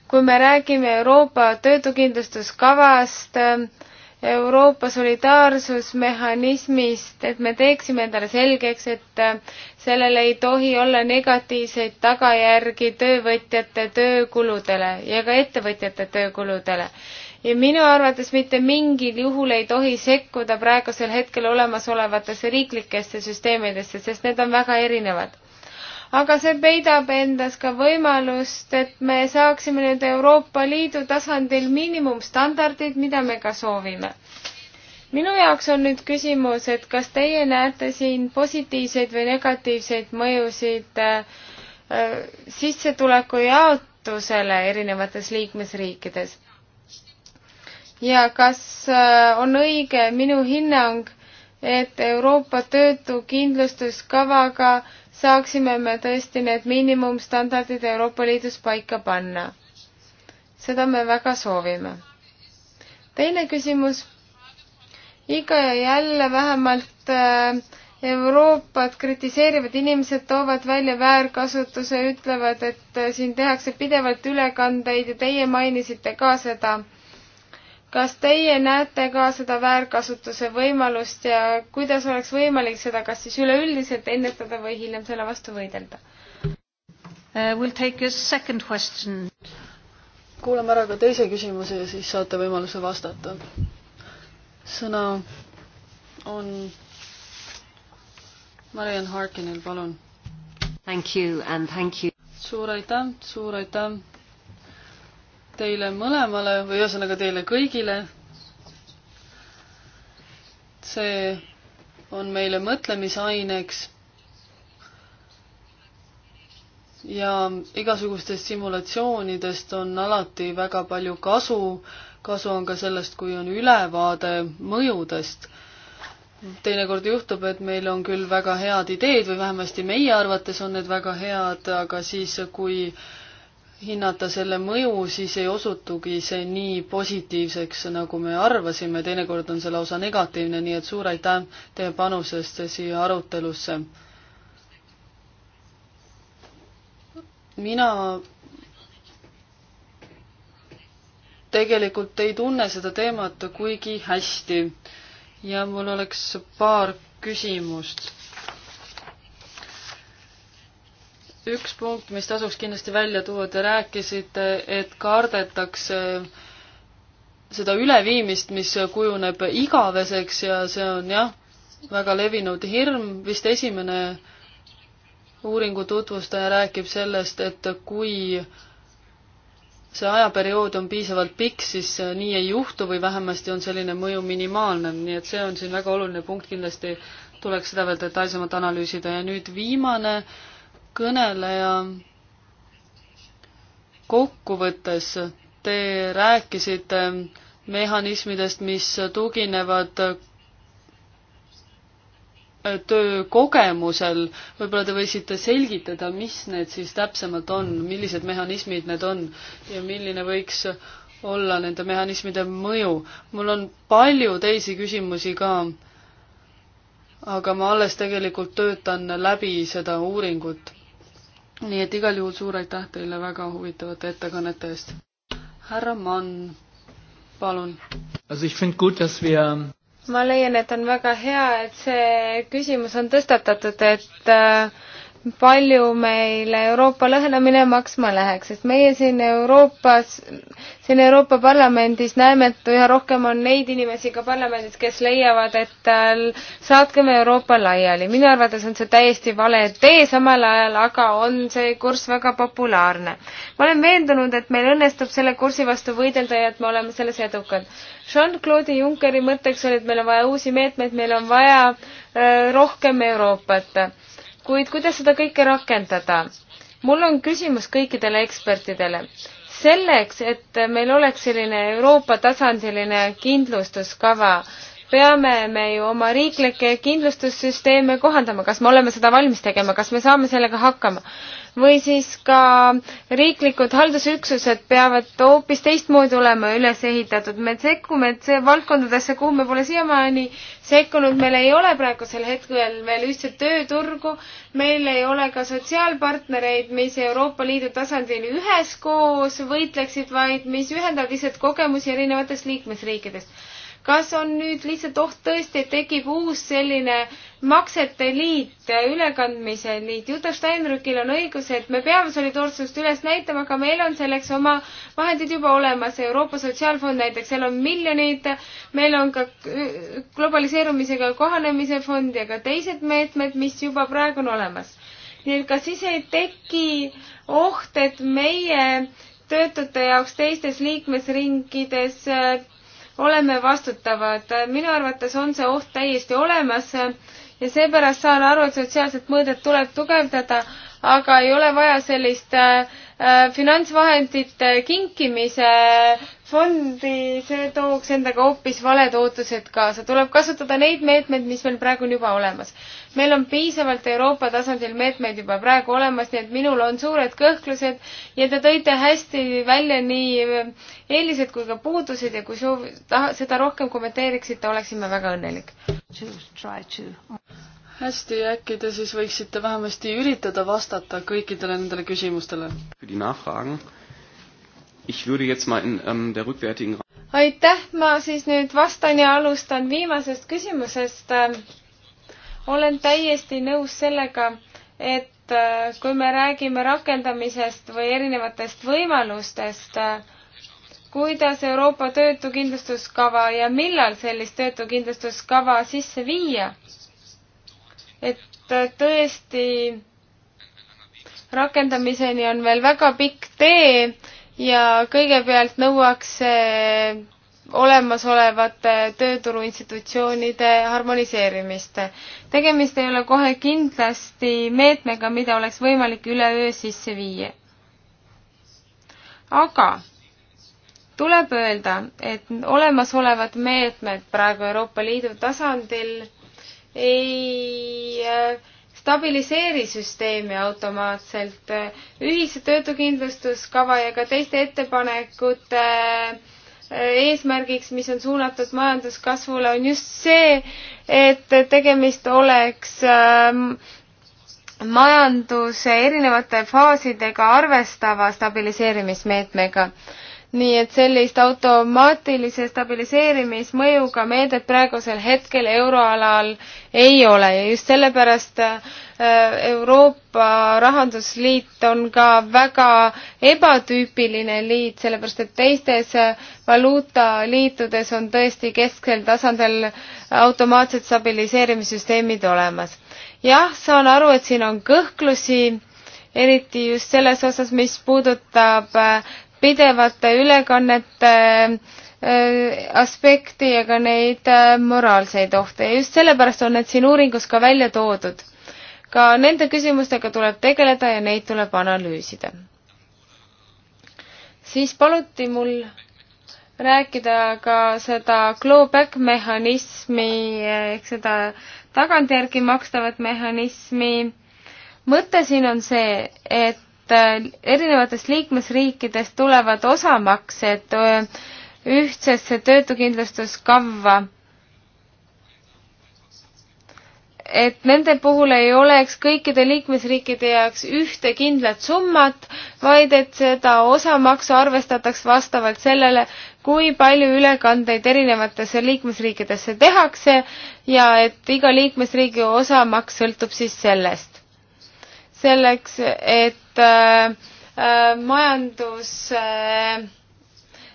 kui me räägime Euroopa töötukindlustuskavast, äh, Euroopa solidaarsusmehhanismist, et me teeksime endale selgeks, et sellel ei tohi olla negatiivseid tagajärgi töövõtjate töökuludele ja ka ettevõtjate töökuludele ja minu arvates mitte mingil juhul ei tohi sekkuda praegusel hetkel olemasolevatesse riiklikesse süsteemidesse, sest need on väga erinevad. aga see peidab endas ka võimalust, et me saaksime nüüd Euroopa Liidu tasandil miinimumstandardid, mida me ka soovime. minu jaoks on nüüd küsimus, et kas teie näete siin positiivseid või negatiivseid mõjusid äh, äh sissetuleku jaotusele erinevates liikmesriikides ja kas äh, on õige minu hinnang, et Euroopa töötukindlustuskavaga saaksime me tõesti need miinimumstandardid Euroopa Liidus paika panna. seda me väga soovime. teine küsimus. iga ja jälle vähemalt äh, Euroopat kritiseerivad inimesed toovad välja väärkasutuse, ütlevad, et äh, siin tehakse pidevalt ülekandeid ja teie mainisite ka seda kas teie näete ka seda väärkasutuse võimalust ja kuidas oleks võimalik seda kas siis üleüldiselt ennetada või hiljem selle vastu võidelda uh,? We'll take a second question. kuulame ära ka teise küsimuse ja siis saate võimaluse vastata. sõna on Mariann Harkinil, palun. Thank you and thank you. suur aitäh, suur aitäh teile mõlemale või ühesõnaga teile kõigile. see on meile mõtlemisaineks. ja igasugustest simulatsioonidest on alati väga palju kasu. kasu on ka sellest, kui on ülevaade mõjudest. teinekord juhtub, et meil on küll väga head ideed või vähemasti meie arvates on need väga head, aga siis, kui äh, hinnata selle mõju, siis ei osutugi see nii positiivseks, nagu me arvasime, teinekord on see lausa negatiivne, nii et suur aitäh teie panusest siia arutelusse. mina tegelikult ei tunne seda teemat kuigi hästi ja mul oleks paar küsimust üks punkt, mis tasuks kindlasti välja tuua, te rääkisite, et kardetakse seda üleviimist, mis kujuneb igaveseks ja see on jah, väga levinud hirm, vist esimene uuringu tutvustaja räägib sellest, et kui see ajaperiood on piisavalt pikk, siis nii ei juhtu või vähemasti on selline mõju minimaalne, nii et see on siin väga oluline punkt, kindlasti tuleks seda veel detailsemalt analüüsida ja nüüd viimane äh, kõneleja, kokkuvõttes te rääkisite mehhanismidest, mis tuginevad töökogemusel, võib-olla te võisite selgitada, mis need siis täpsemalt on, millised mehhanismid need on ja milline võiks olla nende mehhanismide mõju. mul on palju teisi küsimusi ka, aga ma alles tegelikult töötan läbi seda uuringut nii et igal juhul suur aitäh teile väga huvitavate ettekannete eest. härra Mann, palun. ma leian, et on väga hea, et see küsimus on tõstatatud, et äh, palju meile Euroopa lõhenemine maksma läheks, sest meie siin Euroopas, siin Euroopa Parlamendis näeme, et üha rohkem on neid inimesi ka parlamendis, kes leiavad, et äh, saatkem Euroopa laiali. minu arvates on see täiesti vale tee, samal ajal aga on see kurss väga populaarne. ma olen veendunud, et meil õnnestub selle kursi vastu võidelda ja et me oleme selles edukad. Jean-Claude Junckeri mõtteks oli, et meil on vaja uusi meetmeid, meil on vaja öö, äh, rohkem Euroopat kuid kuidas seda kõike rakendada? mul on küsimus kõikidele ekspertidele. selleks, et meil oleks selline Euroopa tasandiline kindlustuskava, peame me ju oma riiklikke kindlustussüsteeme kohandama, kas me oleme seda valmis tegema, kas me saame sellega hakkama? või siis ka riiklikud haldusüksused peavad hoopis teistmoodi olema üles ehitatud. me sekkume valdkondadesse, kuhu me pole siiamaani sekkunud, meil ei ole praegusel hetkel veel ühtset tööturgu, meil ei ole ka sotsiaalpartnereid, mis Euroopa Liidu tasandil üheskoos võitleksid, vaid mis ühendavad lihtsalt kogemusi erinevatest liikmesriikidest kas on nüüd lihtsalt oht tõesti, et tekib uus selline maksete liit, ülekandmise liit? Juta Steinrückil on õigus, et me peame solidaarsust üles näitama, aga meil on selleks oma vahendid juba olemas. Euroopa Sotsiaalfond näiteks, seal on miljonid, meil on ka globaliseerumisega kohanemise fond ja ka teised meetmed, mis juba praegu on olemas. nii et kas siis ei teki oht, et meie töötute jaoks teistes liikmesringides oleme vastutavad. minu arvates on see oht täiesti olemas ja seepärast saan aru, et sotsiaalset mõõdet tuleb tugevdada, aga ei ole vaja sellist äh, finantsvahendite kinkimise fondi, see tooks endaga hoopis valed ootused kaasa. tuleb kasutada neid meetmeid, mis meil praegu on juba olemas. meil on piisavalt Euroopa tasandil meetmeid juba praegu olemas, nii et minul on suured kõhklused ja te tõite hästi välja nii eelised kui ka puudused ja kui soov, seda rohkem kommenteeriksite, oleksin ma väga õnnelik. hästi, äkki te siis võiksite vähemasti üritada vastata kõikidele nendele küsimustele? Ähm, aitäh, ma siis nüüd vastan ja alustan viimasest küsimusest. Ähm, olen täiesti nõus sellega, et äh, kui me räägime rakendamisest või erinevatest võimalustest, äh, kuidas Euroopa töötukindlustuskava ja millal sellist töötukindlustuskava sisse viia, et äh, tõesti rakendamiseni on veel väga pikk tee ja kõigepealt nõuakse olemasolevate tööturuinstitutsioonide harmoniseerimist. tegemist ei ole kohe kindlasti meetmega, mida oleks võimalik üleöö sisse viia. aga tuleb öelda, et olemasolevad meetmed praegu Euroopa Liidu tasandil ei äh, stabiliseeri süsteemi automaatselt. ühise töötukindlustuskava ja ka teiste ettepanekute eh, eesmärgiks, mis on suunatud majanduskasvule, on just see, et tegemist oleks ehm, majanduse erinevate faasidega arvestava stabiliseerimismeetmega nii et sellist automaatilise stabiliseerimismõjuga meedet praegusel hetkel euroalal ei ole ja just sellepärast äh, Euroopa Rahandusliit on ka väga ebatüüpiline liit, sellepärast et teistes äh, valuutaliitudes on tõesti kesksel tasandil automaatsed stabiliseerimissüsteemid olemas. jah, saan aru, et siin on kõhklusi eriti just selles osas, mis puudutab äh, pidevate ülekannete äh, aspekti ja ka neid äh, moraalseid ohte ja just sellepärast on need siin uuringus ka välja toodud. ka nende küsimustega tuleb tegeleda ja neid tuleb analüüsida. siis paluti mul rääkida ka seda clawback mehhanismi eh, ehk seda tagantjärgi makstavat mehhanismi. mõte siin on see, et Äh, erinevatest liikmesriikidest tulevad osamaksed äh, ühtsesse töötukindlustuskavva. et nende puhul ei oleks kõikide liikmesriikide jaoks ühte kindlat summat, vaid et seda osamaksu arvestataks vastavalt sellele, kui palju ülekandeid erinevatesse liikmesriikidesse tehakse ja et iga liikmesriigi osamaks sõltub siis sellest selleks, et äh, äh, majandus äh,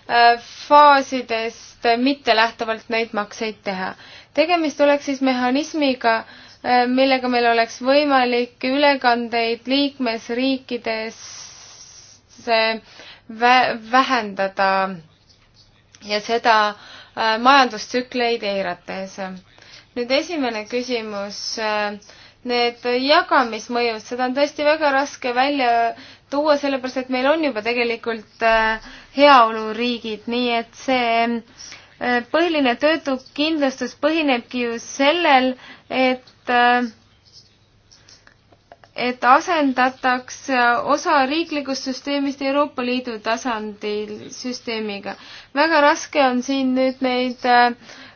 äh faasidest mitte lähtuvalt neid makseid teha. tegemist oleks siis mehhanismiga, äh, millega meil oleks võimalik ülekandeid liikmesriikidesse vä-, vähendada ja seda äh, majandustsükleid eirates. nüüd esimene küsimus äh, need jagamismõjud, seda on tõesti väga raske välja tuua, sellepärast et meil on juba tegelikult äh, heaoluriigid, nii et see äh, põhiline töötukindlustus põhinebki ju sellel, et äh, et asendataks osa riiklikust süsteemist Euroopa Liidu tasandil süsteemiga. väga raske on siin nüüd neid äh,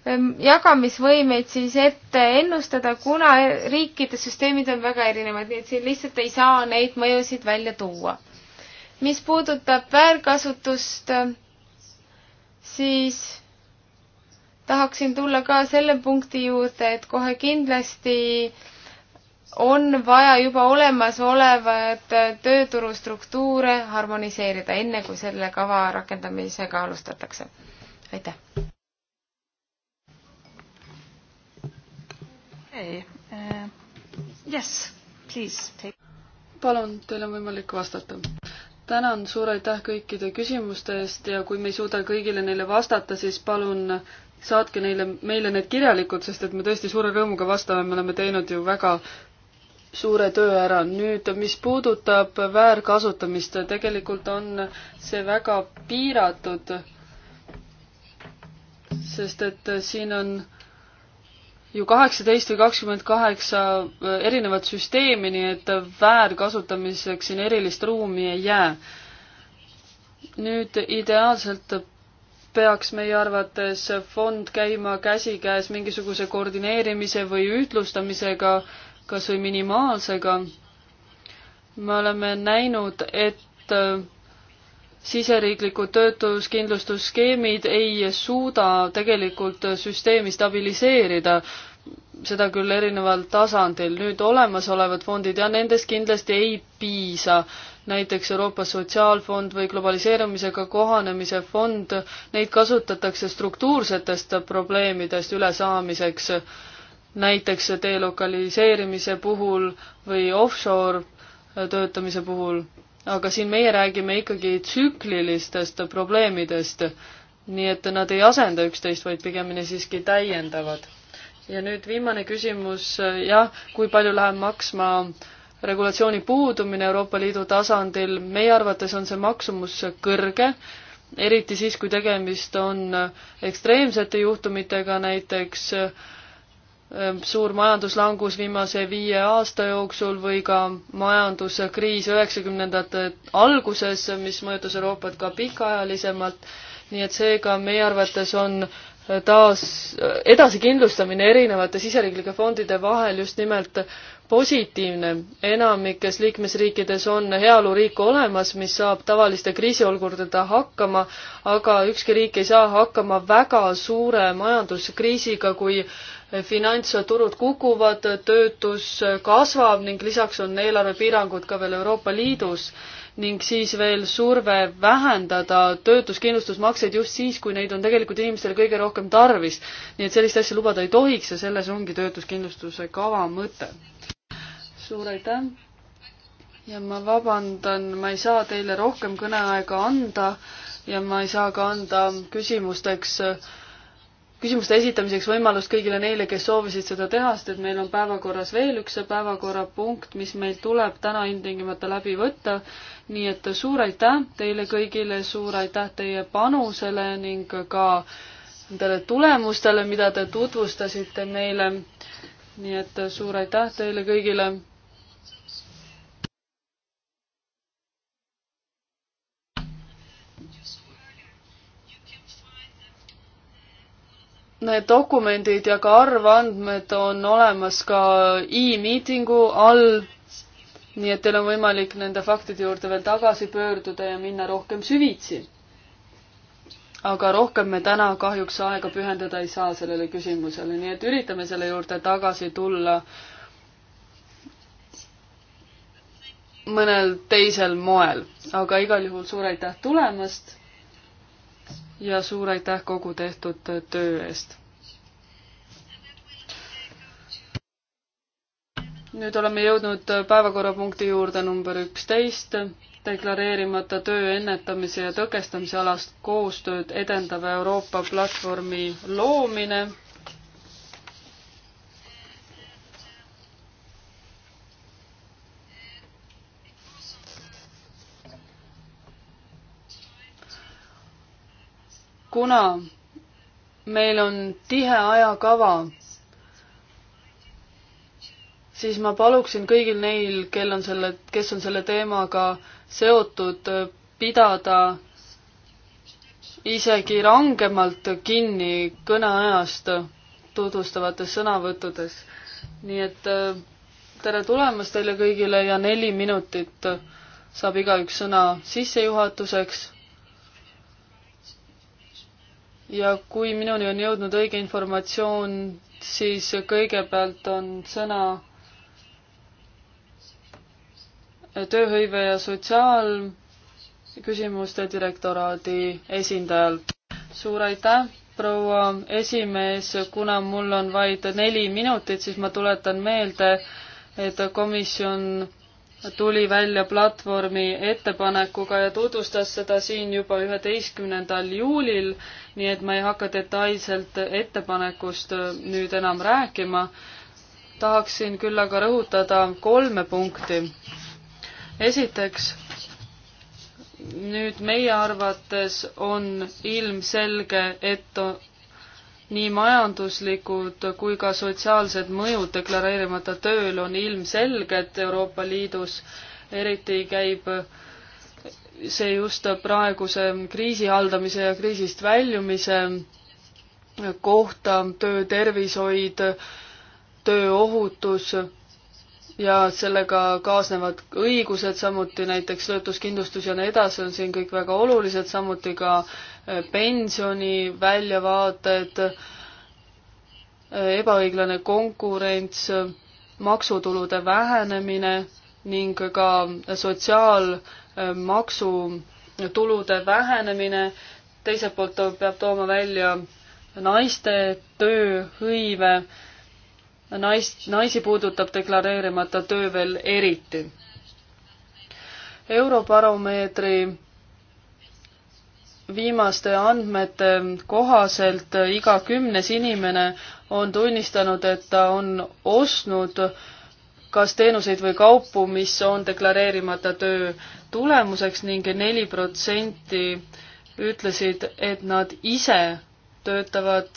Ehm, jagamisvõimeid siis ette ennustada, kuna riikide süsteemid on väga erinevad, nii et siin lihtsalt ei saa neid mõjusid välja tuua. mis puudutab väärkasutust, siis tahaksin tulla ka selle punkti juurde, et kohe kindlasti on vaja juba olemasolevad tööturustruktuure harmoniseerida, enne kui selle kava rakendamisega alustatakse. aitäh! okei okay. uh,, yes, please take. palun, teil on võimalik vastata tänan, suur aitäh kõikide küsimuste eest ja kui me ei suuda kõigile neile vastata, siis palun saatke neile, meile need kirjalikud, sest et me tõesti suure rõõmuga vastame, me oleme teinud ju väga suure töö ära. nüüd, mis puudutab väärkasutamist, tegelikult on see väga piiratud, sest et siin on ju kaheksateist või kakskümmend kaheksa äh, erinevat süsteemi, nii et väärkasutamiseks siin erilist ruumi ei jää. nüüd ideaalselt peaks meie arvates fond käima käsikäes mingisuguse koordineerimise või ühtlustamisega, kas või minimaalsega. me oleme näinud, et äh, siseriiklikud töötuskindlustusskeemid ei suuda tegelikult süsteemi stabiliseerida, seda küll erineval tasandil. nüüd olemasolevad fondid ja nendest kindlasti ei piisa. näiteks Euroopa Sotsiaalfond või globaliseerumisega kohanemise fond, neid kasutatakse struktuursetest probleemidest ülesaamiseks, näiteks delokaliseerimise puhul või offshore töötamise puhul aga siin meie räägime ikkagi tsüklilistest probleemidest, nii et nad ei asenda üksteist, vaid pigemini siiski täiendavad. ja nüüd viimane küsimus, jah, kui palju läheb maksma regulatsiooni puudumine Euroopa Liidu tasandil, meie arvates on see maksumus kõrge, eriti siis, kui tegemist on ekstreemsete juhtumitega, näiteks äh, Ehm, suur majanduslangus viimase viie aasta jooksul või ka majanduskriis üheksakümnendate alguses, mis mõjutas Euroopat ka pikaajalisemalt. nii et seega meie arvates on taas eh, edasikindlustamine erinevate siseriiklike fondide vahel just nimelt positiivne. enamikes liikmesriikides on heaoluriik olemas, mis saab tavaliste kriisiolukordade hakkama, aga ükski riik ei saa hakkama väga suure majanduskriisiga, kui finantsturud kukuvad, töötus kasvab ning lisaks on eelarvepiirangud ka veel Euroopa Liidus ning siis veel surve vähendada töötuskindlustusmakseid just siis, kui neid on tegelikult inimestel kõige rohkem tarvis. nii et sellist asja lubada ei tohiks ja selles ongi töötuskindlustuse kava mõte. suur aitäh! ja ma vabandan, ma ei saa teile rohkem kõneaega anda ja ma ei saa ka anda küsimusteks äh, küsimuste esitamiseks võimalust kõigile neile, kes soovisid seda teha, sest et meil on päevakorras veel üks päevakorrapunkt, mis meil tuleb täna ilmtingimata läbi võtta. nii et suur aitäh teile kõigile, suur aitäh teie panusele ning ka nendele tulemustele, mida te tutvustasite meile. nii et suur aitäh teile kõigile Need dokumendid ja ka arvandmed on olemas ka e-miitingu all, nii et teil on võimalik nende faktide juurde veel tagasi pöörduda ja minna rohkem süvitsi. aga rohkem me täna kahjuks aega pühendada ei saa sellele küsimusele, nii et üritame selle juurde tagasi tulla mõnel teisel moel, aga igal juhul suur aitäh tulemast ja suur aitäh kogu tehtud töö eest. nüüd oleme jõudnud päevakorrapunkti juurde number üksteist, deklareerimata töö ennetamise ja tõkestamise alast koostööd edendava Euroopa platvormi loomine kuna meil on tihe ajakava, siis ma paluksin kõigil neil, kel on selle, kes on selle teemaga seotud, pidada isegi rangemalt kinni kõneajast tutvustavates sõnavõttudes. nii et äh, tere tulemast teile kõigile ja neli minutit saab igaüks sõna sissejuhatuseks ja kui minuni on jõudnud õige informatsioon, siis kõigepealt on sõna tööhõive ja sotsiaalküsimuste direktoraadi esindajal. suur aitäh, proua esimees, kuna mul on vaid neli minutit, siis ma tuletan meelde, et komisjon tuli välja platvormi ettepanekuga ja tutvustas seda siin juba üheteistkümnendal juulil, nii et ma ei hakka detailselt ettepanekust äh, nüüd enam rääkima. tahaksin küll aga rõhutada kolme punkti. esiteks, nüüd meie arvates on ilmselge, et nii majanduslikud kui ka sotsiaalsed mõjud deklareerimata tööl on ilmselged Euroopa Liidus, eriti käib see just praeguse kriisi haldamise ja kriisist väljumise kohta, töötervishoid, tööohutus ja sellega kaasnevad õigused, samuti näiteks töötuskindlustus ja nii edasi on siin kõik väga olulised, samuti ka äh, pensioni väljavaated, ebaõiglane konkurents, maksutulude vähenemine ning ka sotsiaalmaksutulude vähenemine, teiselt poolt peab tooma välja naiste tööhõive, nais, naisi puudutab deklareerimata töö veel eriti. Eurobaromeetri viimaste andmete kohaselt iga kümnes inimene on tunnistanud, et ta on ostnud kas teenuseid või kaupu, mis on deklareerimata töö tulemuseks ning neli protsenti ütlesid, et nad ise töötavad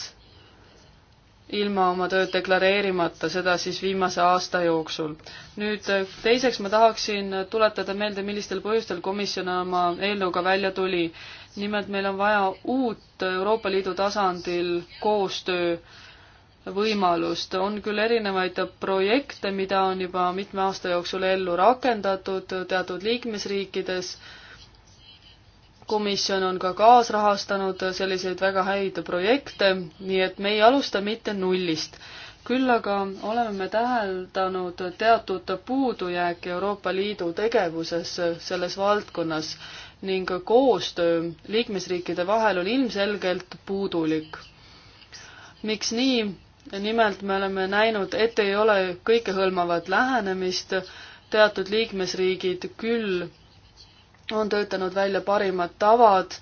ilma oma tööd deklareerimata, seda siis viimase aasta jooksul. nüüd teiseks ma tahaksin tuletada meelde, millistel põhjustel komisjon oma eelnõuga välja tuli nimelt meil on vaja uut Euroopa Liidu tasandil koostöö võimalust. on küll erinevaid projekte, mida on juba mitme aasta jooksul ellu rakendatud teatud liikmesriikides. komisjon on ka kaasrahastanud selliseid väga häid projekte, nii et me ei alusta mitte nullist. küll aga oleme me täheldanud teatud puudujääki Euroopa Liidu tegevuses selles valdkonnas ning koostöö liikmesriikide vahel on ilmselgelt puudulik. miks nii? nimelt me oleme näinud, et ei ole kõikehõlmavat lähenemist, teatud liikmesriigid küll on töötanud välja parimad tavad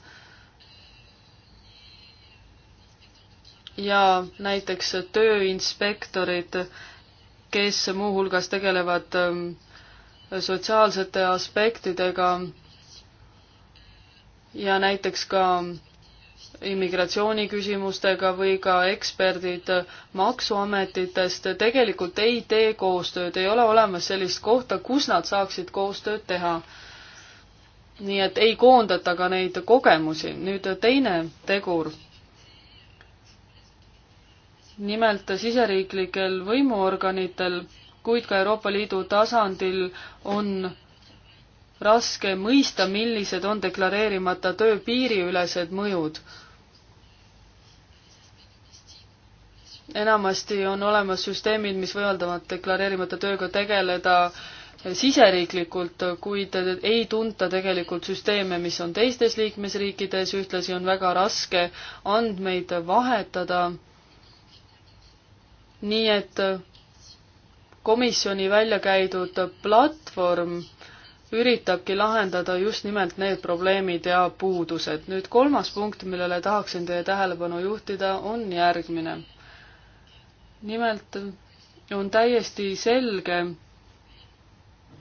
ja näiteks tööinspektorid, kes muuhulgas tegelevad ähm, sotsiaalsete aspektidega, ja näiteks ka immigratsiooniküsimustega või ka eksperdid maksuametitest tegelikult ei tee koostööd, ei ole olemas sellist kohta, kus nad saaksid koostööd teha. nii et ei koondata ka neid kogemusi. nüüd teine tegur. nimelt siseriiklikel võimuorganitel, kuid ka Euroopa Liidu tasandil on raske mõista, millised on deklareerimata töö piiriülesed mõjud. enamasti on olemas süsteemid, mis võimaldavad deklareerimata tööga tegeleda siseriiklikult, kuid ei tunta tegelikult süsteeme, mis on teistes liikmesriikides, ühtlasi on väga raske andmeid vahetada. nii et komisjoni välja käidud platvorm üritabki lahendada just nimelt need probleemid ja puudused. nüüd kolmas punkt, millele tahaksin teie tähelepanu juhtida, on järgmine. nimelt on täiesti selge,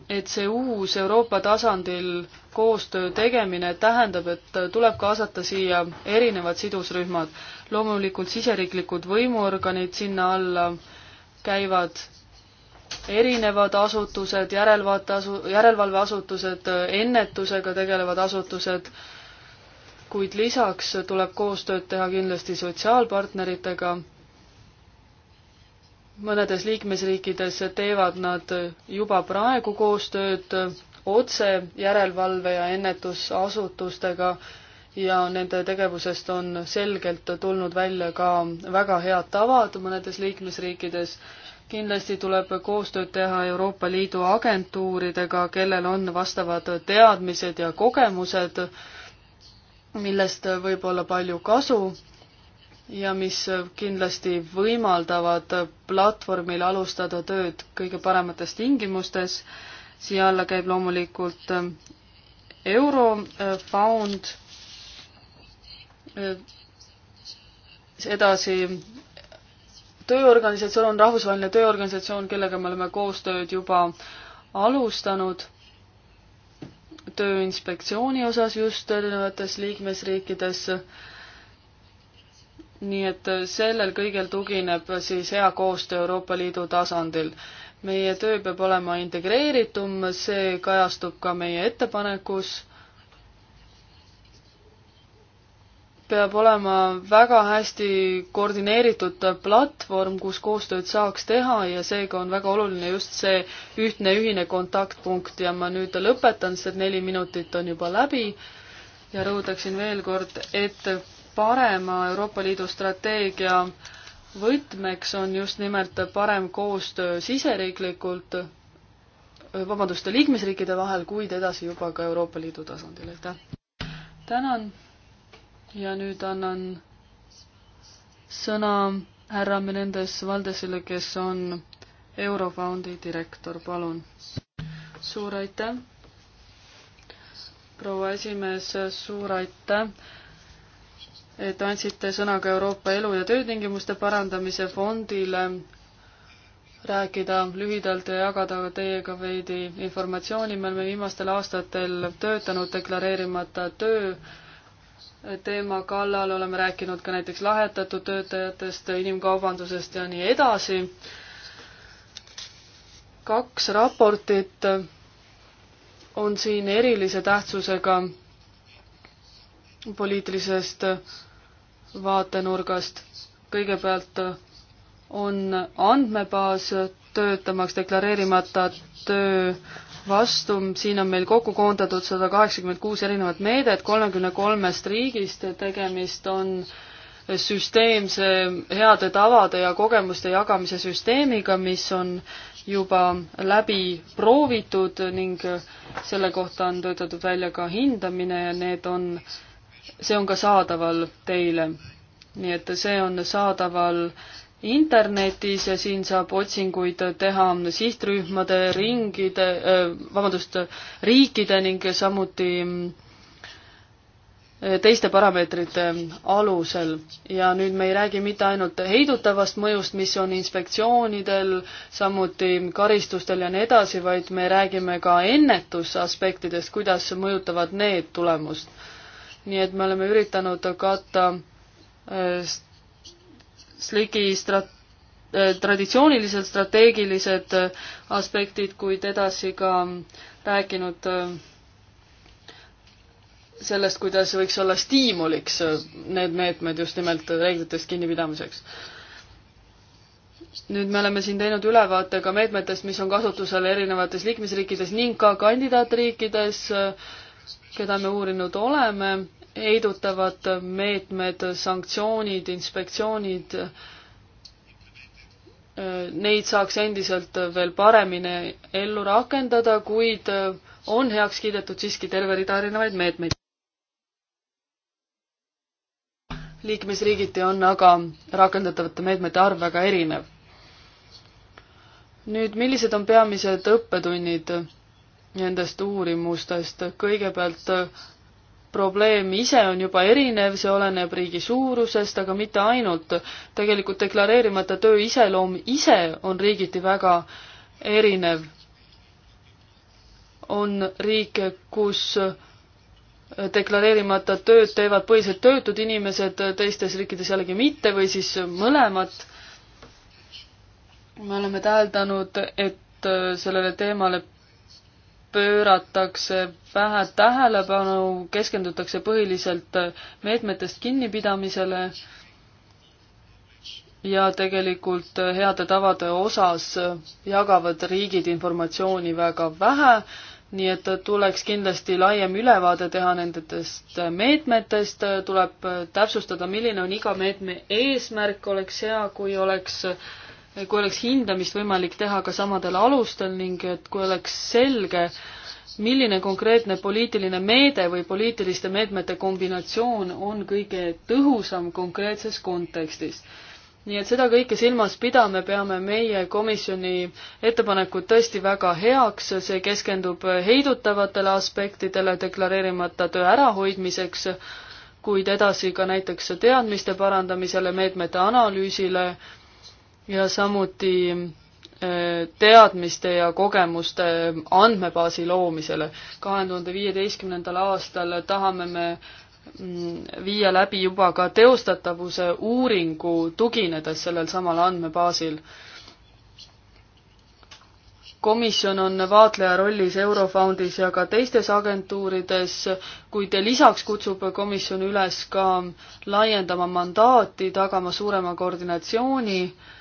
et see uus Euroopa tasandil koostöö tegemine tähendab, et tuleb kaasata siia erinevad sidusrühmad. loomulikult siseriiklikud võimuorganid sinna alla käivad erinevad asutused, järelevaatasu, järelevalveasutused, ennetusega tegelevad asutused, kuid lisaks tuleb koostööd teha kindlasti sotsiaalpartneritega. mõnedes liikmesriikides teevad nad juba praegu koostööd otse järelevalve ja ennetusasutustega ja nende tegevusest on selgelt tulnud välja ka väga head tavad mõnedes liikmesriikides kindlasti tuleb koostööd teha Euroopa Liidu agentuuridega, kellel on vastavad teadmised ja kogemused, millest võib olla palju kasu ja mis kindlasti võimaldavad platvormil alustada tööd kõige paremates tingimustes. siia alla käib loomulikult eh, Eurofound, eh, edasi tööorganisatsioon on rahvusvaheline tööorganisatsioon, kellega me oleme koostööd juba alustanud tööinspektsiooni osas just erinevates liikmesriikides. nii et sellel kõigel tugineb siis hea koostöö Euroopa Liidu tasandil. meie töö peab olema integreeritum, see kajastub ka meie ettepanekus peab olema väga hästi koordineeritud platvorm, kus koostööd saaks teha ja seega on väga oluline just see ühtne ühine kontaktpunkt ja ma nüüd lõpetan, sest neli minutit on juba läbi ja rõhutaksin veel kord, et parema Euroopa Liidu strateegia võtmeks on just nimelt parem koostöö siseriiklikult, vabandust, liikmesriikide vahel, kuid edasi juba ka Euroopa Liidu tasandil, aitäh! tänan! ja nüüd annan sõna härra Menendez Valdesile, kes on Eurofondi direktor, palun. suur aitäh, proua esimees, suur aitäh, et andsite sõna ka Euroopa Elu- ja Töötingimuste Parandamise Fondile rääkida lühidalt ja jagada teiega veidi informatsiooni. me oleme viimastel aastatel töötanud deklareerimata töö teema kallal, oleme rääkinud ka näiteks lahetatud töötajatest, inimkaubandusest ja nii edasi. kaks raportit on siin erilise tähtsusega poliitilisest vaatenurgast. kõigepealt on andmebaas töötamaks deklareerimata töö vastu, siin on meil kokku koondatud sada kaheksakümmend kuus erinevat meedet kolmekümne kolmest riigist, tegemist on süsteemse heade tavade ja kogemuste jagamise süsteemiga, mis on juba läbi proovitud ning selle kohta on töötatud välja ka hindamine ja need on, see on ka saadaval teile. nii et see on saadaval äh, internetis ja siin saab otsinguid teha sihtrühmade, ringide, äh, vabandust, riikide ning samuti äh, teiste parameetrite äh, alusel ja nüüd me ei räägi mitte ainult heidutavast mõjust, mis on inspektsioonidel, samuti karistustel ja nii edasi, vaid me räägime ka ennetusaspektidest, kuidas mõjutavad need tulemust. nii et me oleme üritanud katta Sligi strat-, äh, traditsioonilised strateegilised äh, aspektid, kuid edasi ka mm, rääkinud äh, sellest, kuidas võiks olla stiimuliks need meetmed just nimelt reeglitest kinnipidamiseks. nüüd me oleme siin teinud ülevaate ka meetmetest, mis on kasutusel erinevates liikmesriikides ning ka kandidaatriikides, keda me uurinud oleme heidutavad meetmed, sanktsioonid, inspektsioonid, neid saaks endiselt veel paremini ellu rakendada, kuid on heaks kiidetud siiski terve rida erinevaid meetmeid. liikmesriigiti on aga rakendatavate meetmete arv väga erinev. nüüd, millised on peamised õppetunnid nendest uurimustest? kõigepealt probleem ise on juba erinev, see oleneb riigi suurusest, aga mitte ainult. tegelikult deklareerimata töö iseloom ise on riigiti väga erinev. on riike, kus deklareerimata tööd teevad põhiselt töötud inimesed, teistes riikides jällegi mitte või siis mõlemat. me oleme täheldanud, et sellele teemale pööratakse vähe tähelepanu, keskendutakse põhiliselt meetmetest kinnipidamisele ja tegelikult heade tavade osas jagavad riigid informatsiooni väga vähe, nii et tuleks kindlasti laiem ülevaade teha nendest meetmetest, tuleb täpsustada, milline on iga meetme eesmärk, oleks hea, kui oleks äh, kui oleks hindamist võimalik teha ka samadel alustel ning et kui oleks selge, milline konkreetne poliitiline meede või poliitiliste meetmete kombinatsioon on kõige tõhusam konkreetses kontekstis. nii et seda kõike silmas pidame, peame meie komisjoni ettepanekud tõesti väga heaks, see keskendub heidutavatele aspektidele deklareerimata töö ärahoidmiseks, kuid edasi ka näiteks teadmiste parandamisele, meetmete analüüsile, ja samuti äh, teadmiste ja kogemuste andmebaasi loomisele. kahe tuhande viieteistkümnendal aastal tahame me mm, viia läbi juba ka teostatavuse uuringu, tuginedes sellel samal andmebaasil. komisjon on vaatleja rollis Eurofondis ja ka teistes agentuurides, kuid lisaks kutsub komisjon üles ka laiendama mandaati, tagama suurema koordinatsiooni äh,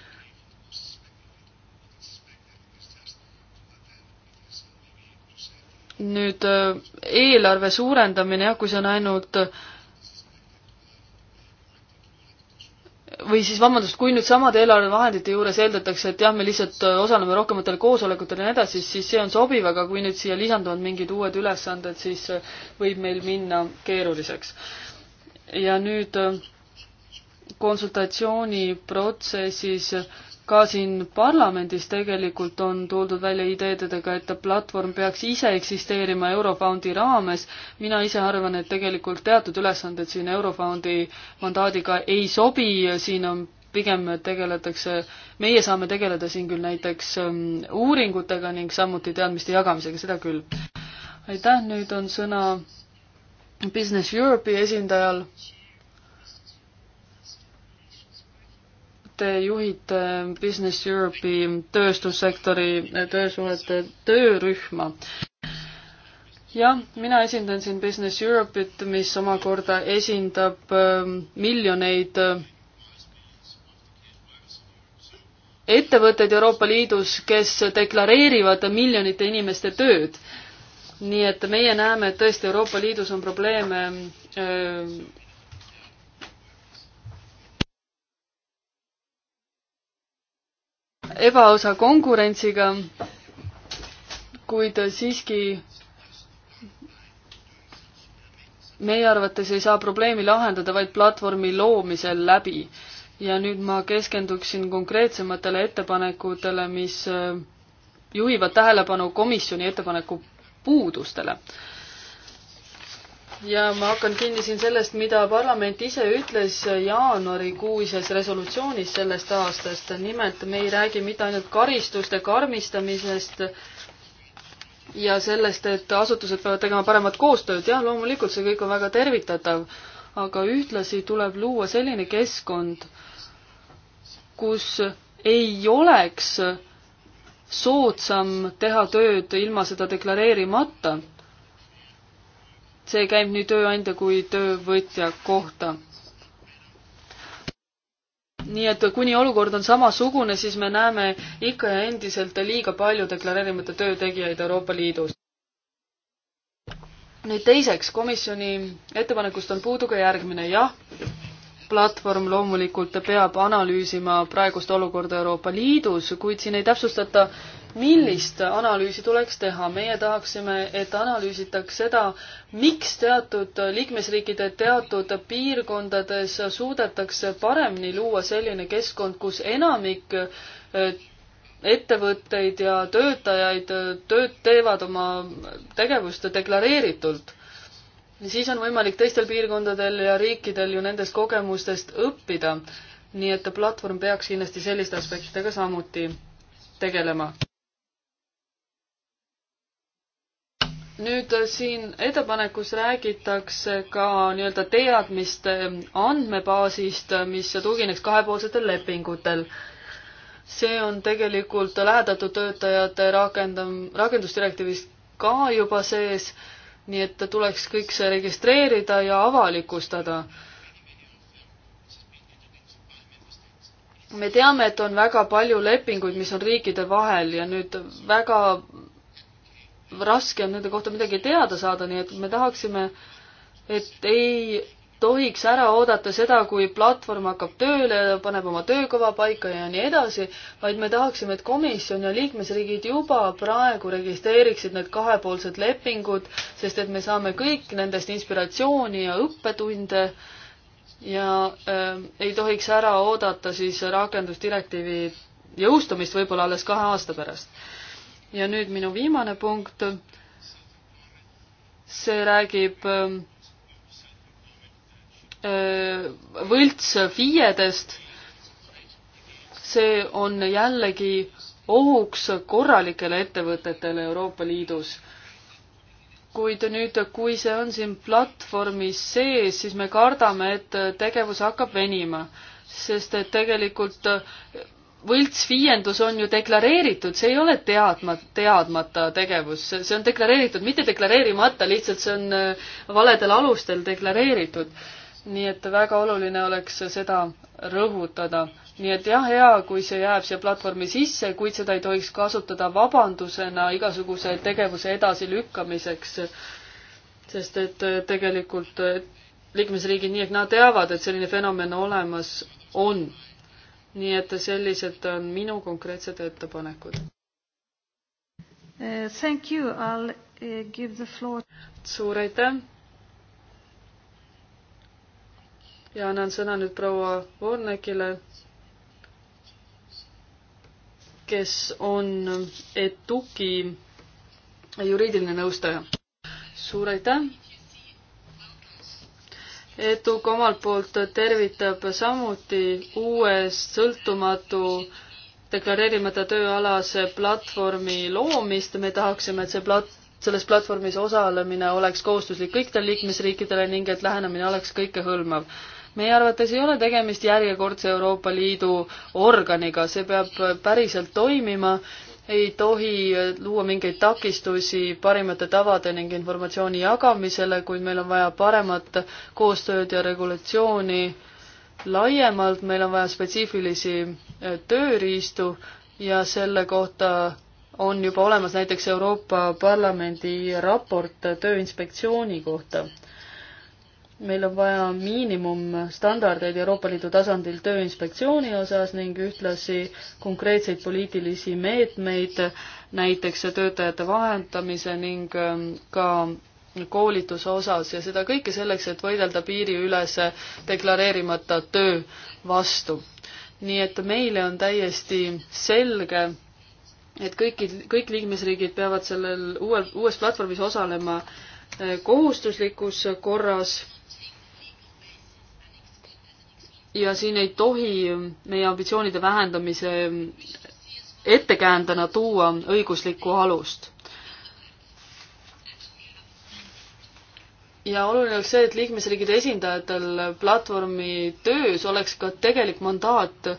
nüüd äh, eelarve suurendamine, jah, kui see on ainult või siis vabandust, kui nüüd samade eelarvevahendite juures eeldatakse, et jah, me lihtsalt äh, osaleme rohkematel koosolekutel ja nii edasi, siis see on sobiv, aga kui nüüd siia lisanduvad mingid uued ülesanded, siis äh, võib meil minna keeruliseks. ja nüüd konsultatsiooniprotsessis äh, ka siin parlamendis tegelikult on tuldud välja ideedega, et platvorm peaks ise eksisteerima Eurofondi raames. mina ise arvan, et tegelikult teatud ülesanded siin Eurofondi mandaadiga ei sobi, siin on pigem tegeletakse, meie saame tegeleda siin küll näiteks ähm, uuringutega ning samuti teadmiste jagamisega, seda küll. aitäh, nüüd on sõna Business Europe'i esindajal Te juhite Business Europe'i tööstussektori töösuhete töörühma. jah, mina esindan siin Business Europe'it, mis omakorda esindab ähm, miljoneid äh, ettevõtteid Euroopa Liidus, kes deklareerivad miljonite inimeste tööd. nii et meie näeme, et tõesti Euroopa Liidus on probleeme öö, äh, ebaausa konkurentsiga, kuid siiski meie arvates ei saa probleemi lahendada vaid platvormi loomisel läbi. ja nüüd ma keskenduksin konkreetsematele ettepanekutele, mis juhivad tähelepanu komisjoni ettepaneku puudustele ja ma hakkan kinni siin sellest, mida parlament ise ütles jaanuarikuises resolutsioonis sellest aastast. nimelt me ei räägi mitte ainult karistuste karmistamisest ja sellest, et asutused peavad tegema paremat koostööd. jah, loomulikult see kõik on väga tervitatav, aga ühtlasi tuleb luua selline keskkond, kus ei oleks soodsam teha tööd ilma seda deklareerimata see käib nii tööandja kui töövõtja kohta. nii et kuni olukord on samasugune, siis me näeme ikka ja endiselt liiga palju deklareerimata töötegijaid Euroopa Liidus. nüüd teiseks, komisjoni ettepanekust on puudu ka järgmine, jah, platvorm loomulikult peab analüüsima praegust olukorda Euroopa Liidus, kuid siin ei täpsustata, millist analüüsi tuleks teha. meie tahaksime, et analüüsitaks seda, miks teatud liikmesriikide teatud piirkondades suudetakse paremini luua selline keskkond, kus enamik eh, ettevõtteid ja töötajaid eh, tööd teevad oma tegevust deklareeritult. siis on võimalik teistel piirkondadel ja riikidel ju nendest kogemustest õppida. nii et platvorm peaks kindlasti selliste aspektidega samuti tegelema. nüüd äh, siin ettepanekus räägitakse ka nii-öelda teadmiste ähm, andmebaasist, äh, mis tugineks kahepoolsetel lepingutel. see on tegelikult lähedatud töötajate rakendam-, rakendusdirektiivis ka juba sees, nii et tuleks kõik see registreerida ja avalikustada. me teame, et on väga palju lepinguid, mis on riikide vahel ja nüüd väga raske on nende kohta midagi teada saada, nii et me tahaksime, et ei tohiks ära oodata seda, kui platvorm hakkab tööle, paneb oma töökava paika ja nii edasi, vaid me tahaksime, et komisjon ja liikmesriigid juba praegu registreeriksid need kahepoolsed lepingud, sest et me saame kõik nendest inspiratsiooni ja õppetunde ja äh, ei tohiks ära oodata siis rakendusdirektiivi jõustumist võib-olla alles kahe aasta pärast ja nüüd minu viimane punkt. see räägib ähm, äh, võltsfiiedest. see on jällegi ohuks korralikele ettevõtetele Euroopa Liidus kuid nüüd, kui see on siin platvormis sees, siis me kardame, et tegevus hakkab venima, sest et tegelikult võltsviiendus on ju deklareeritud, see ei ole teadma, teadmata tegevus, see on deklareeritud, mitte deklareerimata, lihtsalt see on äh, valedel alustel deklareeritud. nii et väga oluline oleks seda rõhutada. nii et jah, hea, kui see jääb siia platvormi sisse, kuid seda ei tohiks kasutada vabandusena igasuguse tegevuse edasilükkamiseks. sest et äh, tegelikult äh, liikmesriigid nii ehk naa teavad, et selline fenomen olemas on nii et sellised on minu konkreetsed ettepanekud. Uh, thank you, I'll uh, give the floor. suur aitäh. ja annan sõna nüüd proua Vornekile, kes on ETUK-i juriidiline nõustaja. suur aitäh Etuk omalt poolt tervitab samuti uues sõltumatu deklareerimata tööalase platvormi loomist, me tahaksime, et see plat-, selles platvormis osalemine oleks kohustuslik kõikidele liikmesriikidele ning et lähenemine oleks kõikehõlmav. meie arvates ei ole tegemist järjekordse Euroopa Liidu organiga, see peab päriselt toimima ei tohi luua mingeid takistusi parimate tavade ning informatsiooni jagamisele, kuid meil on vaja paremat koostööd ja regulatsiooni laiemalt, meil on vaja spetsiifilisi eh, tööriistu ja selle kohta on juba olemas näiteks Euroopa Parlamendi raport Tööinspektsiooni kohta meil on vaja miinimumstandardeid Euroopa Liidu tasandil Tööinspektsiooni osas ning ühtlasi konkreetseid poliitilisi meetmeid, näiteks töötajate vahendamise ning ähm, ka koolituse osas ja seda kõike selleks, et võidelda piiriülese deklareerimata töö vastu. nii et meile on täiesti selge, et kõikid, kõik liikmesriigid peavad sellel uuel, uues platvormis osalema äh, kohustuslikus korras ja siin ei tohi meie ambitsioonide vähendamise ettekäändena tuua õiguslikku alust. ja oluline oleks see, et liikmesriikide esindajatel platvormi töös oleks ka tegelik mandaat e,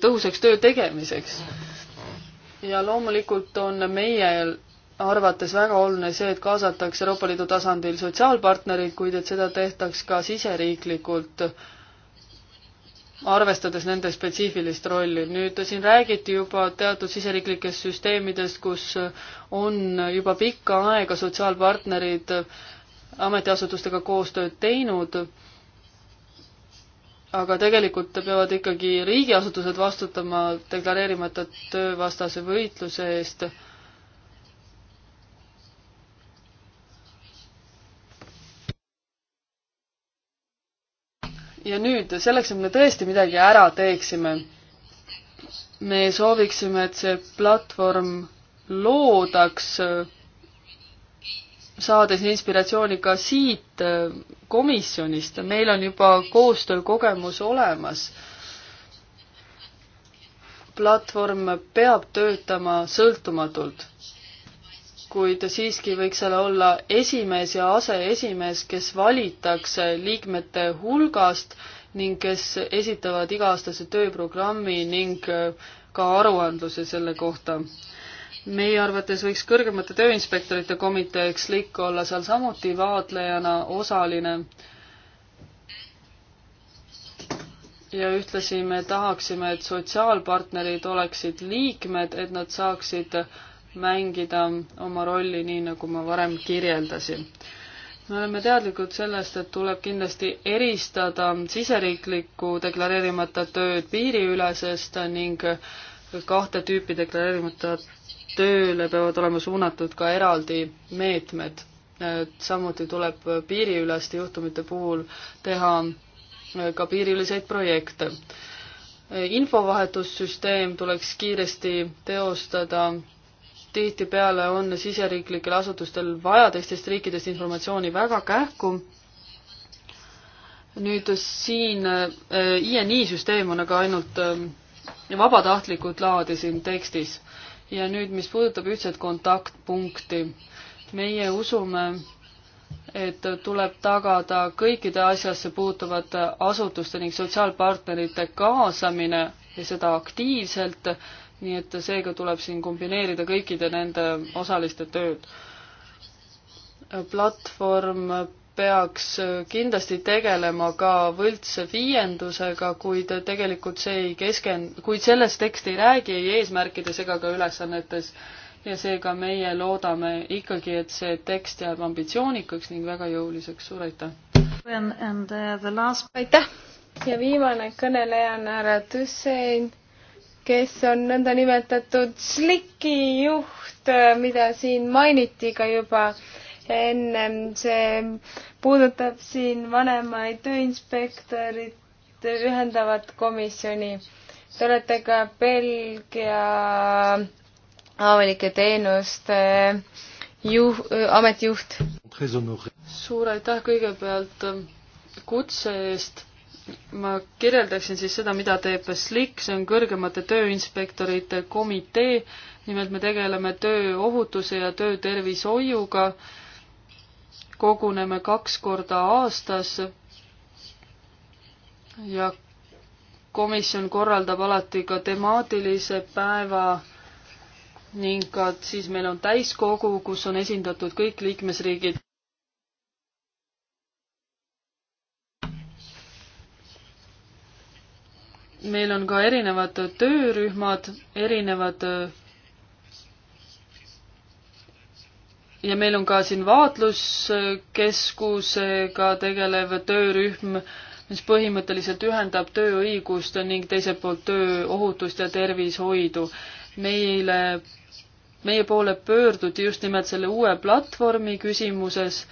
tõhusaks töö tegemiseks. ja loomulikult on meie arvates väga oluline see, et kaasatakse Euroopa Liidu tasandil sotsiaalpartnerid, kuid et seda tehtaks ka siseriiklikult äh, arvestades nende spetsiifilist rolli. nüüd siin räägiti juba teatud siseriiklikest süsteemidest, kus on juba pikka aega sotsiaalpartnerid ametiasutustega koostööd teinud, aga tegelikult peavad ikkagi riigiasutused vastutama deklareerimata töövastase võitluse eest ja nüüd selleks, et me tõesti midagi ära teeksime, me sooviksime, et see platvorm loodaks, saades inspiratsiooni ka siit äh, komisjonist, meil on juba koostöökogemus olemas. platvorm peab töötama sõltumatult kuid siiski võiks seal olla esimees ja aseesimees, kes valitakse liikmete hulgast ning kes esitavad iga-aastase tööprogrammi ning äh, ka aruandluse selle kohta. meie arvates võiks kõrgemate tööinspektorite komiteeks LIK olla seal samuti vaatlejana osaline. ja ühtlasi me tahaksime, et sotsiaalpartnerid oleksid liikmed, et nad saaksid mängida oma rolli, nii nagu ma varem kirjeldasin. me oleme teadlikud sellest, et tuleb kindlasti eristada siseriiklikku deklareerimata tööd piiriülesest ning kahte tüüpi deklareerimata tööle peavad olema suunatud ka eraldi meetmed. samuti tuleb piiriüleste juhtumite puhul teha ka piiriüleseid projekte. infovahetussüsteem tuleks kiiresti teostada tihtipeale on siseriiklikel asutustel vaja teistest riikidest informatsiooni väga kähku. nüüd siin INI äh, süsteem on aga ainult äh, vabatahtlikult laadi siin tekstis ja nüüd, mis puudutab ühtset kontaktpunkti, meie usume, et tuleb tagada kõikide asjasse puutuvate asutuste ning sotsiaalpartnerite kaasamine ja seda aktiivselt nii et seega tuleb siin kombineerida kõikide nende osaliste tööd. platvorm peaks kindlasti tegelema ka võltse viiendusega, kuid tegelikult see ei keskend-, kuid sellest tekst ei räägi ei eesmärkides ega ka ülesannetes ja seega meie loodame ikkagi, et see tekst jääb ambitsioonikaks ning väga jõuliseks, suur aitäh! Uh, aitäh! ja viimane kõneleja on härra Tussein kes on nõndanimetatud SLIK-i juht, mida siin mainiti ka juba ennem, see puudutab siin vanemaid tööinspektorit, ühendavat komisjoni. Te olete ka Belgia avalike teenuste juh-, ametijuht. suur aitäh kõigepealt kutse eest ma kirjeldaksin siis seda, mida teeb SLIK, see on kõrgemate tööinspektorite komitee, nimelt me tegeleme tööohutuse ja töötervishoiuga, koguneme kaks korda aastas ja komisjon korraldab alati ka temaatilise päeva ning ka siis meil on täiskogu, kus on esindatud kõik liikmesriigid. meil on ka erinevad töörühmad, erinevad ja meil on ka siin vaatluskeskusega tegelev töörühm, mis põhimõtteliselt ühendab tööõigust ning teiselt poolt tööohutust ja tervishoidu. meile, meie poole pöörduti just nimelt selle uue platvormi küsimuses äh,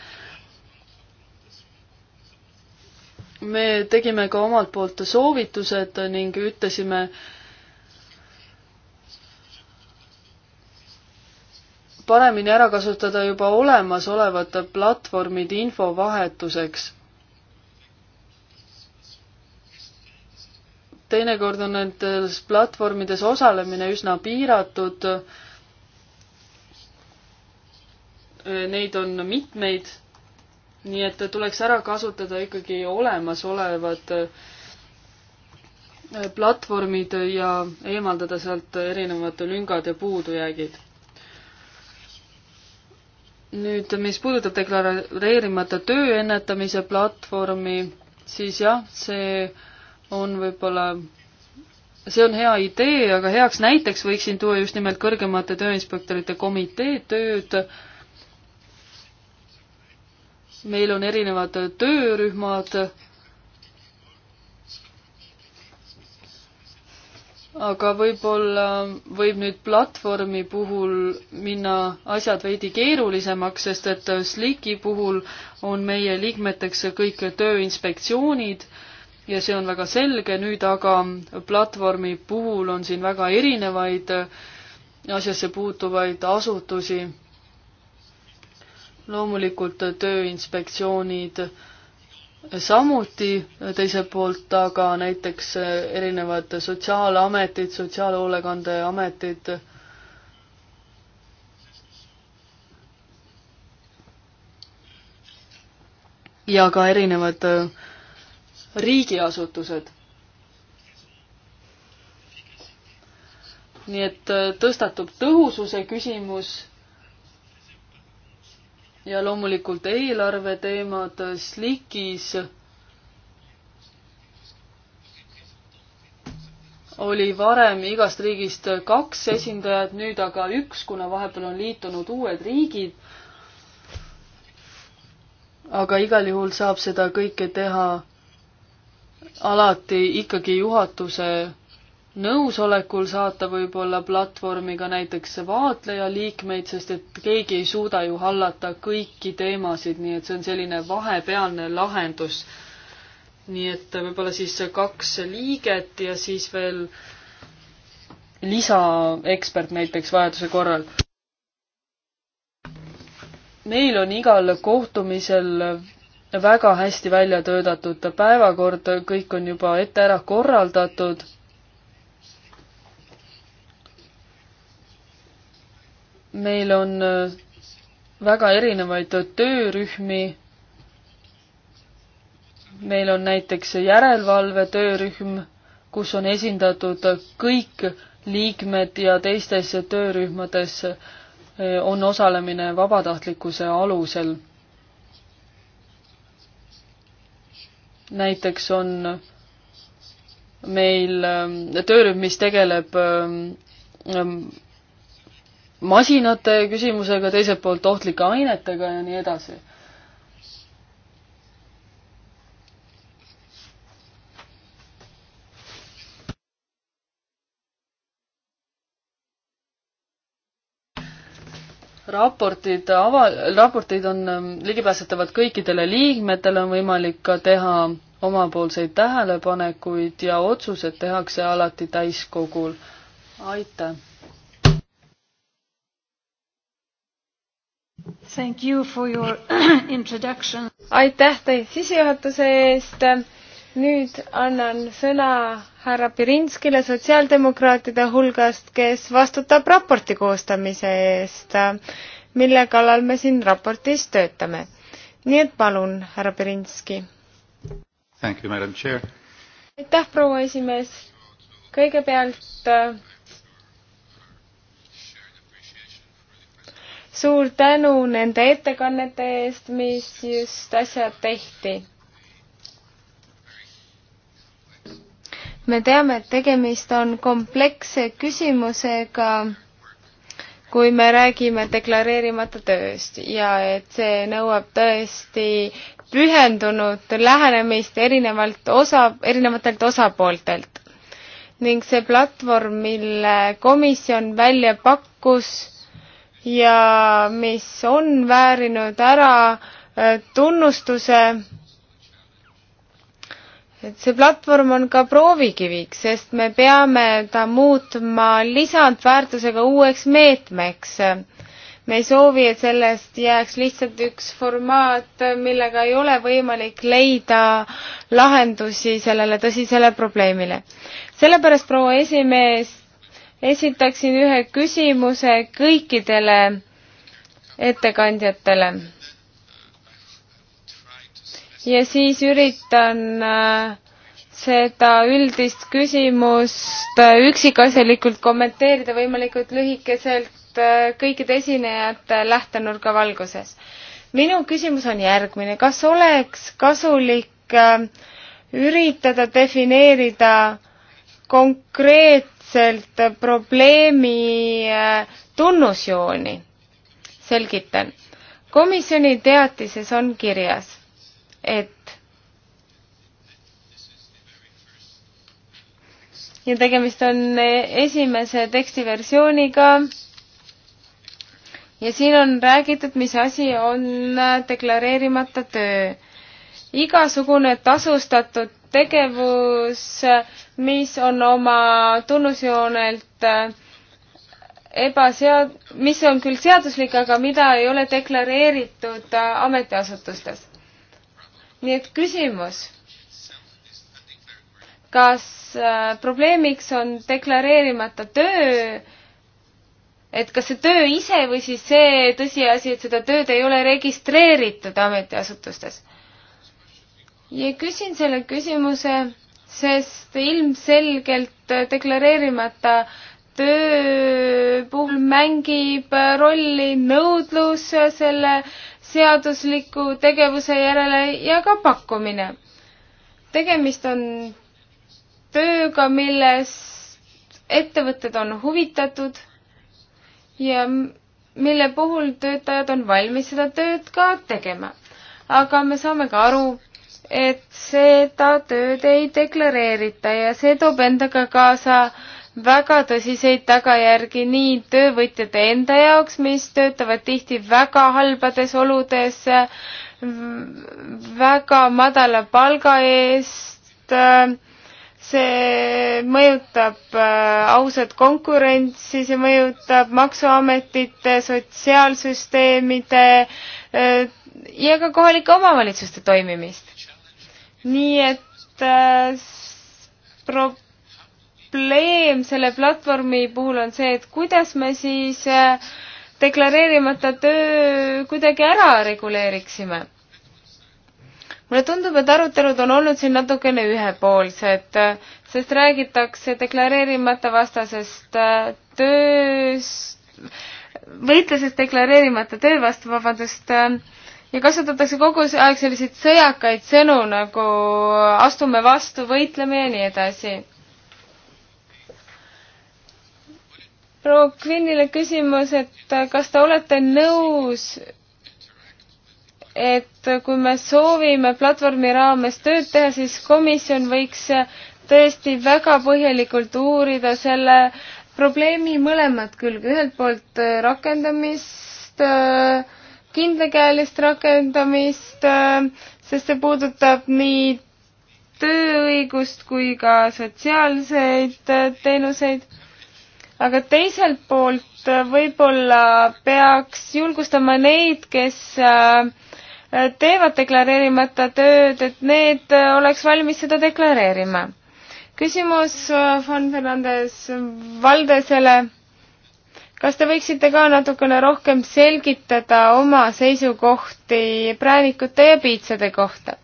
me tegime ka omalt poolt soovitused ning ütlesime, paremini ära kasutada juba olemasolevad platvormid infovahetuseks. teinekord on nendes platvormides osalemine üsna piiratud. Neid on mitmeid nii et tuleks ära kasutada ikkagi olemasolevad äh, platvormid ja eemaldada sealt erinevad lüngad ja puudujäägid. nüüd, mis puudutab deklareerimata töö ennetamise platvormi, siis jah, see on võib-olla see on hea idee, aga heaks näiteks võiksin tuua just nimelt kõrgemate tööinspektorite komitee tööd, meil on erinevad töörühmad, aga võib-olla võib nüüd platvormi puhul minna asjad veidi keerulisemaks, sest et Sliki puhul on meie liikmeteks kõik tööinspektsioonid ja see on väga selge, nüüd aga platvormi puhul on siin väga erinevaid asjasse puutuvaid asutusi loomulikult tööinspektsioonid samuti teiselt poolt, aga näiteks erinevad sotsiaalametid, sotsiaalhoolekandeametid, ja ka erinevad riigiasutused. nii et tõstatub tõhususe küsimus ja loomulikult eelarve teemad SLIK-is oli varem igast riigist kaks esindajat, nüüd aga üks, kuna vahepeal on liitunud uued riigid. aga igal juhul saab seda kõike teha alati ikkagi juhatuse nõusolekul saata võib-olla platvormiga näiteks vaatleja liikmeid, sest et keegi ei suuda ju hallata kõiki teemasid, nii et see on selline vahepealne lahendus. nii et võib-olla siis kaks liiget ja siis veel lisaekspert näiteks vajaduse korral. meil on igal kohtumisel väga hästi välja töötatud päevakord, kõik on juba ette ära korraldatud meil on äh, väga erinevaid töörühmi. meil on näiteks järelevalve töörühm, kus on esindatud kõik liikmed ja teistes töörühmades äh, on osalemine vabatahtlikkuse alusel. näiteks on meil ähm, töörühm, mis tegeleb ähm, ähm, masinate küsimusega, teiselt poolt ohtlike ainetega ja nii edasi. raportid ava-, raportid on ähm, ligipääsetavad kõikidele liikmetele, on võimalik ka teha omapoolseid tähelepanekuid ja otsused tehakse alati täiskogul. aitäh! (clears throat) aitäh teie sissejuhatuse eest. nüüd annan sõna härra Pirinskile sotsiaaldemokraatide hulgast, kes vastutab raporti koostamise eest, mille kallal me siin raportis töötame. nii et palun, härra Pirinski. aitäh, proua esimees. kõigepealt suur tänu nende ettekannete eest, mis just äsja tehti. me teame, et tegemist on kompleksse küsimusega, kui me räägime deklareerimata tööst ja et see nõuab tõesti pühendunud lähenemist erinevalt osa, erinevatelt osapooltelt. ning see platvorm, mille komisjon välja pakkus, ja mis on väärinud ära äh, tunnustuse. et see platvorm on ka proovikiviks, sest me peame ta muutma lisandväärtusega uueks meetmeks. me ei soovi, et sellest jääks lihtsalt üks formaat, millega ei ole võimalik leida lahendusi sellele tõsisele probleemile. sellepärast, proua esimees, esitaksin ühe küsimuse kõikidele ettekandjatele. ja siis üritan äh, seda üldist küsimust äh, üksikasjalikult kommenteerida võimalikult lühikeselt äh, kõikide esinejate lähtenurga valguses. minu küsimus on järgmine, kas oleks kasulik üritada defineerida konkreetset lihtsalt probleemi äh, tunnusjooni. selgitan. komisjoni teatises on kirjas, et ja tegemist on esimese tekstiversiooniga. ja siin on räägitud, mis asi on deklareerimata töö. igasugune tasustatud tegevus, mis on oma tunnusjoonelt äh, ebasead-, mis on küll seaduslik, aga mida ei ole deklareeritud äh, ametiasutustes. nii et küsimus, kas äh, probleemiks on deklareerimata töö, et kas see töö ise või siis see tõsiasi, et seda tööd ei ole registreeritud ametiasutustes? ja küsin selle küsimuse sest ilmselgelt deklareerimata töö puhul mängib rolli nõudlus selle seadusliku tegevuse järele ja ka pakkumine. tegemist on tööga, millest ettevõtted on huvitatud ja mille puhul töötajad on valmis seda tööd ka tegema. aga me saame ka aru, et seda tööd ei deklareerita ja see toob endaga kaasa väga tõsiseid tagajärgi nii töövõtjate enda jaoks, mis töötavad tihti väga halbades oludes, väga madala palga eest, see mõjutab äh, ausat konkurentsi, see mõjutab maksuametite, sotsiaalsüsteemide äh, ja ka kohalike omavalitsuste toimimist nii et äh, probleem selle platvormi puhul on see, et kuidas me siis äh, deklareerimata töö kuidagi ära reguleeriksime. mulle tundub, et arutelud on olnud siin natukene ühepoolsed, äh, sest räägitakse deklareerimata vastasest äh, tööst, võitlusest deklareerimata töö vastu, vabandust äh,, ja kasutatakse kogu aeg selliseid sõjakaid sõnu nagu astume vastu, võitleme ja nii edasi. proua Quinnile küsimus, et kas te olete nõus, et kui me soovime platvormi raames tööd teha, siis komisjon võiks tõesti väga põhjalikult uurida selle probleemi mõlemat külge, ühelt poolt rakendamist äh, kindlakäelist rakendamist, äh, sest see puudutab nii tööõigust kui ka sotsiaalseid äh, teenuseid. aga teiselt poolt äh, võib-olla peaks julgustama neid, kes teevad deklareerimata tööd, et need oleks valmis seda deklareerima. küsimus Juan Fernandez Valdesele kas te võiksite ka natukene rohkem selgitada oma seisukohti präänikute ja piitsade kohta?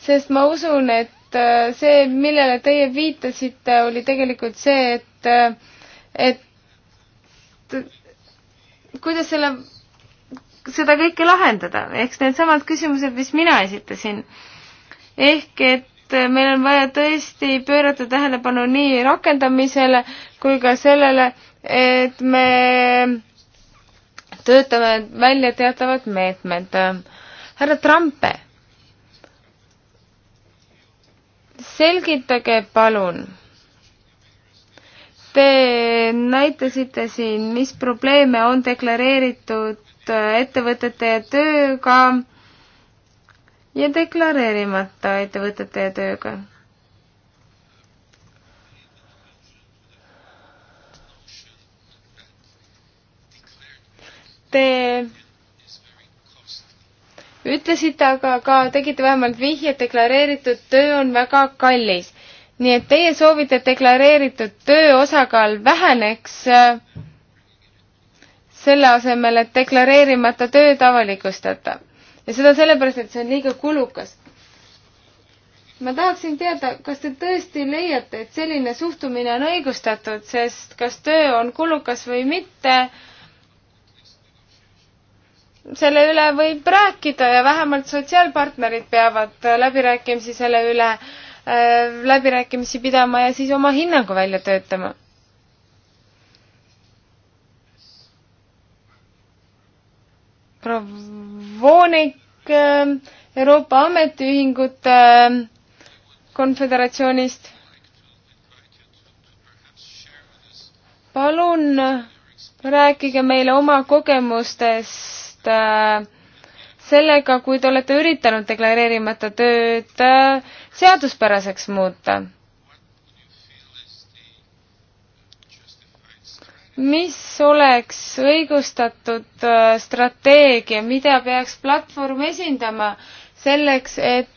sest ma usun, et äh, see, millele teie viitasite, oli tegelikult see, et, äh, et kuidas selle, seda kõike lahendada, eks needsamad küsimused, mis mina esitasin. ehk et äh, meil on vaja tõesti pöörata tähelepanu nii rakendamisele kui ka sellele, et me töötame välja teatavad meetmed. härra Trumpe, selgitage palun Te näitasite siin, mis probleeme on deklareeritud ettevõtete ja tööga ja deklareerimata ettevõtete ja tööga. Te ütlesite aga ka, tegite vähemalt vihje, et deklareeritud töö on väga kallis. nii et teie soovite, et deklareeritud töö osakaal väheneks äh, selle asemel, et deklareerimata tööd avalikustada. ja seda sellepärast, et see on liiga kulukas. ma tahaksin teada, kas te tõesti leiate, et selline suhtumine on õigustatud, sest kas töö on kulukas või mitte selle üle võib rääkida ja vähemalt sotsiaalpartnerid peavad läbirääkimisi selle üle äh,, läbirääkimisi pidama ja siis oma hinnangu välja töötama. Voonik äh, Euroopa Ametiühingute äh, Konföderatsioonist. palun äh, rääkige meile oma kogemustest tegemist äh, sellega, kui te olete üritanud deklareerimata tööd äh, seaduspäraseks muuta. mis oleks õigustatud äh, strateegia, mida peaks platvorm esindama selleks, et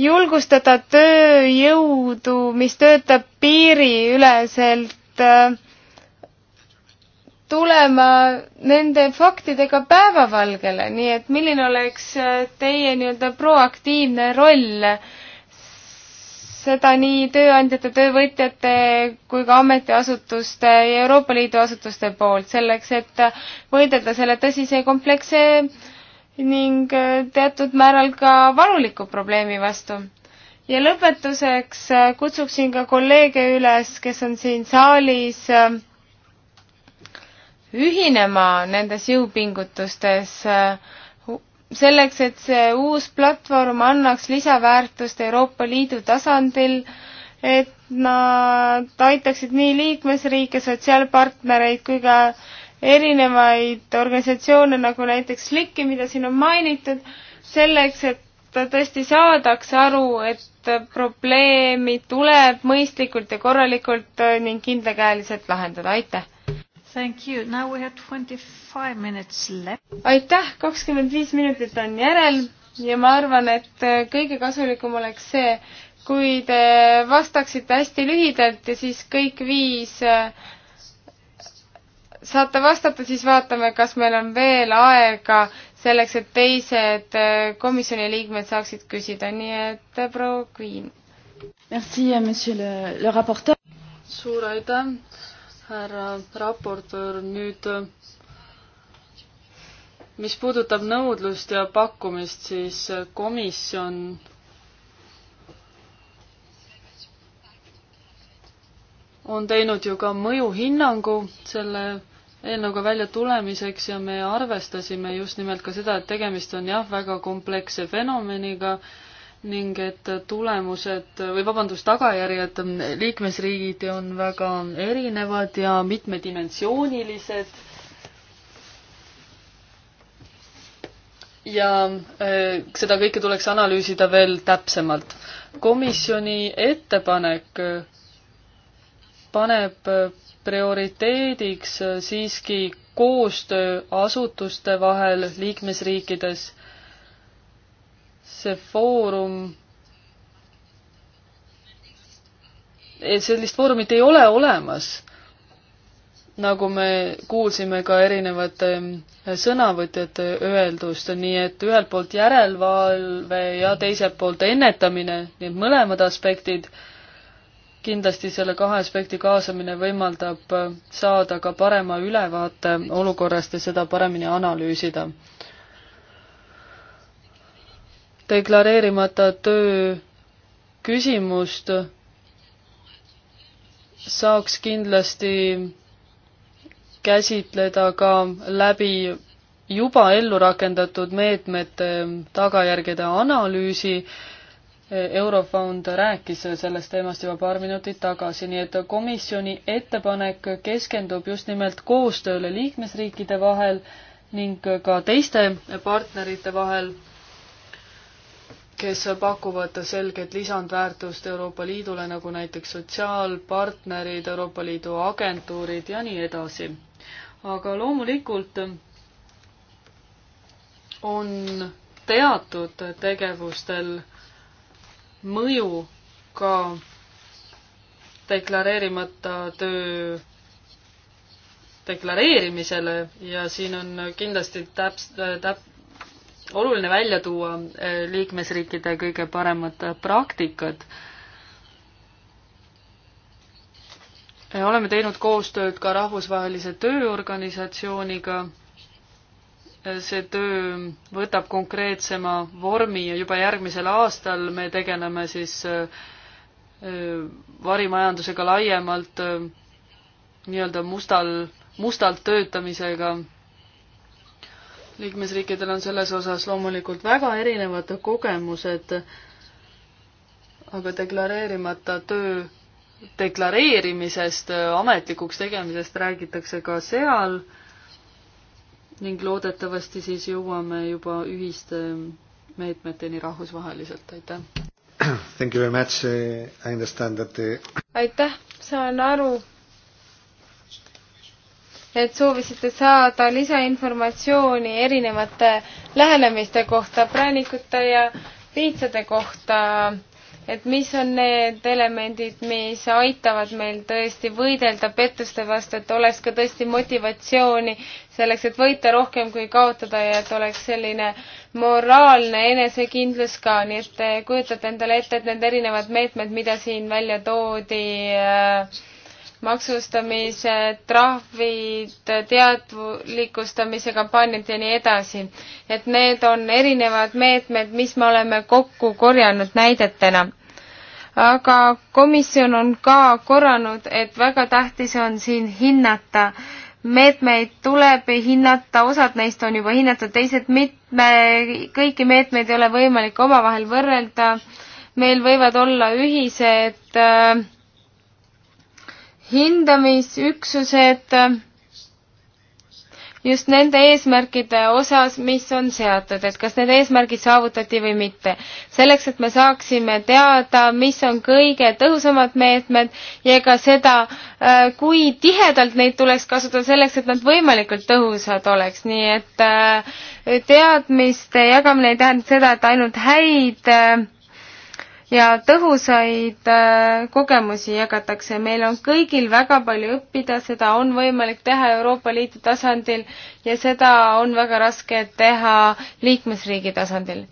julgustada tööjõudu, mis töötab piiriüleselt Äh, tulema nende faktidega päevavalgele, nii et milline oleks äh, teie nii-öelda proaktiivne roll seda nii tööandjate, töövõtjate kui ka ametiasutuste ja Euroopa Liidu asutuste poolt selleks, et äh, võidelda selle tõsise ja kompleksse ning teatud määral ka valuliku probleemi vastu ja lõpetuseks äh, kutsuksin ka kolleege üles, kes on siin saalis, äh, ühinema nendes jõupingutustes äh, selleks, et see uus platvorm annaks lisaväärtust Euroopa Liidu tasandil, et nad aitaksid nii liikmesriike, sotsiaalpartnereid kui ka erinevaid organisatsioone nagu näiteks LIK-i, mida siin on mainitud, selleks, et tõesti saadakse aru, et probleemi tuleb mõistlikult ja korralikult äh, ning kindlakäeliselt lahendada, aitäh! aitäh, kakskümmend viis minutit on järel ja ma arvan, et äh, kõige kasulikum oleks see, kui te vastaksite hästi lühidalt ja siis kõik viis äh, saate vastata, siis vaatame, kas meil on veel aega selleks, et teised äh, komisjoni liikmed saaksid küsida, nii et äh, proua Queen. Merci, äh, monsieur le, le raporteur. suur aitäh, härra raportöör, nüüd mis puudutab nõudlust ja pakkumist, siis komisjon on teinud ju ka mõjuhinnangu selle eelnõuga välja tulemiseks ja me arvestasime just nimelt ka seda, et tegemist on jah, väga kompleksse fenomeniga ning et tulemused või vabandust, tagajärjed mm, liikmesriigiti on väga erinevad ja mitmedimensioonilised. ja äh, seda kõike tuleks analüüsida veel täpsemalt. komisjoni ettepanek äh, paneb äh, prioriteediks siiski koostöö asutuste vahel liikmesriikides. see foorum, eh, sellist foorumit ei ole olemas, nagu me kuulsime ka erinevate eh, sõnavõtjate öeldust, nii et ühelt poolt järelevalve ja teiselt poolt ennetamine, need mõlemad aspektid kindlasti selle kahe aspekti kaasamine võimaldab äh, saada ka parema ülevaate olukorrast ja seda paremini analüüsida. deklareerimata töö küsimust saaks kindlasti käsitleda ka läbi juba ellu rakendatud meetmete tagajärgede analüüsi, Eurofond rääkis sellest teemast juba paar minutit tagasi, nii et komisjoni ettepanek keskendub just nimelt koostööle liikmesriikide vahel ning ka teiste partnerite vahel, kes pakuvad selget lisandväärtust Euroopa Liidule, nagu näiteks sotsiaalpartnerid, Euroopa Liidu agentuurid ja nii edasi. aga loomulikult on teatud tegevustel mõju ka deklareerimata töö deklareerimisele ja siin on kindlasti täps-, täp-, oluline välja tuua eh, liikmesriikide kõige paremad praktikad. Eh, oleme teinud koostööd ka Rahvusvahelise Tööorganisatsiooniga see töö võtab konkreetsema vormi ja juba järgmisel aastal me tegeleme siis äh, äh, varimajandusega laiemalt, äh, nii-öelda mustal, mustalt töötamisega. liikmesriikidel on selles osas loomulikult väga erinevad kogemused, aga deklareerimata töö deklareerimisest, ametlikuks tegemisest räägitakse ka seal äh, ning loodetavasti siis jõuame juba ühiste meetmeteni rahvusvaheliselt, aitäh! (clears throat) Thank you very much, eh, I understand that eh, the... (clears throat) aitäh, saan aru, et soovisite saada lisainformatsiooni erinevate lähenemiste kohta, präänikute ja piitsade kohta et mis on need elemendid, mis aitavad meil tõesti võidelda pettuste vastu, et oleks ka tõesti motivatsiooni selleks, et võita rohkem kui kaotada ja et oleks selline moraalne enesekindlus ka, nii et te kujutate endale ette, et need erinevad meetmed, mida siin välja toodi äh,, maksustamise, trahvid, teadlikustamise kampaaniad ja nii edasi. et need on erinevad meetmed, mis me oleme kokku korjanud näidetena. aga komisjon on ka korranud, et väga tähtis on siin hinnata meetmeid tuleb hinnata, osad neist on juba hinnatud, teised mitme, kõiki meetmeid ei ole võimalik omavahel võrrelda. meil võivad olla ühised äh, hindamisüksused just nende eesmärkide osas, mis on seatud, et kas need eesmärgid saavutati või mitte. selleks, et me saaksime teada, mis on kõige tõhusamad meetmed ja ka seda, äh, kui tihedalt neid tuleks kasutada selleks, et nad võimalikult tõhusad oleks, nii et äh, teadmiste jagamine ei tähenda seda, et ainult häid äh, ja tõhusaid äh, kogemusi jagatakse. meil on kõigil väga palju õppida, seda on võimalik teha Euroopa Liidu tasandil ja seda on väga raske teha liikmesriigi tasandil.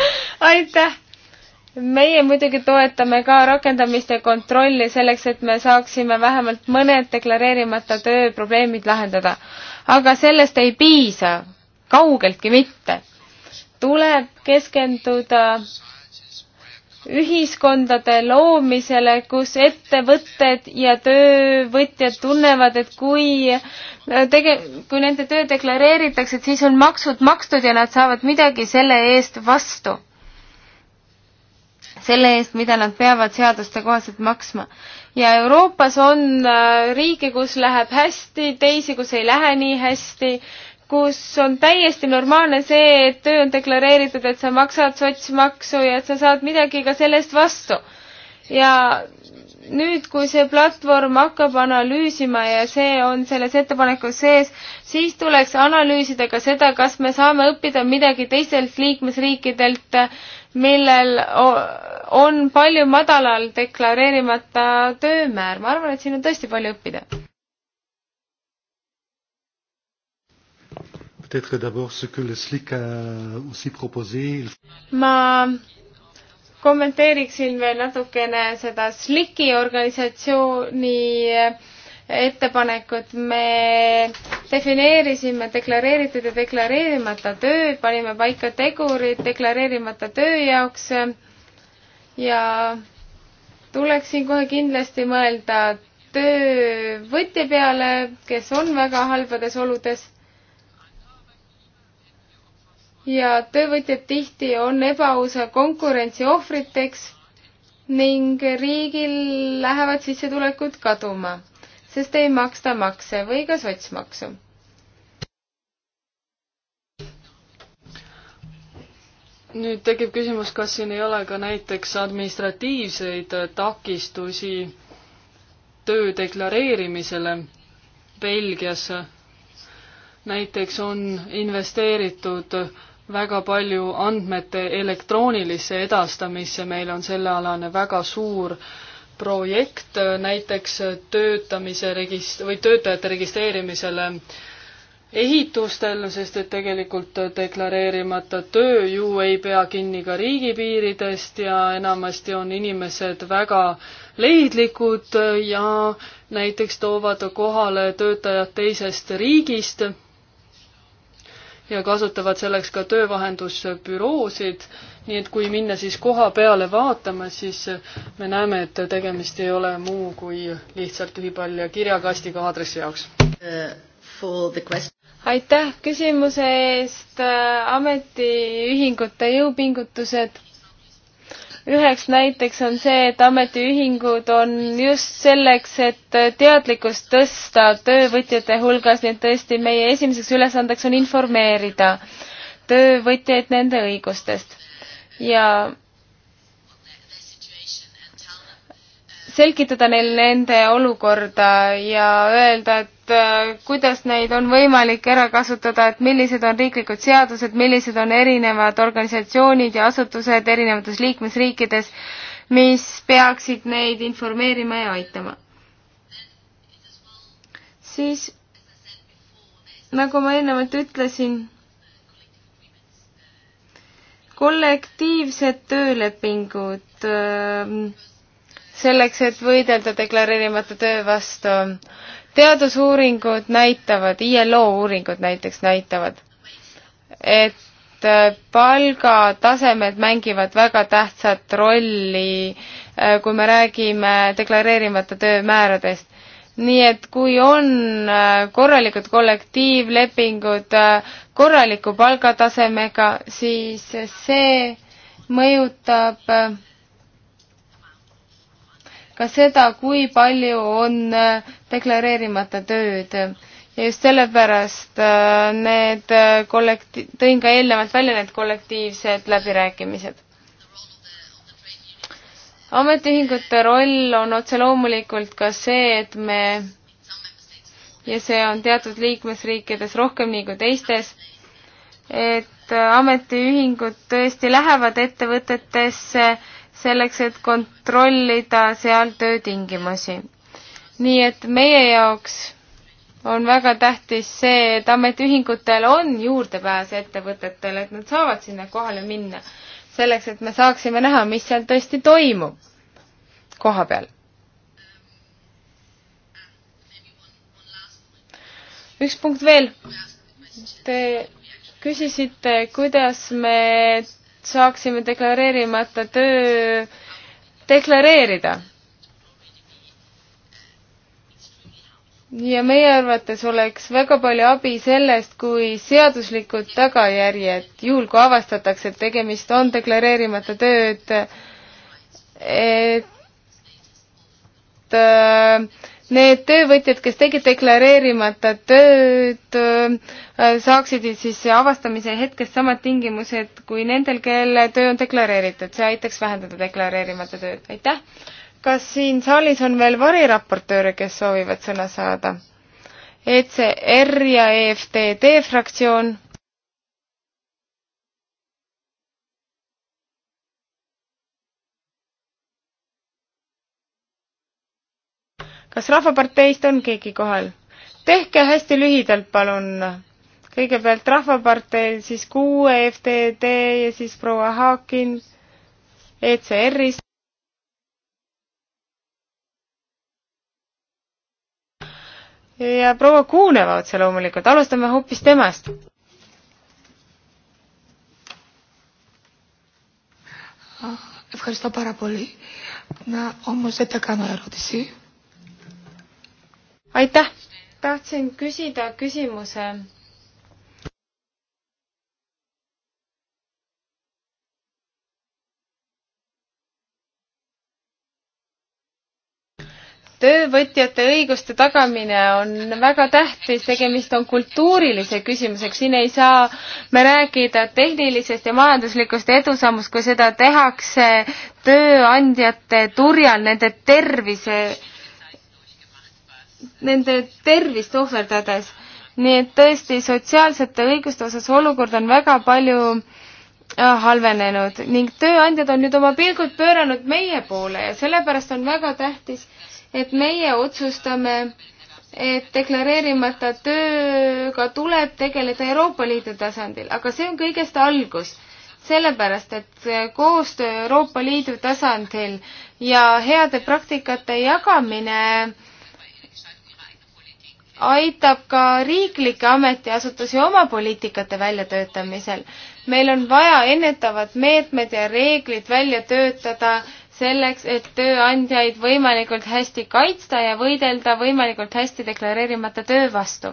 (laughs) aitäh! meie muidugi toetame ka rakendamist ja kontrolli selleks, et me saaksime vähemalt mõned deklareerimata töö probleemid lahendada aga sellest ei piisa, kaugeltki mitte. tuleb keskenduda ühiskondade loomisele, kus ettevõtted ja töövõtjad tunnevad, et kui tege-, kui nende töö deklareeritakse, et siis on maksud makstud ja nad saavad midagi selle eest vastu selle eest, mida nad peavad seaduste kohaselt maksma. ja Euroopas on äh, riike, kus läheb hästi, teisi, kus ei lähe nii hästi, kus on täiesti normaalne see, et töö on deklareeritud, et sa maksad sotsmaksu ja et sa saad midagi ka selle eest vastu. ja nüüd, kui see platvorm hakkab analüüsima ja see on selles ettepanekus sees, siis tuleks analüüsida ka seda, kas me saame õppida midagi teistelt liikmesriikidelt, millel on palju madalal deklareerimata töömäär. ma arvan, et siin on tõesti palju õppida. ma kommenteeriksin veel natukene seda SLIC-i organisatsiooni äh, ettepanekut, me defineerisime deklareeritud ja deklareerimata töö, panime paika tegurid deklareerimata töö jaoks ja tuleks siin kohe kindlasti mõelda töövõtja peale, kes on väga halbades oludes. ja töövõtjad tihti on ebaausa konkurentsi ohvriteks ning riigil lähevad sissetulekud kaduma sest ei maksta makse või ka sotsmaksu. nüüd tekib küsimus, kas siin ei ole ka näiteks administratiivseid takistusi töö deklareerimisele Belgias. näiteks on investeeritud väga palju andmete elektroonilisse edastamisse, meil on sellealane väga suur äh, projekt äh, näiteks töötamise regist- või töötajate registreerimisele ehitustel, sest et tegelikult deklareerimata töö ju ei pea kinni ka riigipiiridest ja enamasti on inimesed väga leidlikud ja näiteks toovad kohale töötajad teisest riigist ja kasutavad selleks ka töövahendusbüroosid, nii et kui minna siis koha peale vaatama, siis me näeme, et tegemist ei ole muu kui lihtsalt ühipalja kirjakastiga aadressi jaoks uh,. aitäh küsimuse eest, ametiühingute jõupingutused üheks näiteks on see, et ametiühingud on just selleks, et teadlikkust tõsta töövõtjate hulgas, nii et tõesti meie esimeseks ülesandeks on informeerida töövõtjaid nende õigustest. ja selgitada neil nende olukorda ja öelda, et äh, kuidas neid on võimalik ära kasutada, et millised on riiklikud seadused, millised on erinevad organisatsioonid ja asutused erinevates liikmesriikides, mis peaksid neid informeerima ja aitama. siis nagu ma eelnevalt ütlesin, kollektiivsed töölepingud öö, ähm, selleks, et võidelda deklareerimata töö vastu. teadusuuringud näitavad, ILO uuringud näiteks näitavad, et äh, palgatasemed mängivad väga tähtsat rolli, äh, kui me räägime deklareerimata töömääradest nii et kui on äh, korralikud kollektiivlepingud korraliku palgatasemega, siis see mõjutab ka seda, kui palju on äh, deklareerimata tööd. ja just sellepärast äh, need äh, kollekti-, tõin ka eelnevalt välja need kollektiivsed läbirääkimised. ametiühingute roll on otse loomulikult ka see, et me ja see on teatud liikmesriikides rohkem nii kui teistes, et ametiühingud tõesti lähevad ettevõtetesse selleks, et kontrollida seal töötingimusi. nii et meie jaoks on väga tähtis see, et ametiühingutel on juurdepääs ettevõtetele, et nad saavad sinna kohale minna, selleks et me saaksime näha, mis seal tõesti toimub koha peal. üks punkt veel. Te küsisite, kuidas me saaksime deklareerimata töö deklareerida. ja meie arvates oleks väga palju abi sellest, kui seaduslikud tagajärjed, juhul kui avastatakse, et tegemist on deklareerimata tööd, et äh, need töövõtjad, kes tegid deklareerimata tööd, äh, saaksid siis avastamise hetkest samad tingimused kui nendel, kelle töö on deklareeritud. see aitaks vähendada deklareerimata tööd. aitäh! kas siin saalis on veel variraportööre, kes soovivad sõna saada? ECR ja EFTD fraktsioon kas Rahvaparteist on keegi kohal? tehke hästi lühidalt, palun. kõigepealt Rahvapartei, siis kuue FTD ja siis proua Haakin ECR-ist. ja proua Kuuneva otse loomulikult, alustame hoopis temast. Ευχαριστώ πάρα πολύ. Να όμως δεν τα κάνω ερώτηση aitäh, tahtsin küsida küsimuse. töövõtjate õiguste tagamine on väga tähtis, tegemist on kultuurilise küsimusega, siin ei saa me rääkida tehnilisest ja majanduslikust edusammust, kui seda tehakse tööandjate turjal nende tervise nende tervist ohverdades. nii et tõesti, sotsiaalsete õiguste osas olukord on väga palju äh, halvenenud ning tööandjad on nüüd oma pilgud pööranud meie poole ja sellepärast on väga tähtis, et meie otsustame, et deklareerimata tööga tuleb tegeleda Euroopa Liidu tasandil, aga see on kõigest algus. sellepärast, et koostöö Euroopa Liidu tasandil ja heade praktikate jagamine äh, aitab ka riiklikke ametiasutusi oma poliitikate väljatöötamisel. meil on vaja ennetavad meetmed ja reeglid välja töötada selleks, et tööandjaid võimalikult hästi kaitsta ja võidelda võimalikult hästi deklareerimata töö vastu.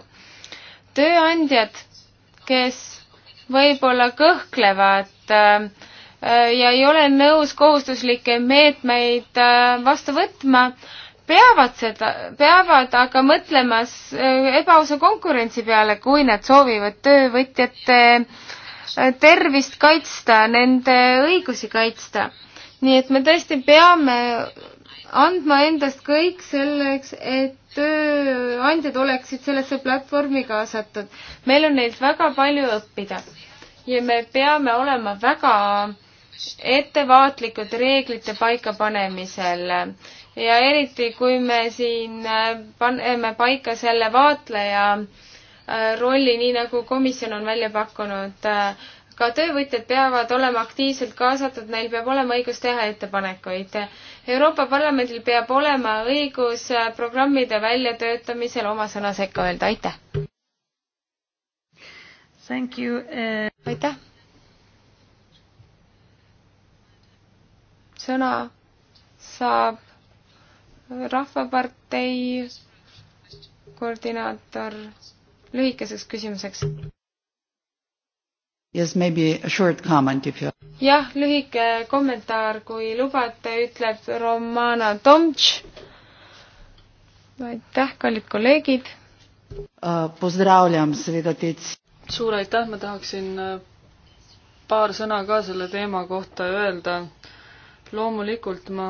tööandjad, kes võib-olla kõhklevad äh, ja ei ole nõus kohustuslikke meetmeid äh, vastu võtma, peavad seda, peavad aga mõtlema eh, ebaausa konkurentsi peale, kui nad soovivad töövõtjate eh, tervist kaitsta, nende õigusi kaitsta. nii et me tõesti peame andma endast kõik selleks, et tööandjad oleksid sellesse platvormi kaasatud. meil on neilt väga palju õppida ja me peame olema väga ettevaatlikud reeglite paikapanemisel ja eriti, kui me siin äh, paneme paika selle vaatleja äh, rolli, nii nagu komisjon on välja pakkunud. Äh, ka töövõtjad peavad olema aktiivselt kaasatud, neil peab olema õigus teha ettepanekuid. Euroopa Parlamendil peab olema õigus programmide väljatöötamisel oma sõna sekka öelda, aitäh! Eh. aitäh! sõna saab Rahvapartei koordinaator lühikeseks küsimuseks. Yes, maybe a short comment if you jah, lühike kommentaar, kui lubate, ütleb Romana Tomtš. aitäh, kallid kolleegid uh,. Pozdravljam seveda teid. suur aitäh, ma tahaksin paar sõna ka selle teema kohta öelda. loomulikult ma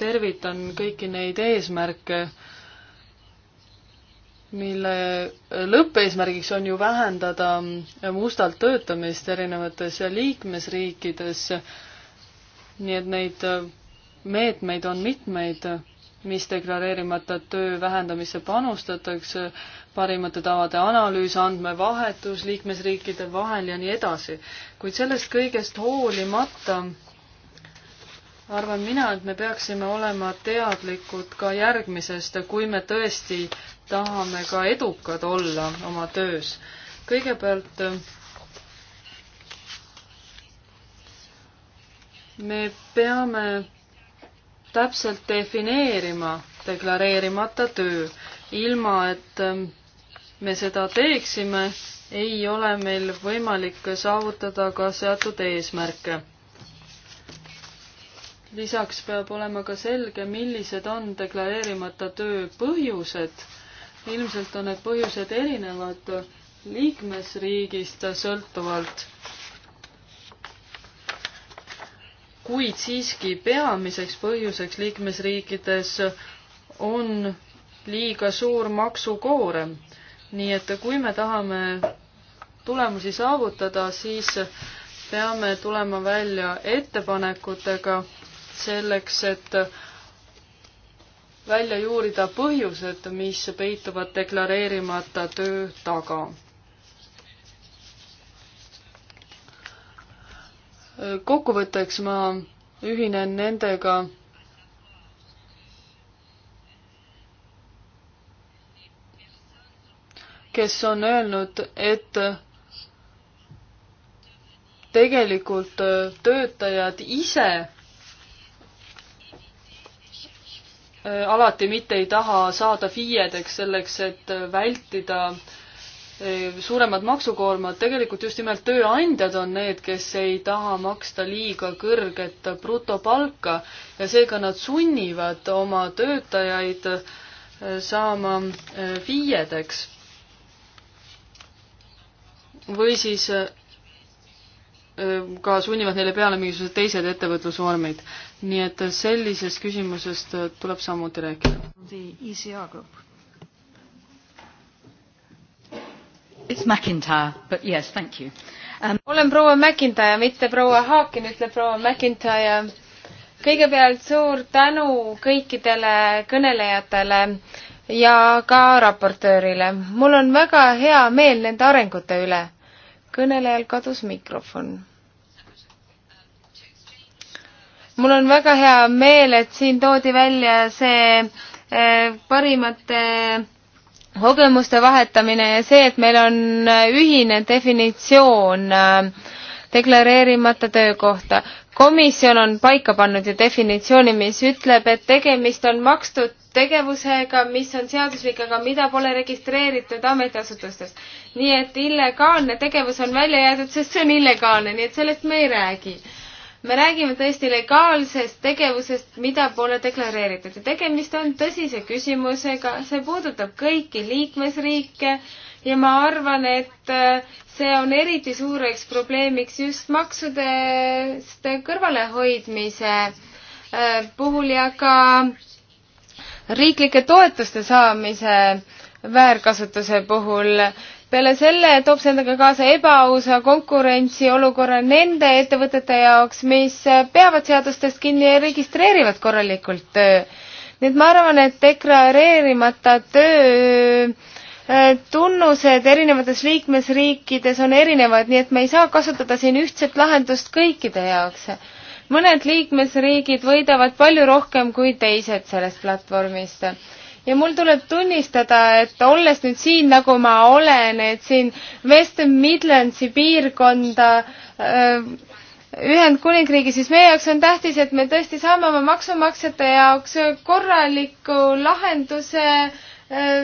tervitan kõiki neid eesmärke, mille lõppeesmärgiks on ju vähendada mustalt töötamist erinevates liikmesriikides. nii et neid meetmeid on mitmeid, mis deklareerimata töö vähendamisse panustatakse, parimate tavade analüüs, andmevahetus liikmesriikide vahel ja nii edasi. kuid sellest kõigest hoolimata arvan mina, et me peaksime olema teadlikud ka järgmisest, kui me tõesti tahame ka edukad olla oma töös. kõigepealt me peame täpselt defineerima deklareerimata töö. ilma, et ähm, me seda teeksime, ei ole meil võimalik saavutada ka seatud eesmärke lisaks peab olema ka selge, millised on deklareerimata töö põhjused. ilmselt on need põhjused erinevad liikmesriigist sõltuvalt. kuid siiski peamiseks põhjuseks liikmesriikides on liiga suur maksukoorem. nii et kui me tahame tulemusi saavutada, siis peame tulema välja ettepanekutega selleks, et välja juurida põhjused, mis peituvad deklareerimata töö taga. kokkuvõtteks ma ühinen nendega, kes on öelnud, et tegelikult töötajad ise Äh, alati mitte ei taha saada FIE-deks selleks, et äh, vältida äh, suuremad maksukoormad, tegelikult just nimelt tööandjad on need, kes ei taha maksta liiga kõrget brutopalka ja seega nad sunnivad oma töötajaid saama FIE-deks. või siis ka sunnivad neile peale mingisugused teised ettevõtlusvormid. nii et sellisest küsimusest tuleb samuti rääkida. E It's McIntyre, but yes, thank you um.... olen proua McIntyre, mitte proua Haakin, ütleb proua McIntyre. kõigepealt suur tänu kõikidele kõnelejatele ja ka raportöörile. mul on väga hea meel nende arengute üle. kõnelejal kadus mikrofon. mul on väga hea meel, et siin toodi välja see eh, parimate kogemuste vahetamine ja see, et meil on eh, ühine definitsioon eh, deklareerimata töökohta. komisjon on paika pannud ju definitsiooni, mis ütleb, et tegemist on makstud tegevusega, mis on seaduslik, aga mida pole registreeritud ametiasutustes. nii et illegaalne tegevus on välja jäetud, sest see on illegaalne, nii et sellest me ei räägi me räägime tõesti legaalsest tegevusest, mida pole deklareeritud ja tegemist on tõsise küsimusega, see puudutab kõiki liikmesriike ja ma arvan, et äh, see on eriti suureks probleemiks just maksudest kõrvalehoidmise äh, puhul ja ka riiklike toetuste saamise väärkasutuse puhul peale selle toob see endaga kaasa ebaausa konkurentsiolukorra nende ettevõtete jaoks, mis peavad seadustest kinni ja registreerivad korralikult töö. nii et ma arvan, et deklareerimata töö e, tunnused erinevates liikmesriikides on erinevad, nii et me ei saa kasutada siin ühtset lahendust kõikide jaoks. mõned liikmesriigid võidavad palju rohkem kui teised sellest platvormist ja mul tuleb tunnistada, et olles nüüd siin, nagu ma olen, et siin Western Midlandsi piirkonda öö, äh, Ühendkuningriigi, siis meie jaoks on tähtis, et me tõesti saame oma maksumaksjate jaoks korraliku lahenduse äh,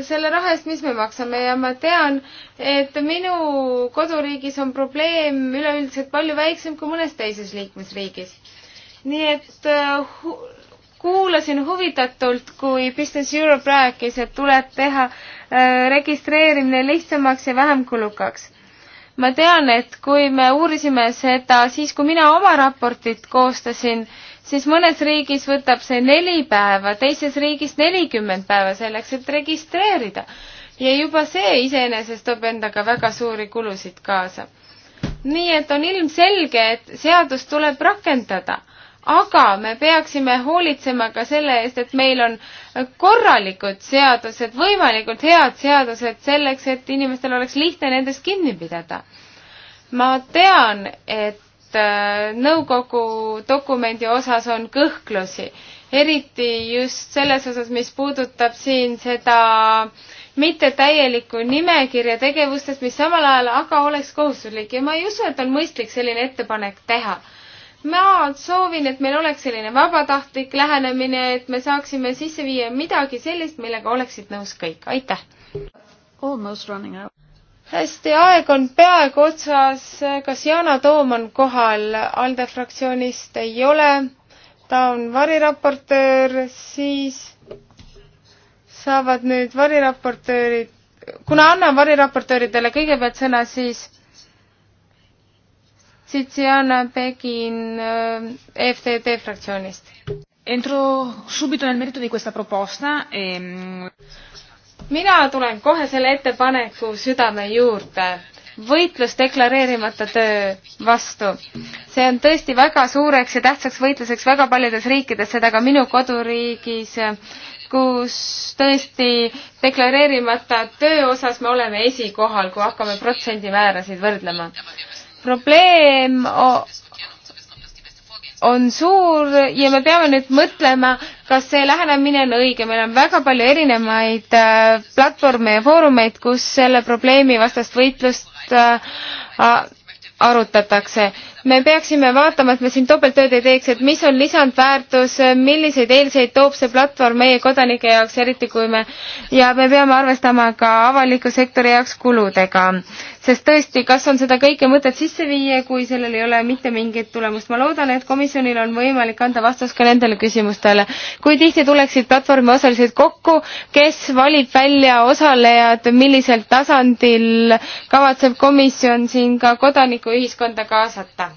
selle raha eest, mis me maksame ja ma tean, et minu koduriigis on probleem üleüldiselt palju väiksem kui mõnes teises liikmesriigis. nii et äh, kuulasin huvitatult, kui Business Europe rääkis, et tuleb teha äh, registreerimine lihtsamaks ja vähem kulukaks. ma tean, et kui me uurisime seda siis, kui mina oma raportit koostasin, siis mõnes riigis võtab see neli päeva, teises riigis nelikümmend päeva selleks, et registreerida. ja juba see iseenesest toob endaga väga suuri kulusid kaasa. nii et on ilmselge, et seadust tuleb rakendada aga me peaksime hoolitsema ka selle eest, et meil on korralikud seadused, võimalikult head seadused selleks, et inimestel oleks lihtne nendest kinni pidada. ma tean, et äh, nõukogu dokumendi osas on kõhklusi, eriti just selles osas, mis puudutab siin seda mittetäielikku nimekirja tegevustest, mis samal ajal aga oleks kohustuslik ja ma ei usu, et on mõistlik selline ettepanek teha ma soovin, et meil oleks selline vabatahtlik lähenemine, et me saaksime sisse viia midagi sellist, millega oleksid nõus kõik. aitäh! hästi, aeg on peaaegu otsas. kas Yana Toom on kohal? ALDE fraktsioonist ei ole. ta on variraportöör, siis saavad nüüd variraportöörid, kuna annan variraportööridele kõigepealt sõna, siis Tiziana Begin EFTD eh, fraktsioonist. Entro subito nel merito di questa proposta e... mina tulen kohe selle ettepaneku südame juurde. võitlus deklareerimata töö vastu. see on tõesti väga suureks ja tähtsaks võitluseks väga paljudes riikides, seda ka minu koduriigis kus tõesti deklareerimata töö osas me oleme esikohal, kui hakkame protsendimäärasid võrdlema probleem on suur ja me peame nüüd mõtlema, kas see lähenemine on õige. meil on väga palju erinevaid äh, platvorme ja foorumeid, kus selle probleemi vastast võitlust äh, arutatakse. me peaksime vaatama, et me siin topelttööd ei teeks, et mis on lisandväärtus, milliseid eeliseid toob see platvorm meie kodanike jaoks, eriti kui me ja me peame arvestama ka avaliku sektori jaoks kuludega sest tõesti, kas on seda kõike mõtet sisse viia, kui sellel ei ole mitte mingit tulemust. ma loodan, et komisjonil on võimalik anda vastus ka nendele küsimustele. kui tihti tuleksid platvormi osalised kokku, kes valib välja osalejad, millisel tasandil kavatseb komisjon siin ka kodanikuühiskonda kaasata?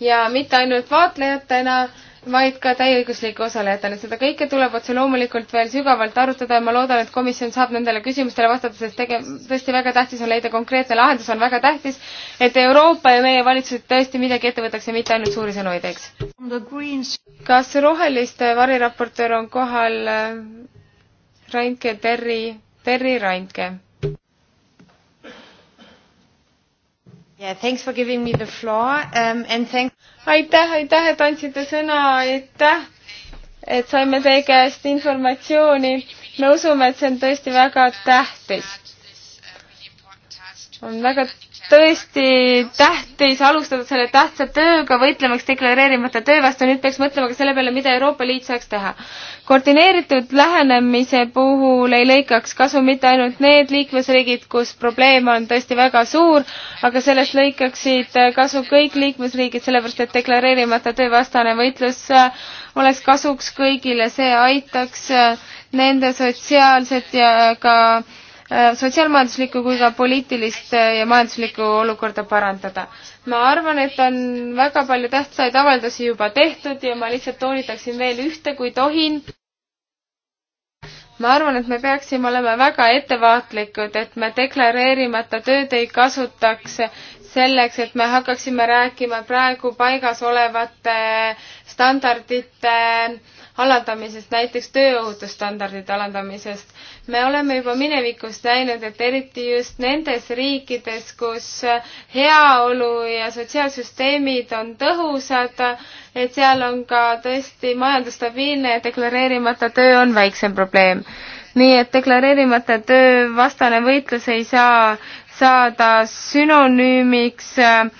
ja mitte ainult vaatlejatena vaid ka täieõiguslike osalejatele. seda kõike tuleb otse loomulikult veel sügavalt arutada ja ma loodan, et komisjon saab nendele küsimustele vastata, sest tege-, tõesti väga tähtis on leida konkreetne lahendus, on väga tähtis, et Euroopa ja meie valitsused tõesti midagi ette võtaks ja mitte ainult suuri sõnu ei teeks. kas Roheliste variraportöör on kohal? Rainke Terri, Terri Rainke Yeah, thanks for giving me the floor um, and thanks. aitäh, aitäh, et andsite sõna, aitäh, et saime teie käest informatsiooni. me usume, et see on tõesti väga tähtis. on väga tõesti tähtis alustada selle tähtsa tööga, võitlemaks deklareerimata töö vastu, nüüd peaks mõtlema ka selle peale, mida Euroopa Liit saaks teha. koordineeritud lähenemise puhul ei lõikaks kasu mitte ainult need liikmesriigid, kus probleem on tõesti väga suur, aga sellest lõikaksid kasu kõik liikmesriigid, sellepärast et deklareerimata töövastane võitlus äh, oleks kasuks kõigile, see aitaks äh, nende sotsiaalset ja ka äh, Äh, sotsiaalmajanduslikku kui ka poliitilist äh, ja majanduslikku olukorda parandada. ma arvan, et on väga palju tähtsaid avaldusi juba tehtud ja ma lihtsalt toonitaksin veel ühte, kui tohin. ma arvan, et me peaksime olema väga ettevaatlikud, et me deklareerimata tööd ei kasutaks selleks, et me hakkaksime rääkima praegu paigas olevate standardite alandamisest, näiteks tööohutusstandardite alandamisest me oleme juba minevikus näinud, et eriti just nendes riikides, kus heaolu ja sotsiaalsüsteemid on tõhusad, et seal on ka tõesti majandusstabiilne ja deklareerimata töö on väiksem probleem. nii et deklareerimata töö vastane võitlus ei saa saada sünonüümiks äh,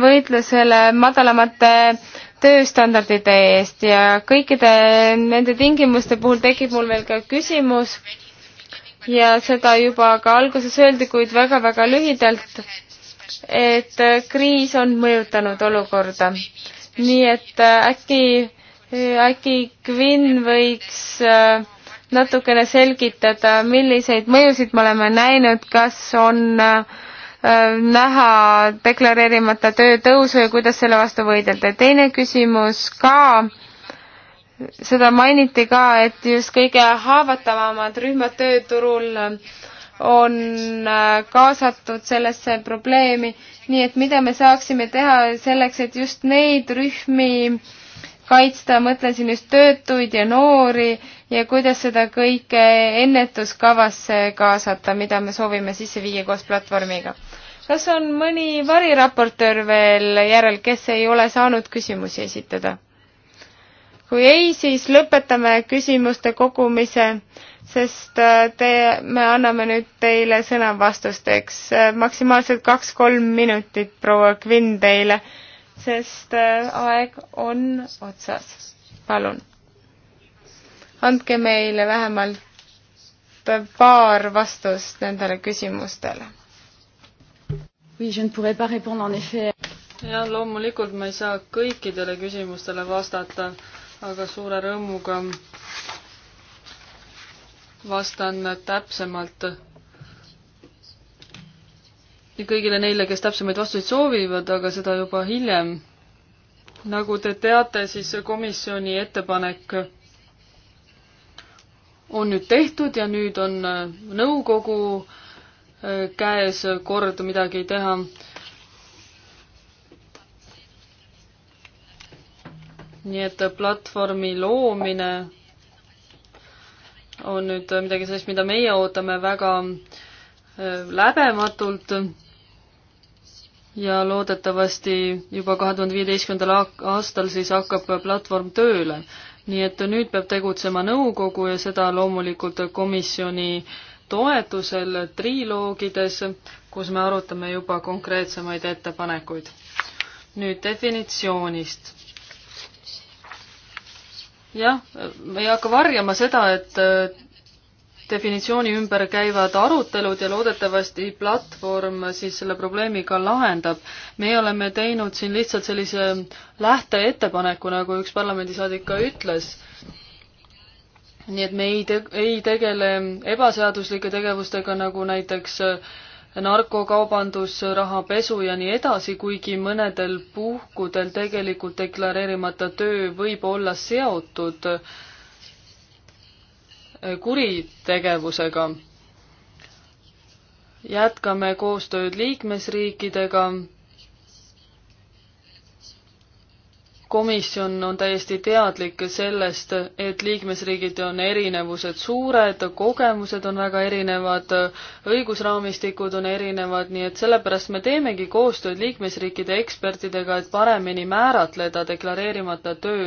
võitlusele madalamate tööstandardite eest ja kõikide nende tingimuste puhul tekib mul veel ka küsimus, ja seda juba ka alguses öeldi, kuid väga-väga lühidalt, et kriis on mõjutanud olukorda. nii et äh, äkki, äh, äkki Kvinn võiks äh, natukene selgitada, milliseid mõjusid me oleme näinud, kas on näha deklareerimata töö tõusu ja kuidas selle vastu võidelda. teine küsimus ka äh, seda mainiti ka, et just kõige haavatavamad rühmad tööturul on äh, kaasatud sellesse probleemi, nii et mida me saaksime teha selleks, et just neid rühmi kaitsta, mõtlen siin just töötuid ja noori ja kuidas seda kõike ennetuskavasse kaasata, mida me soovime sisse viia koos platvormiga. kas on mõni variraportöör veel järel, kes ei ole saanud küsimusi esitada? kui ei, siis lõpetame küsimuste kogumise, sest äh, te, me anname nüüd teile sõna vastusteks. Äh, maksimaalselt kaks-kolm minutit, proua Kvinn teile, sest äh, aeg on otsas. palun. andke meile vähemalt paar vastust nendele küsimustele. Oui, je ne pourrais pas répondre en effet. jah, loomulikult ma ei saa kõikidele küsimustele vastata aga suure rõõmuga vastan täpsemalt ja kõigile neile, kes täpsemaid vastuseid soovivad, aga seda juba hiljem. nagu te teate, siis komisjoni ettepanek on nüüd tehtud ja nüüd on nõukogu käes kord midagi teha nii et äh, platvormi loomine on nüüd äh, midagi sellist, mida meie ootame väga äh, läbematult ja loodetavasti juba kahe tuhande viieteistkümnendal aastal siis hakkab platvorm tööle. nii et nüüd peab tegutsema nõukogu ja seda loomulikult komisjoni toetusel triloogides, kus me arutame juba konkreetsemaid ettepanekuid. nüüd definitsioonist jah, me ei hakka varjama seda, et äh, definitsiooni ümber käivad arutelud ja loodetavasti platvorm siis selle probleemi ka lahendab. meie oleme teinud siin lihtsalt sellise lähteettepaneku, nagu üks parlamendisaadik ka ütles nii et me ei te-, ei tegele ebaseaduslike tegevustega, nagu näiteks äh, narkokaubandus, rahapesu ja nii edasi, kuigi mõnedel puhkudel tegelikult deklareerimata töö võib olla seotud kuritegevusega. jätkame koostööd liikmesriikidega komisjon on täiesti teadlik sellest, et liikmesriigid on erinevused suured, kogemused on väga erinevad, õigusraamistikud on erinevad, nii et sellepärast me teemegi koostööd liikmesriikide ekspertidega, et paremini määratleda deklareerimata töö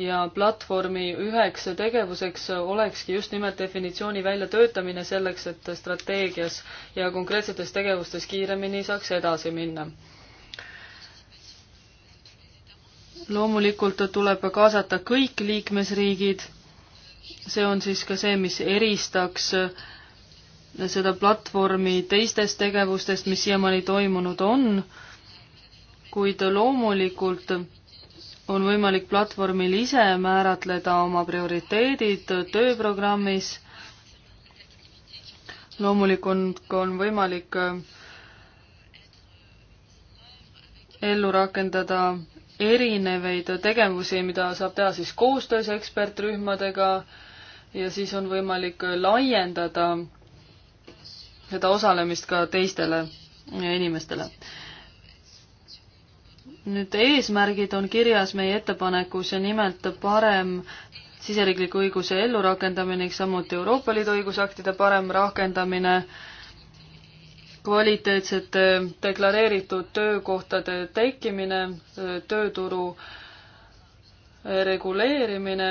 ja platvormi üheks tegevuseks olekski just nimelt definitsiooni väljatöötamine selleks, et strateegias ja konkreetsetes tegevustes kiiremini saaks edasi minna loomulikult tuleb kaasata kõik liikmesriigid, see on siis ka see, mis eristaks seda platvormi teistest tegevustest, mis siiamaani toimunud on, kuid loomulikult on võimalik platvormil ise määratleda oma prioriteedid tööprogrammis. loomulikult on võimalik ellu rakendada erinevaid tegevusi, mida saab teha siis koostöös ekspertrühmadega ja siis on võimalik laiendada seda osalemist ka teistele inimestele. nüüd eesmärgid on kirjas meie ettepanekus ja nimelt parem siseriikliku õiguse ellurakendamine ning samuti Euroopa Liidu õigusaktide parem rakendamine kvaliteetsete äh, deklareeritud töökohtade tekkimine, äh, tööturu äh, reguleerimine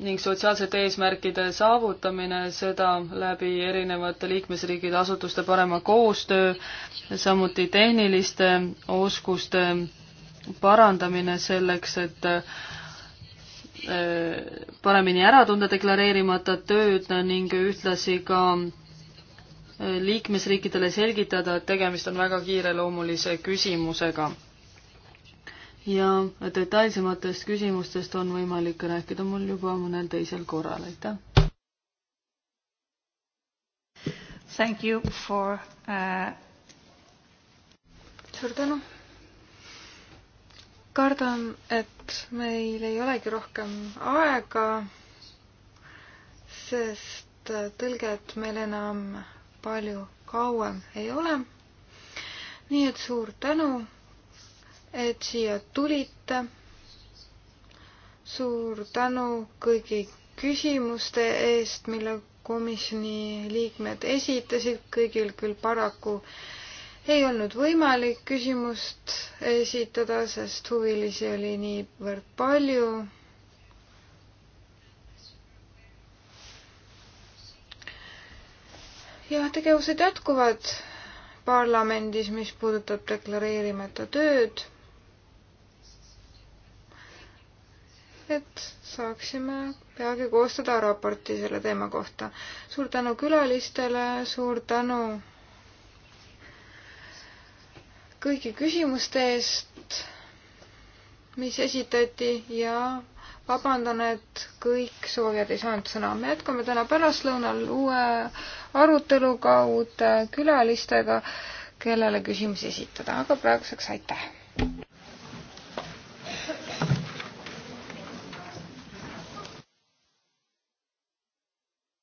ning sotsiaalsete eesmärkide saavutamine, seda läbi erinevate liikmesriikide asutuste parema koostöö, samuti tehniliste oskuste parandamine selleks, et paremini ära tunda deklareerimata tööd ning ühtlasi ka liikmesriikidele selgitada, et tegemist on väga kiireloomulise küsimusega. ja detailsematest küsimustest on võimalik rääkida mul juba mõnel teisel korral, aitäh! Thank you for uh... suur tänu! kardan, et meil ei olegi rohkem aega, sest tõlget meil enam palju kauem ei ole. nii et suur tänu, et siia tulite. suur tänu kõigi küsimuste eest, mille komisjoni liikmed esitasid, kõigil küll paraku ei olnud võimalik küsimust esitada, sest huvilisi oli niivõrd palju ja tegevused jätkuvad parlamendis, mis puudutab deklareerimata tööd. et saaksime peagi koostada raporti selle teema kohta. suur tänu külalistele, suur tänu kõigi küsimuste eest, mis esitati ja vabandan, et kõik soovijad ei saanud sõna. me jätkame täna pärastlõunal uue aruteluga, uute külalistega, kellele küsimusi esitada, aga praeguseks aitäh!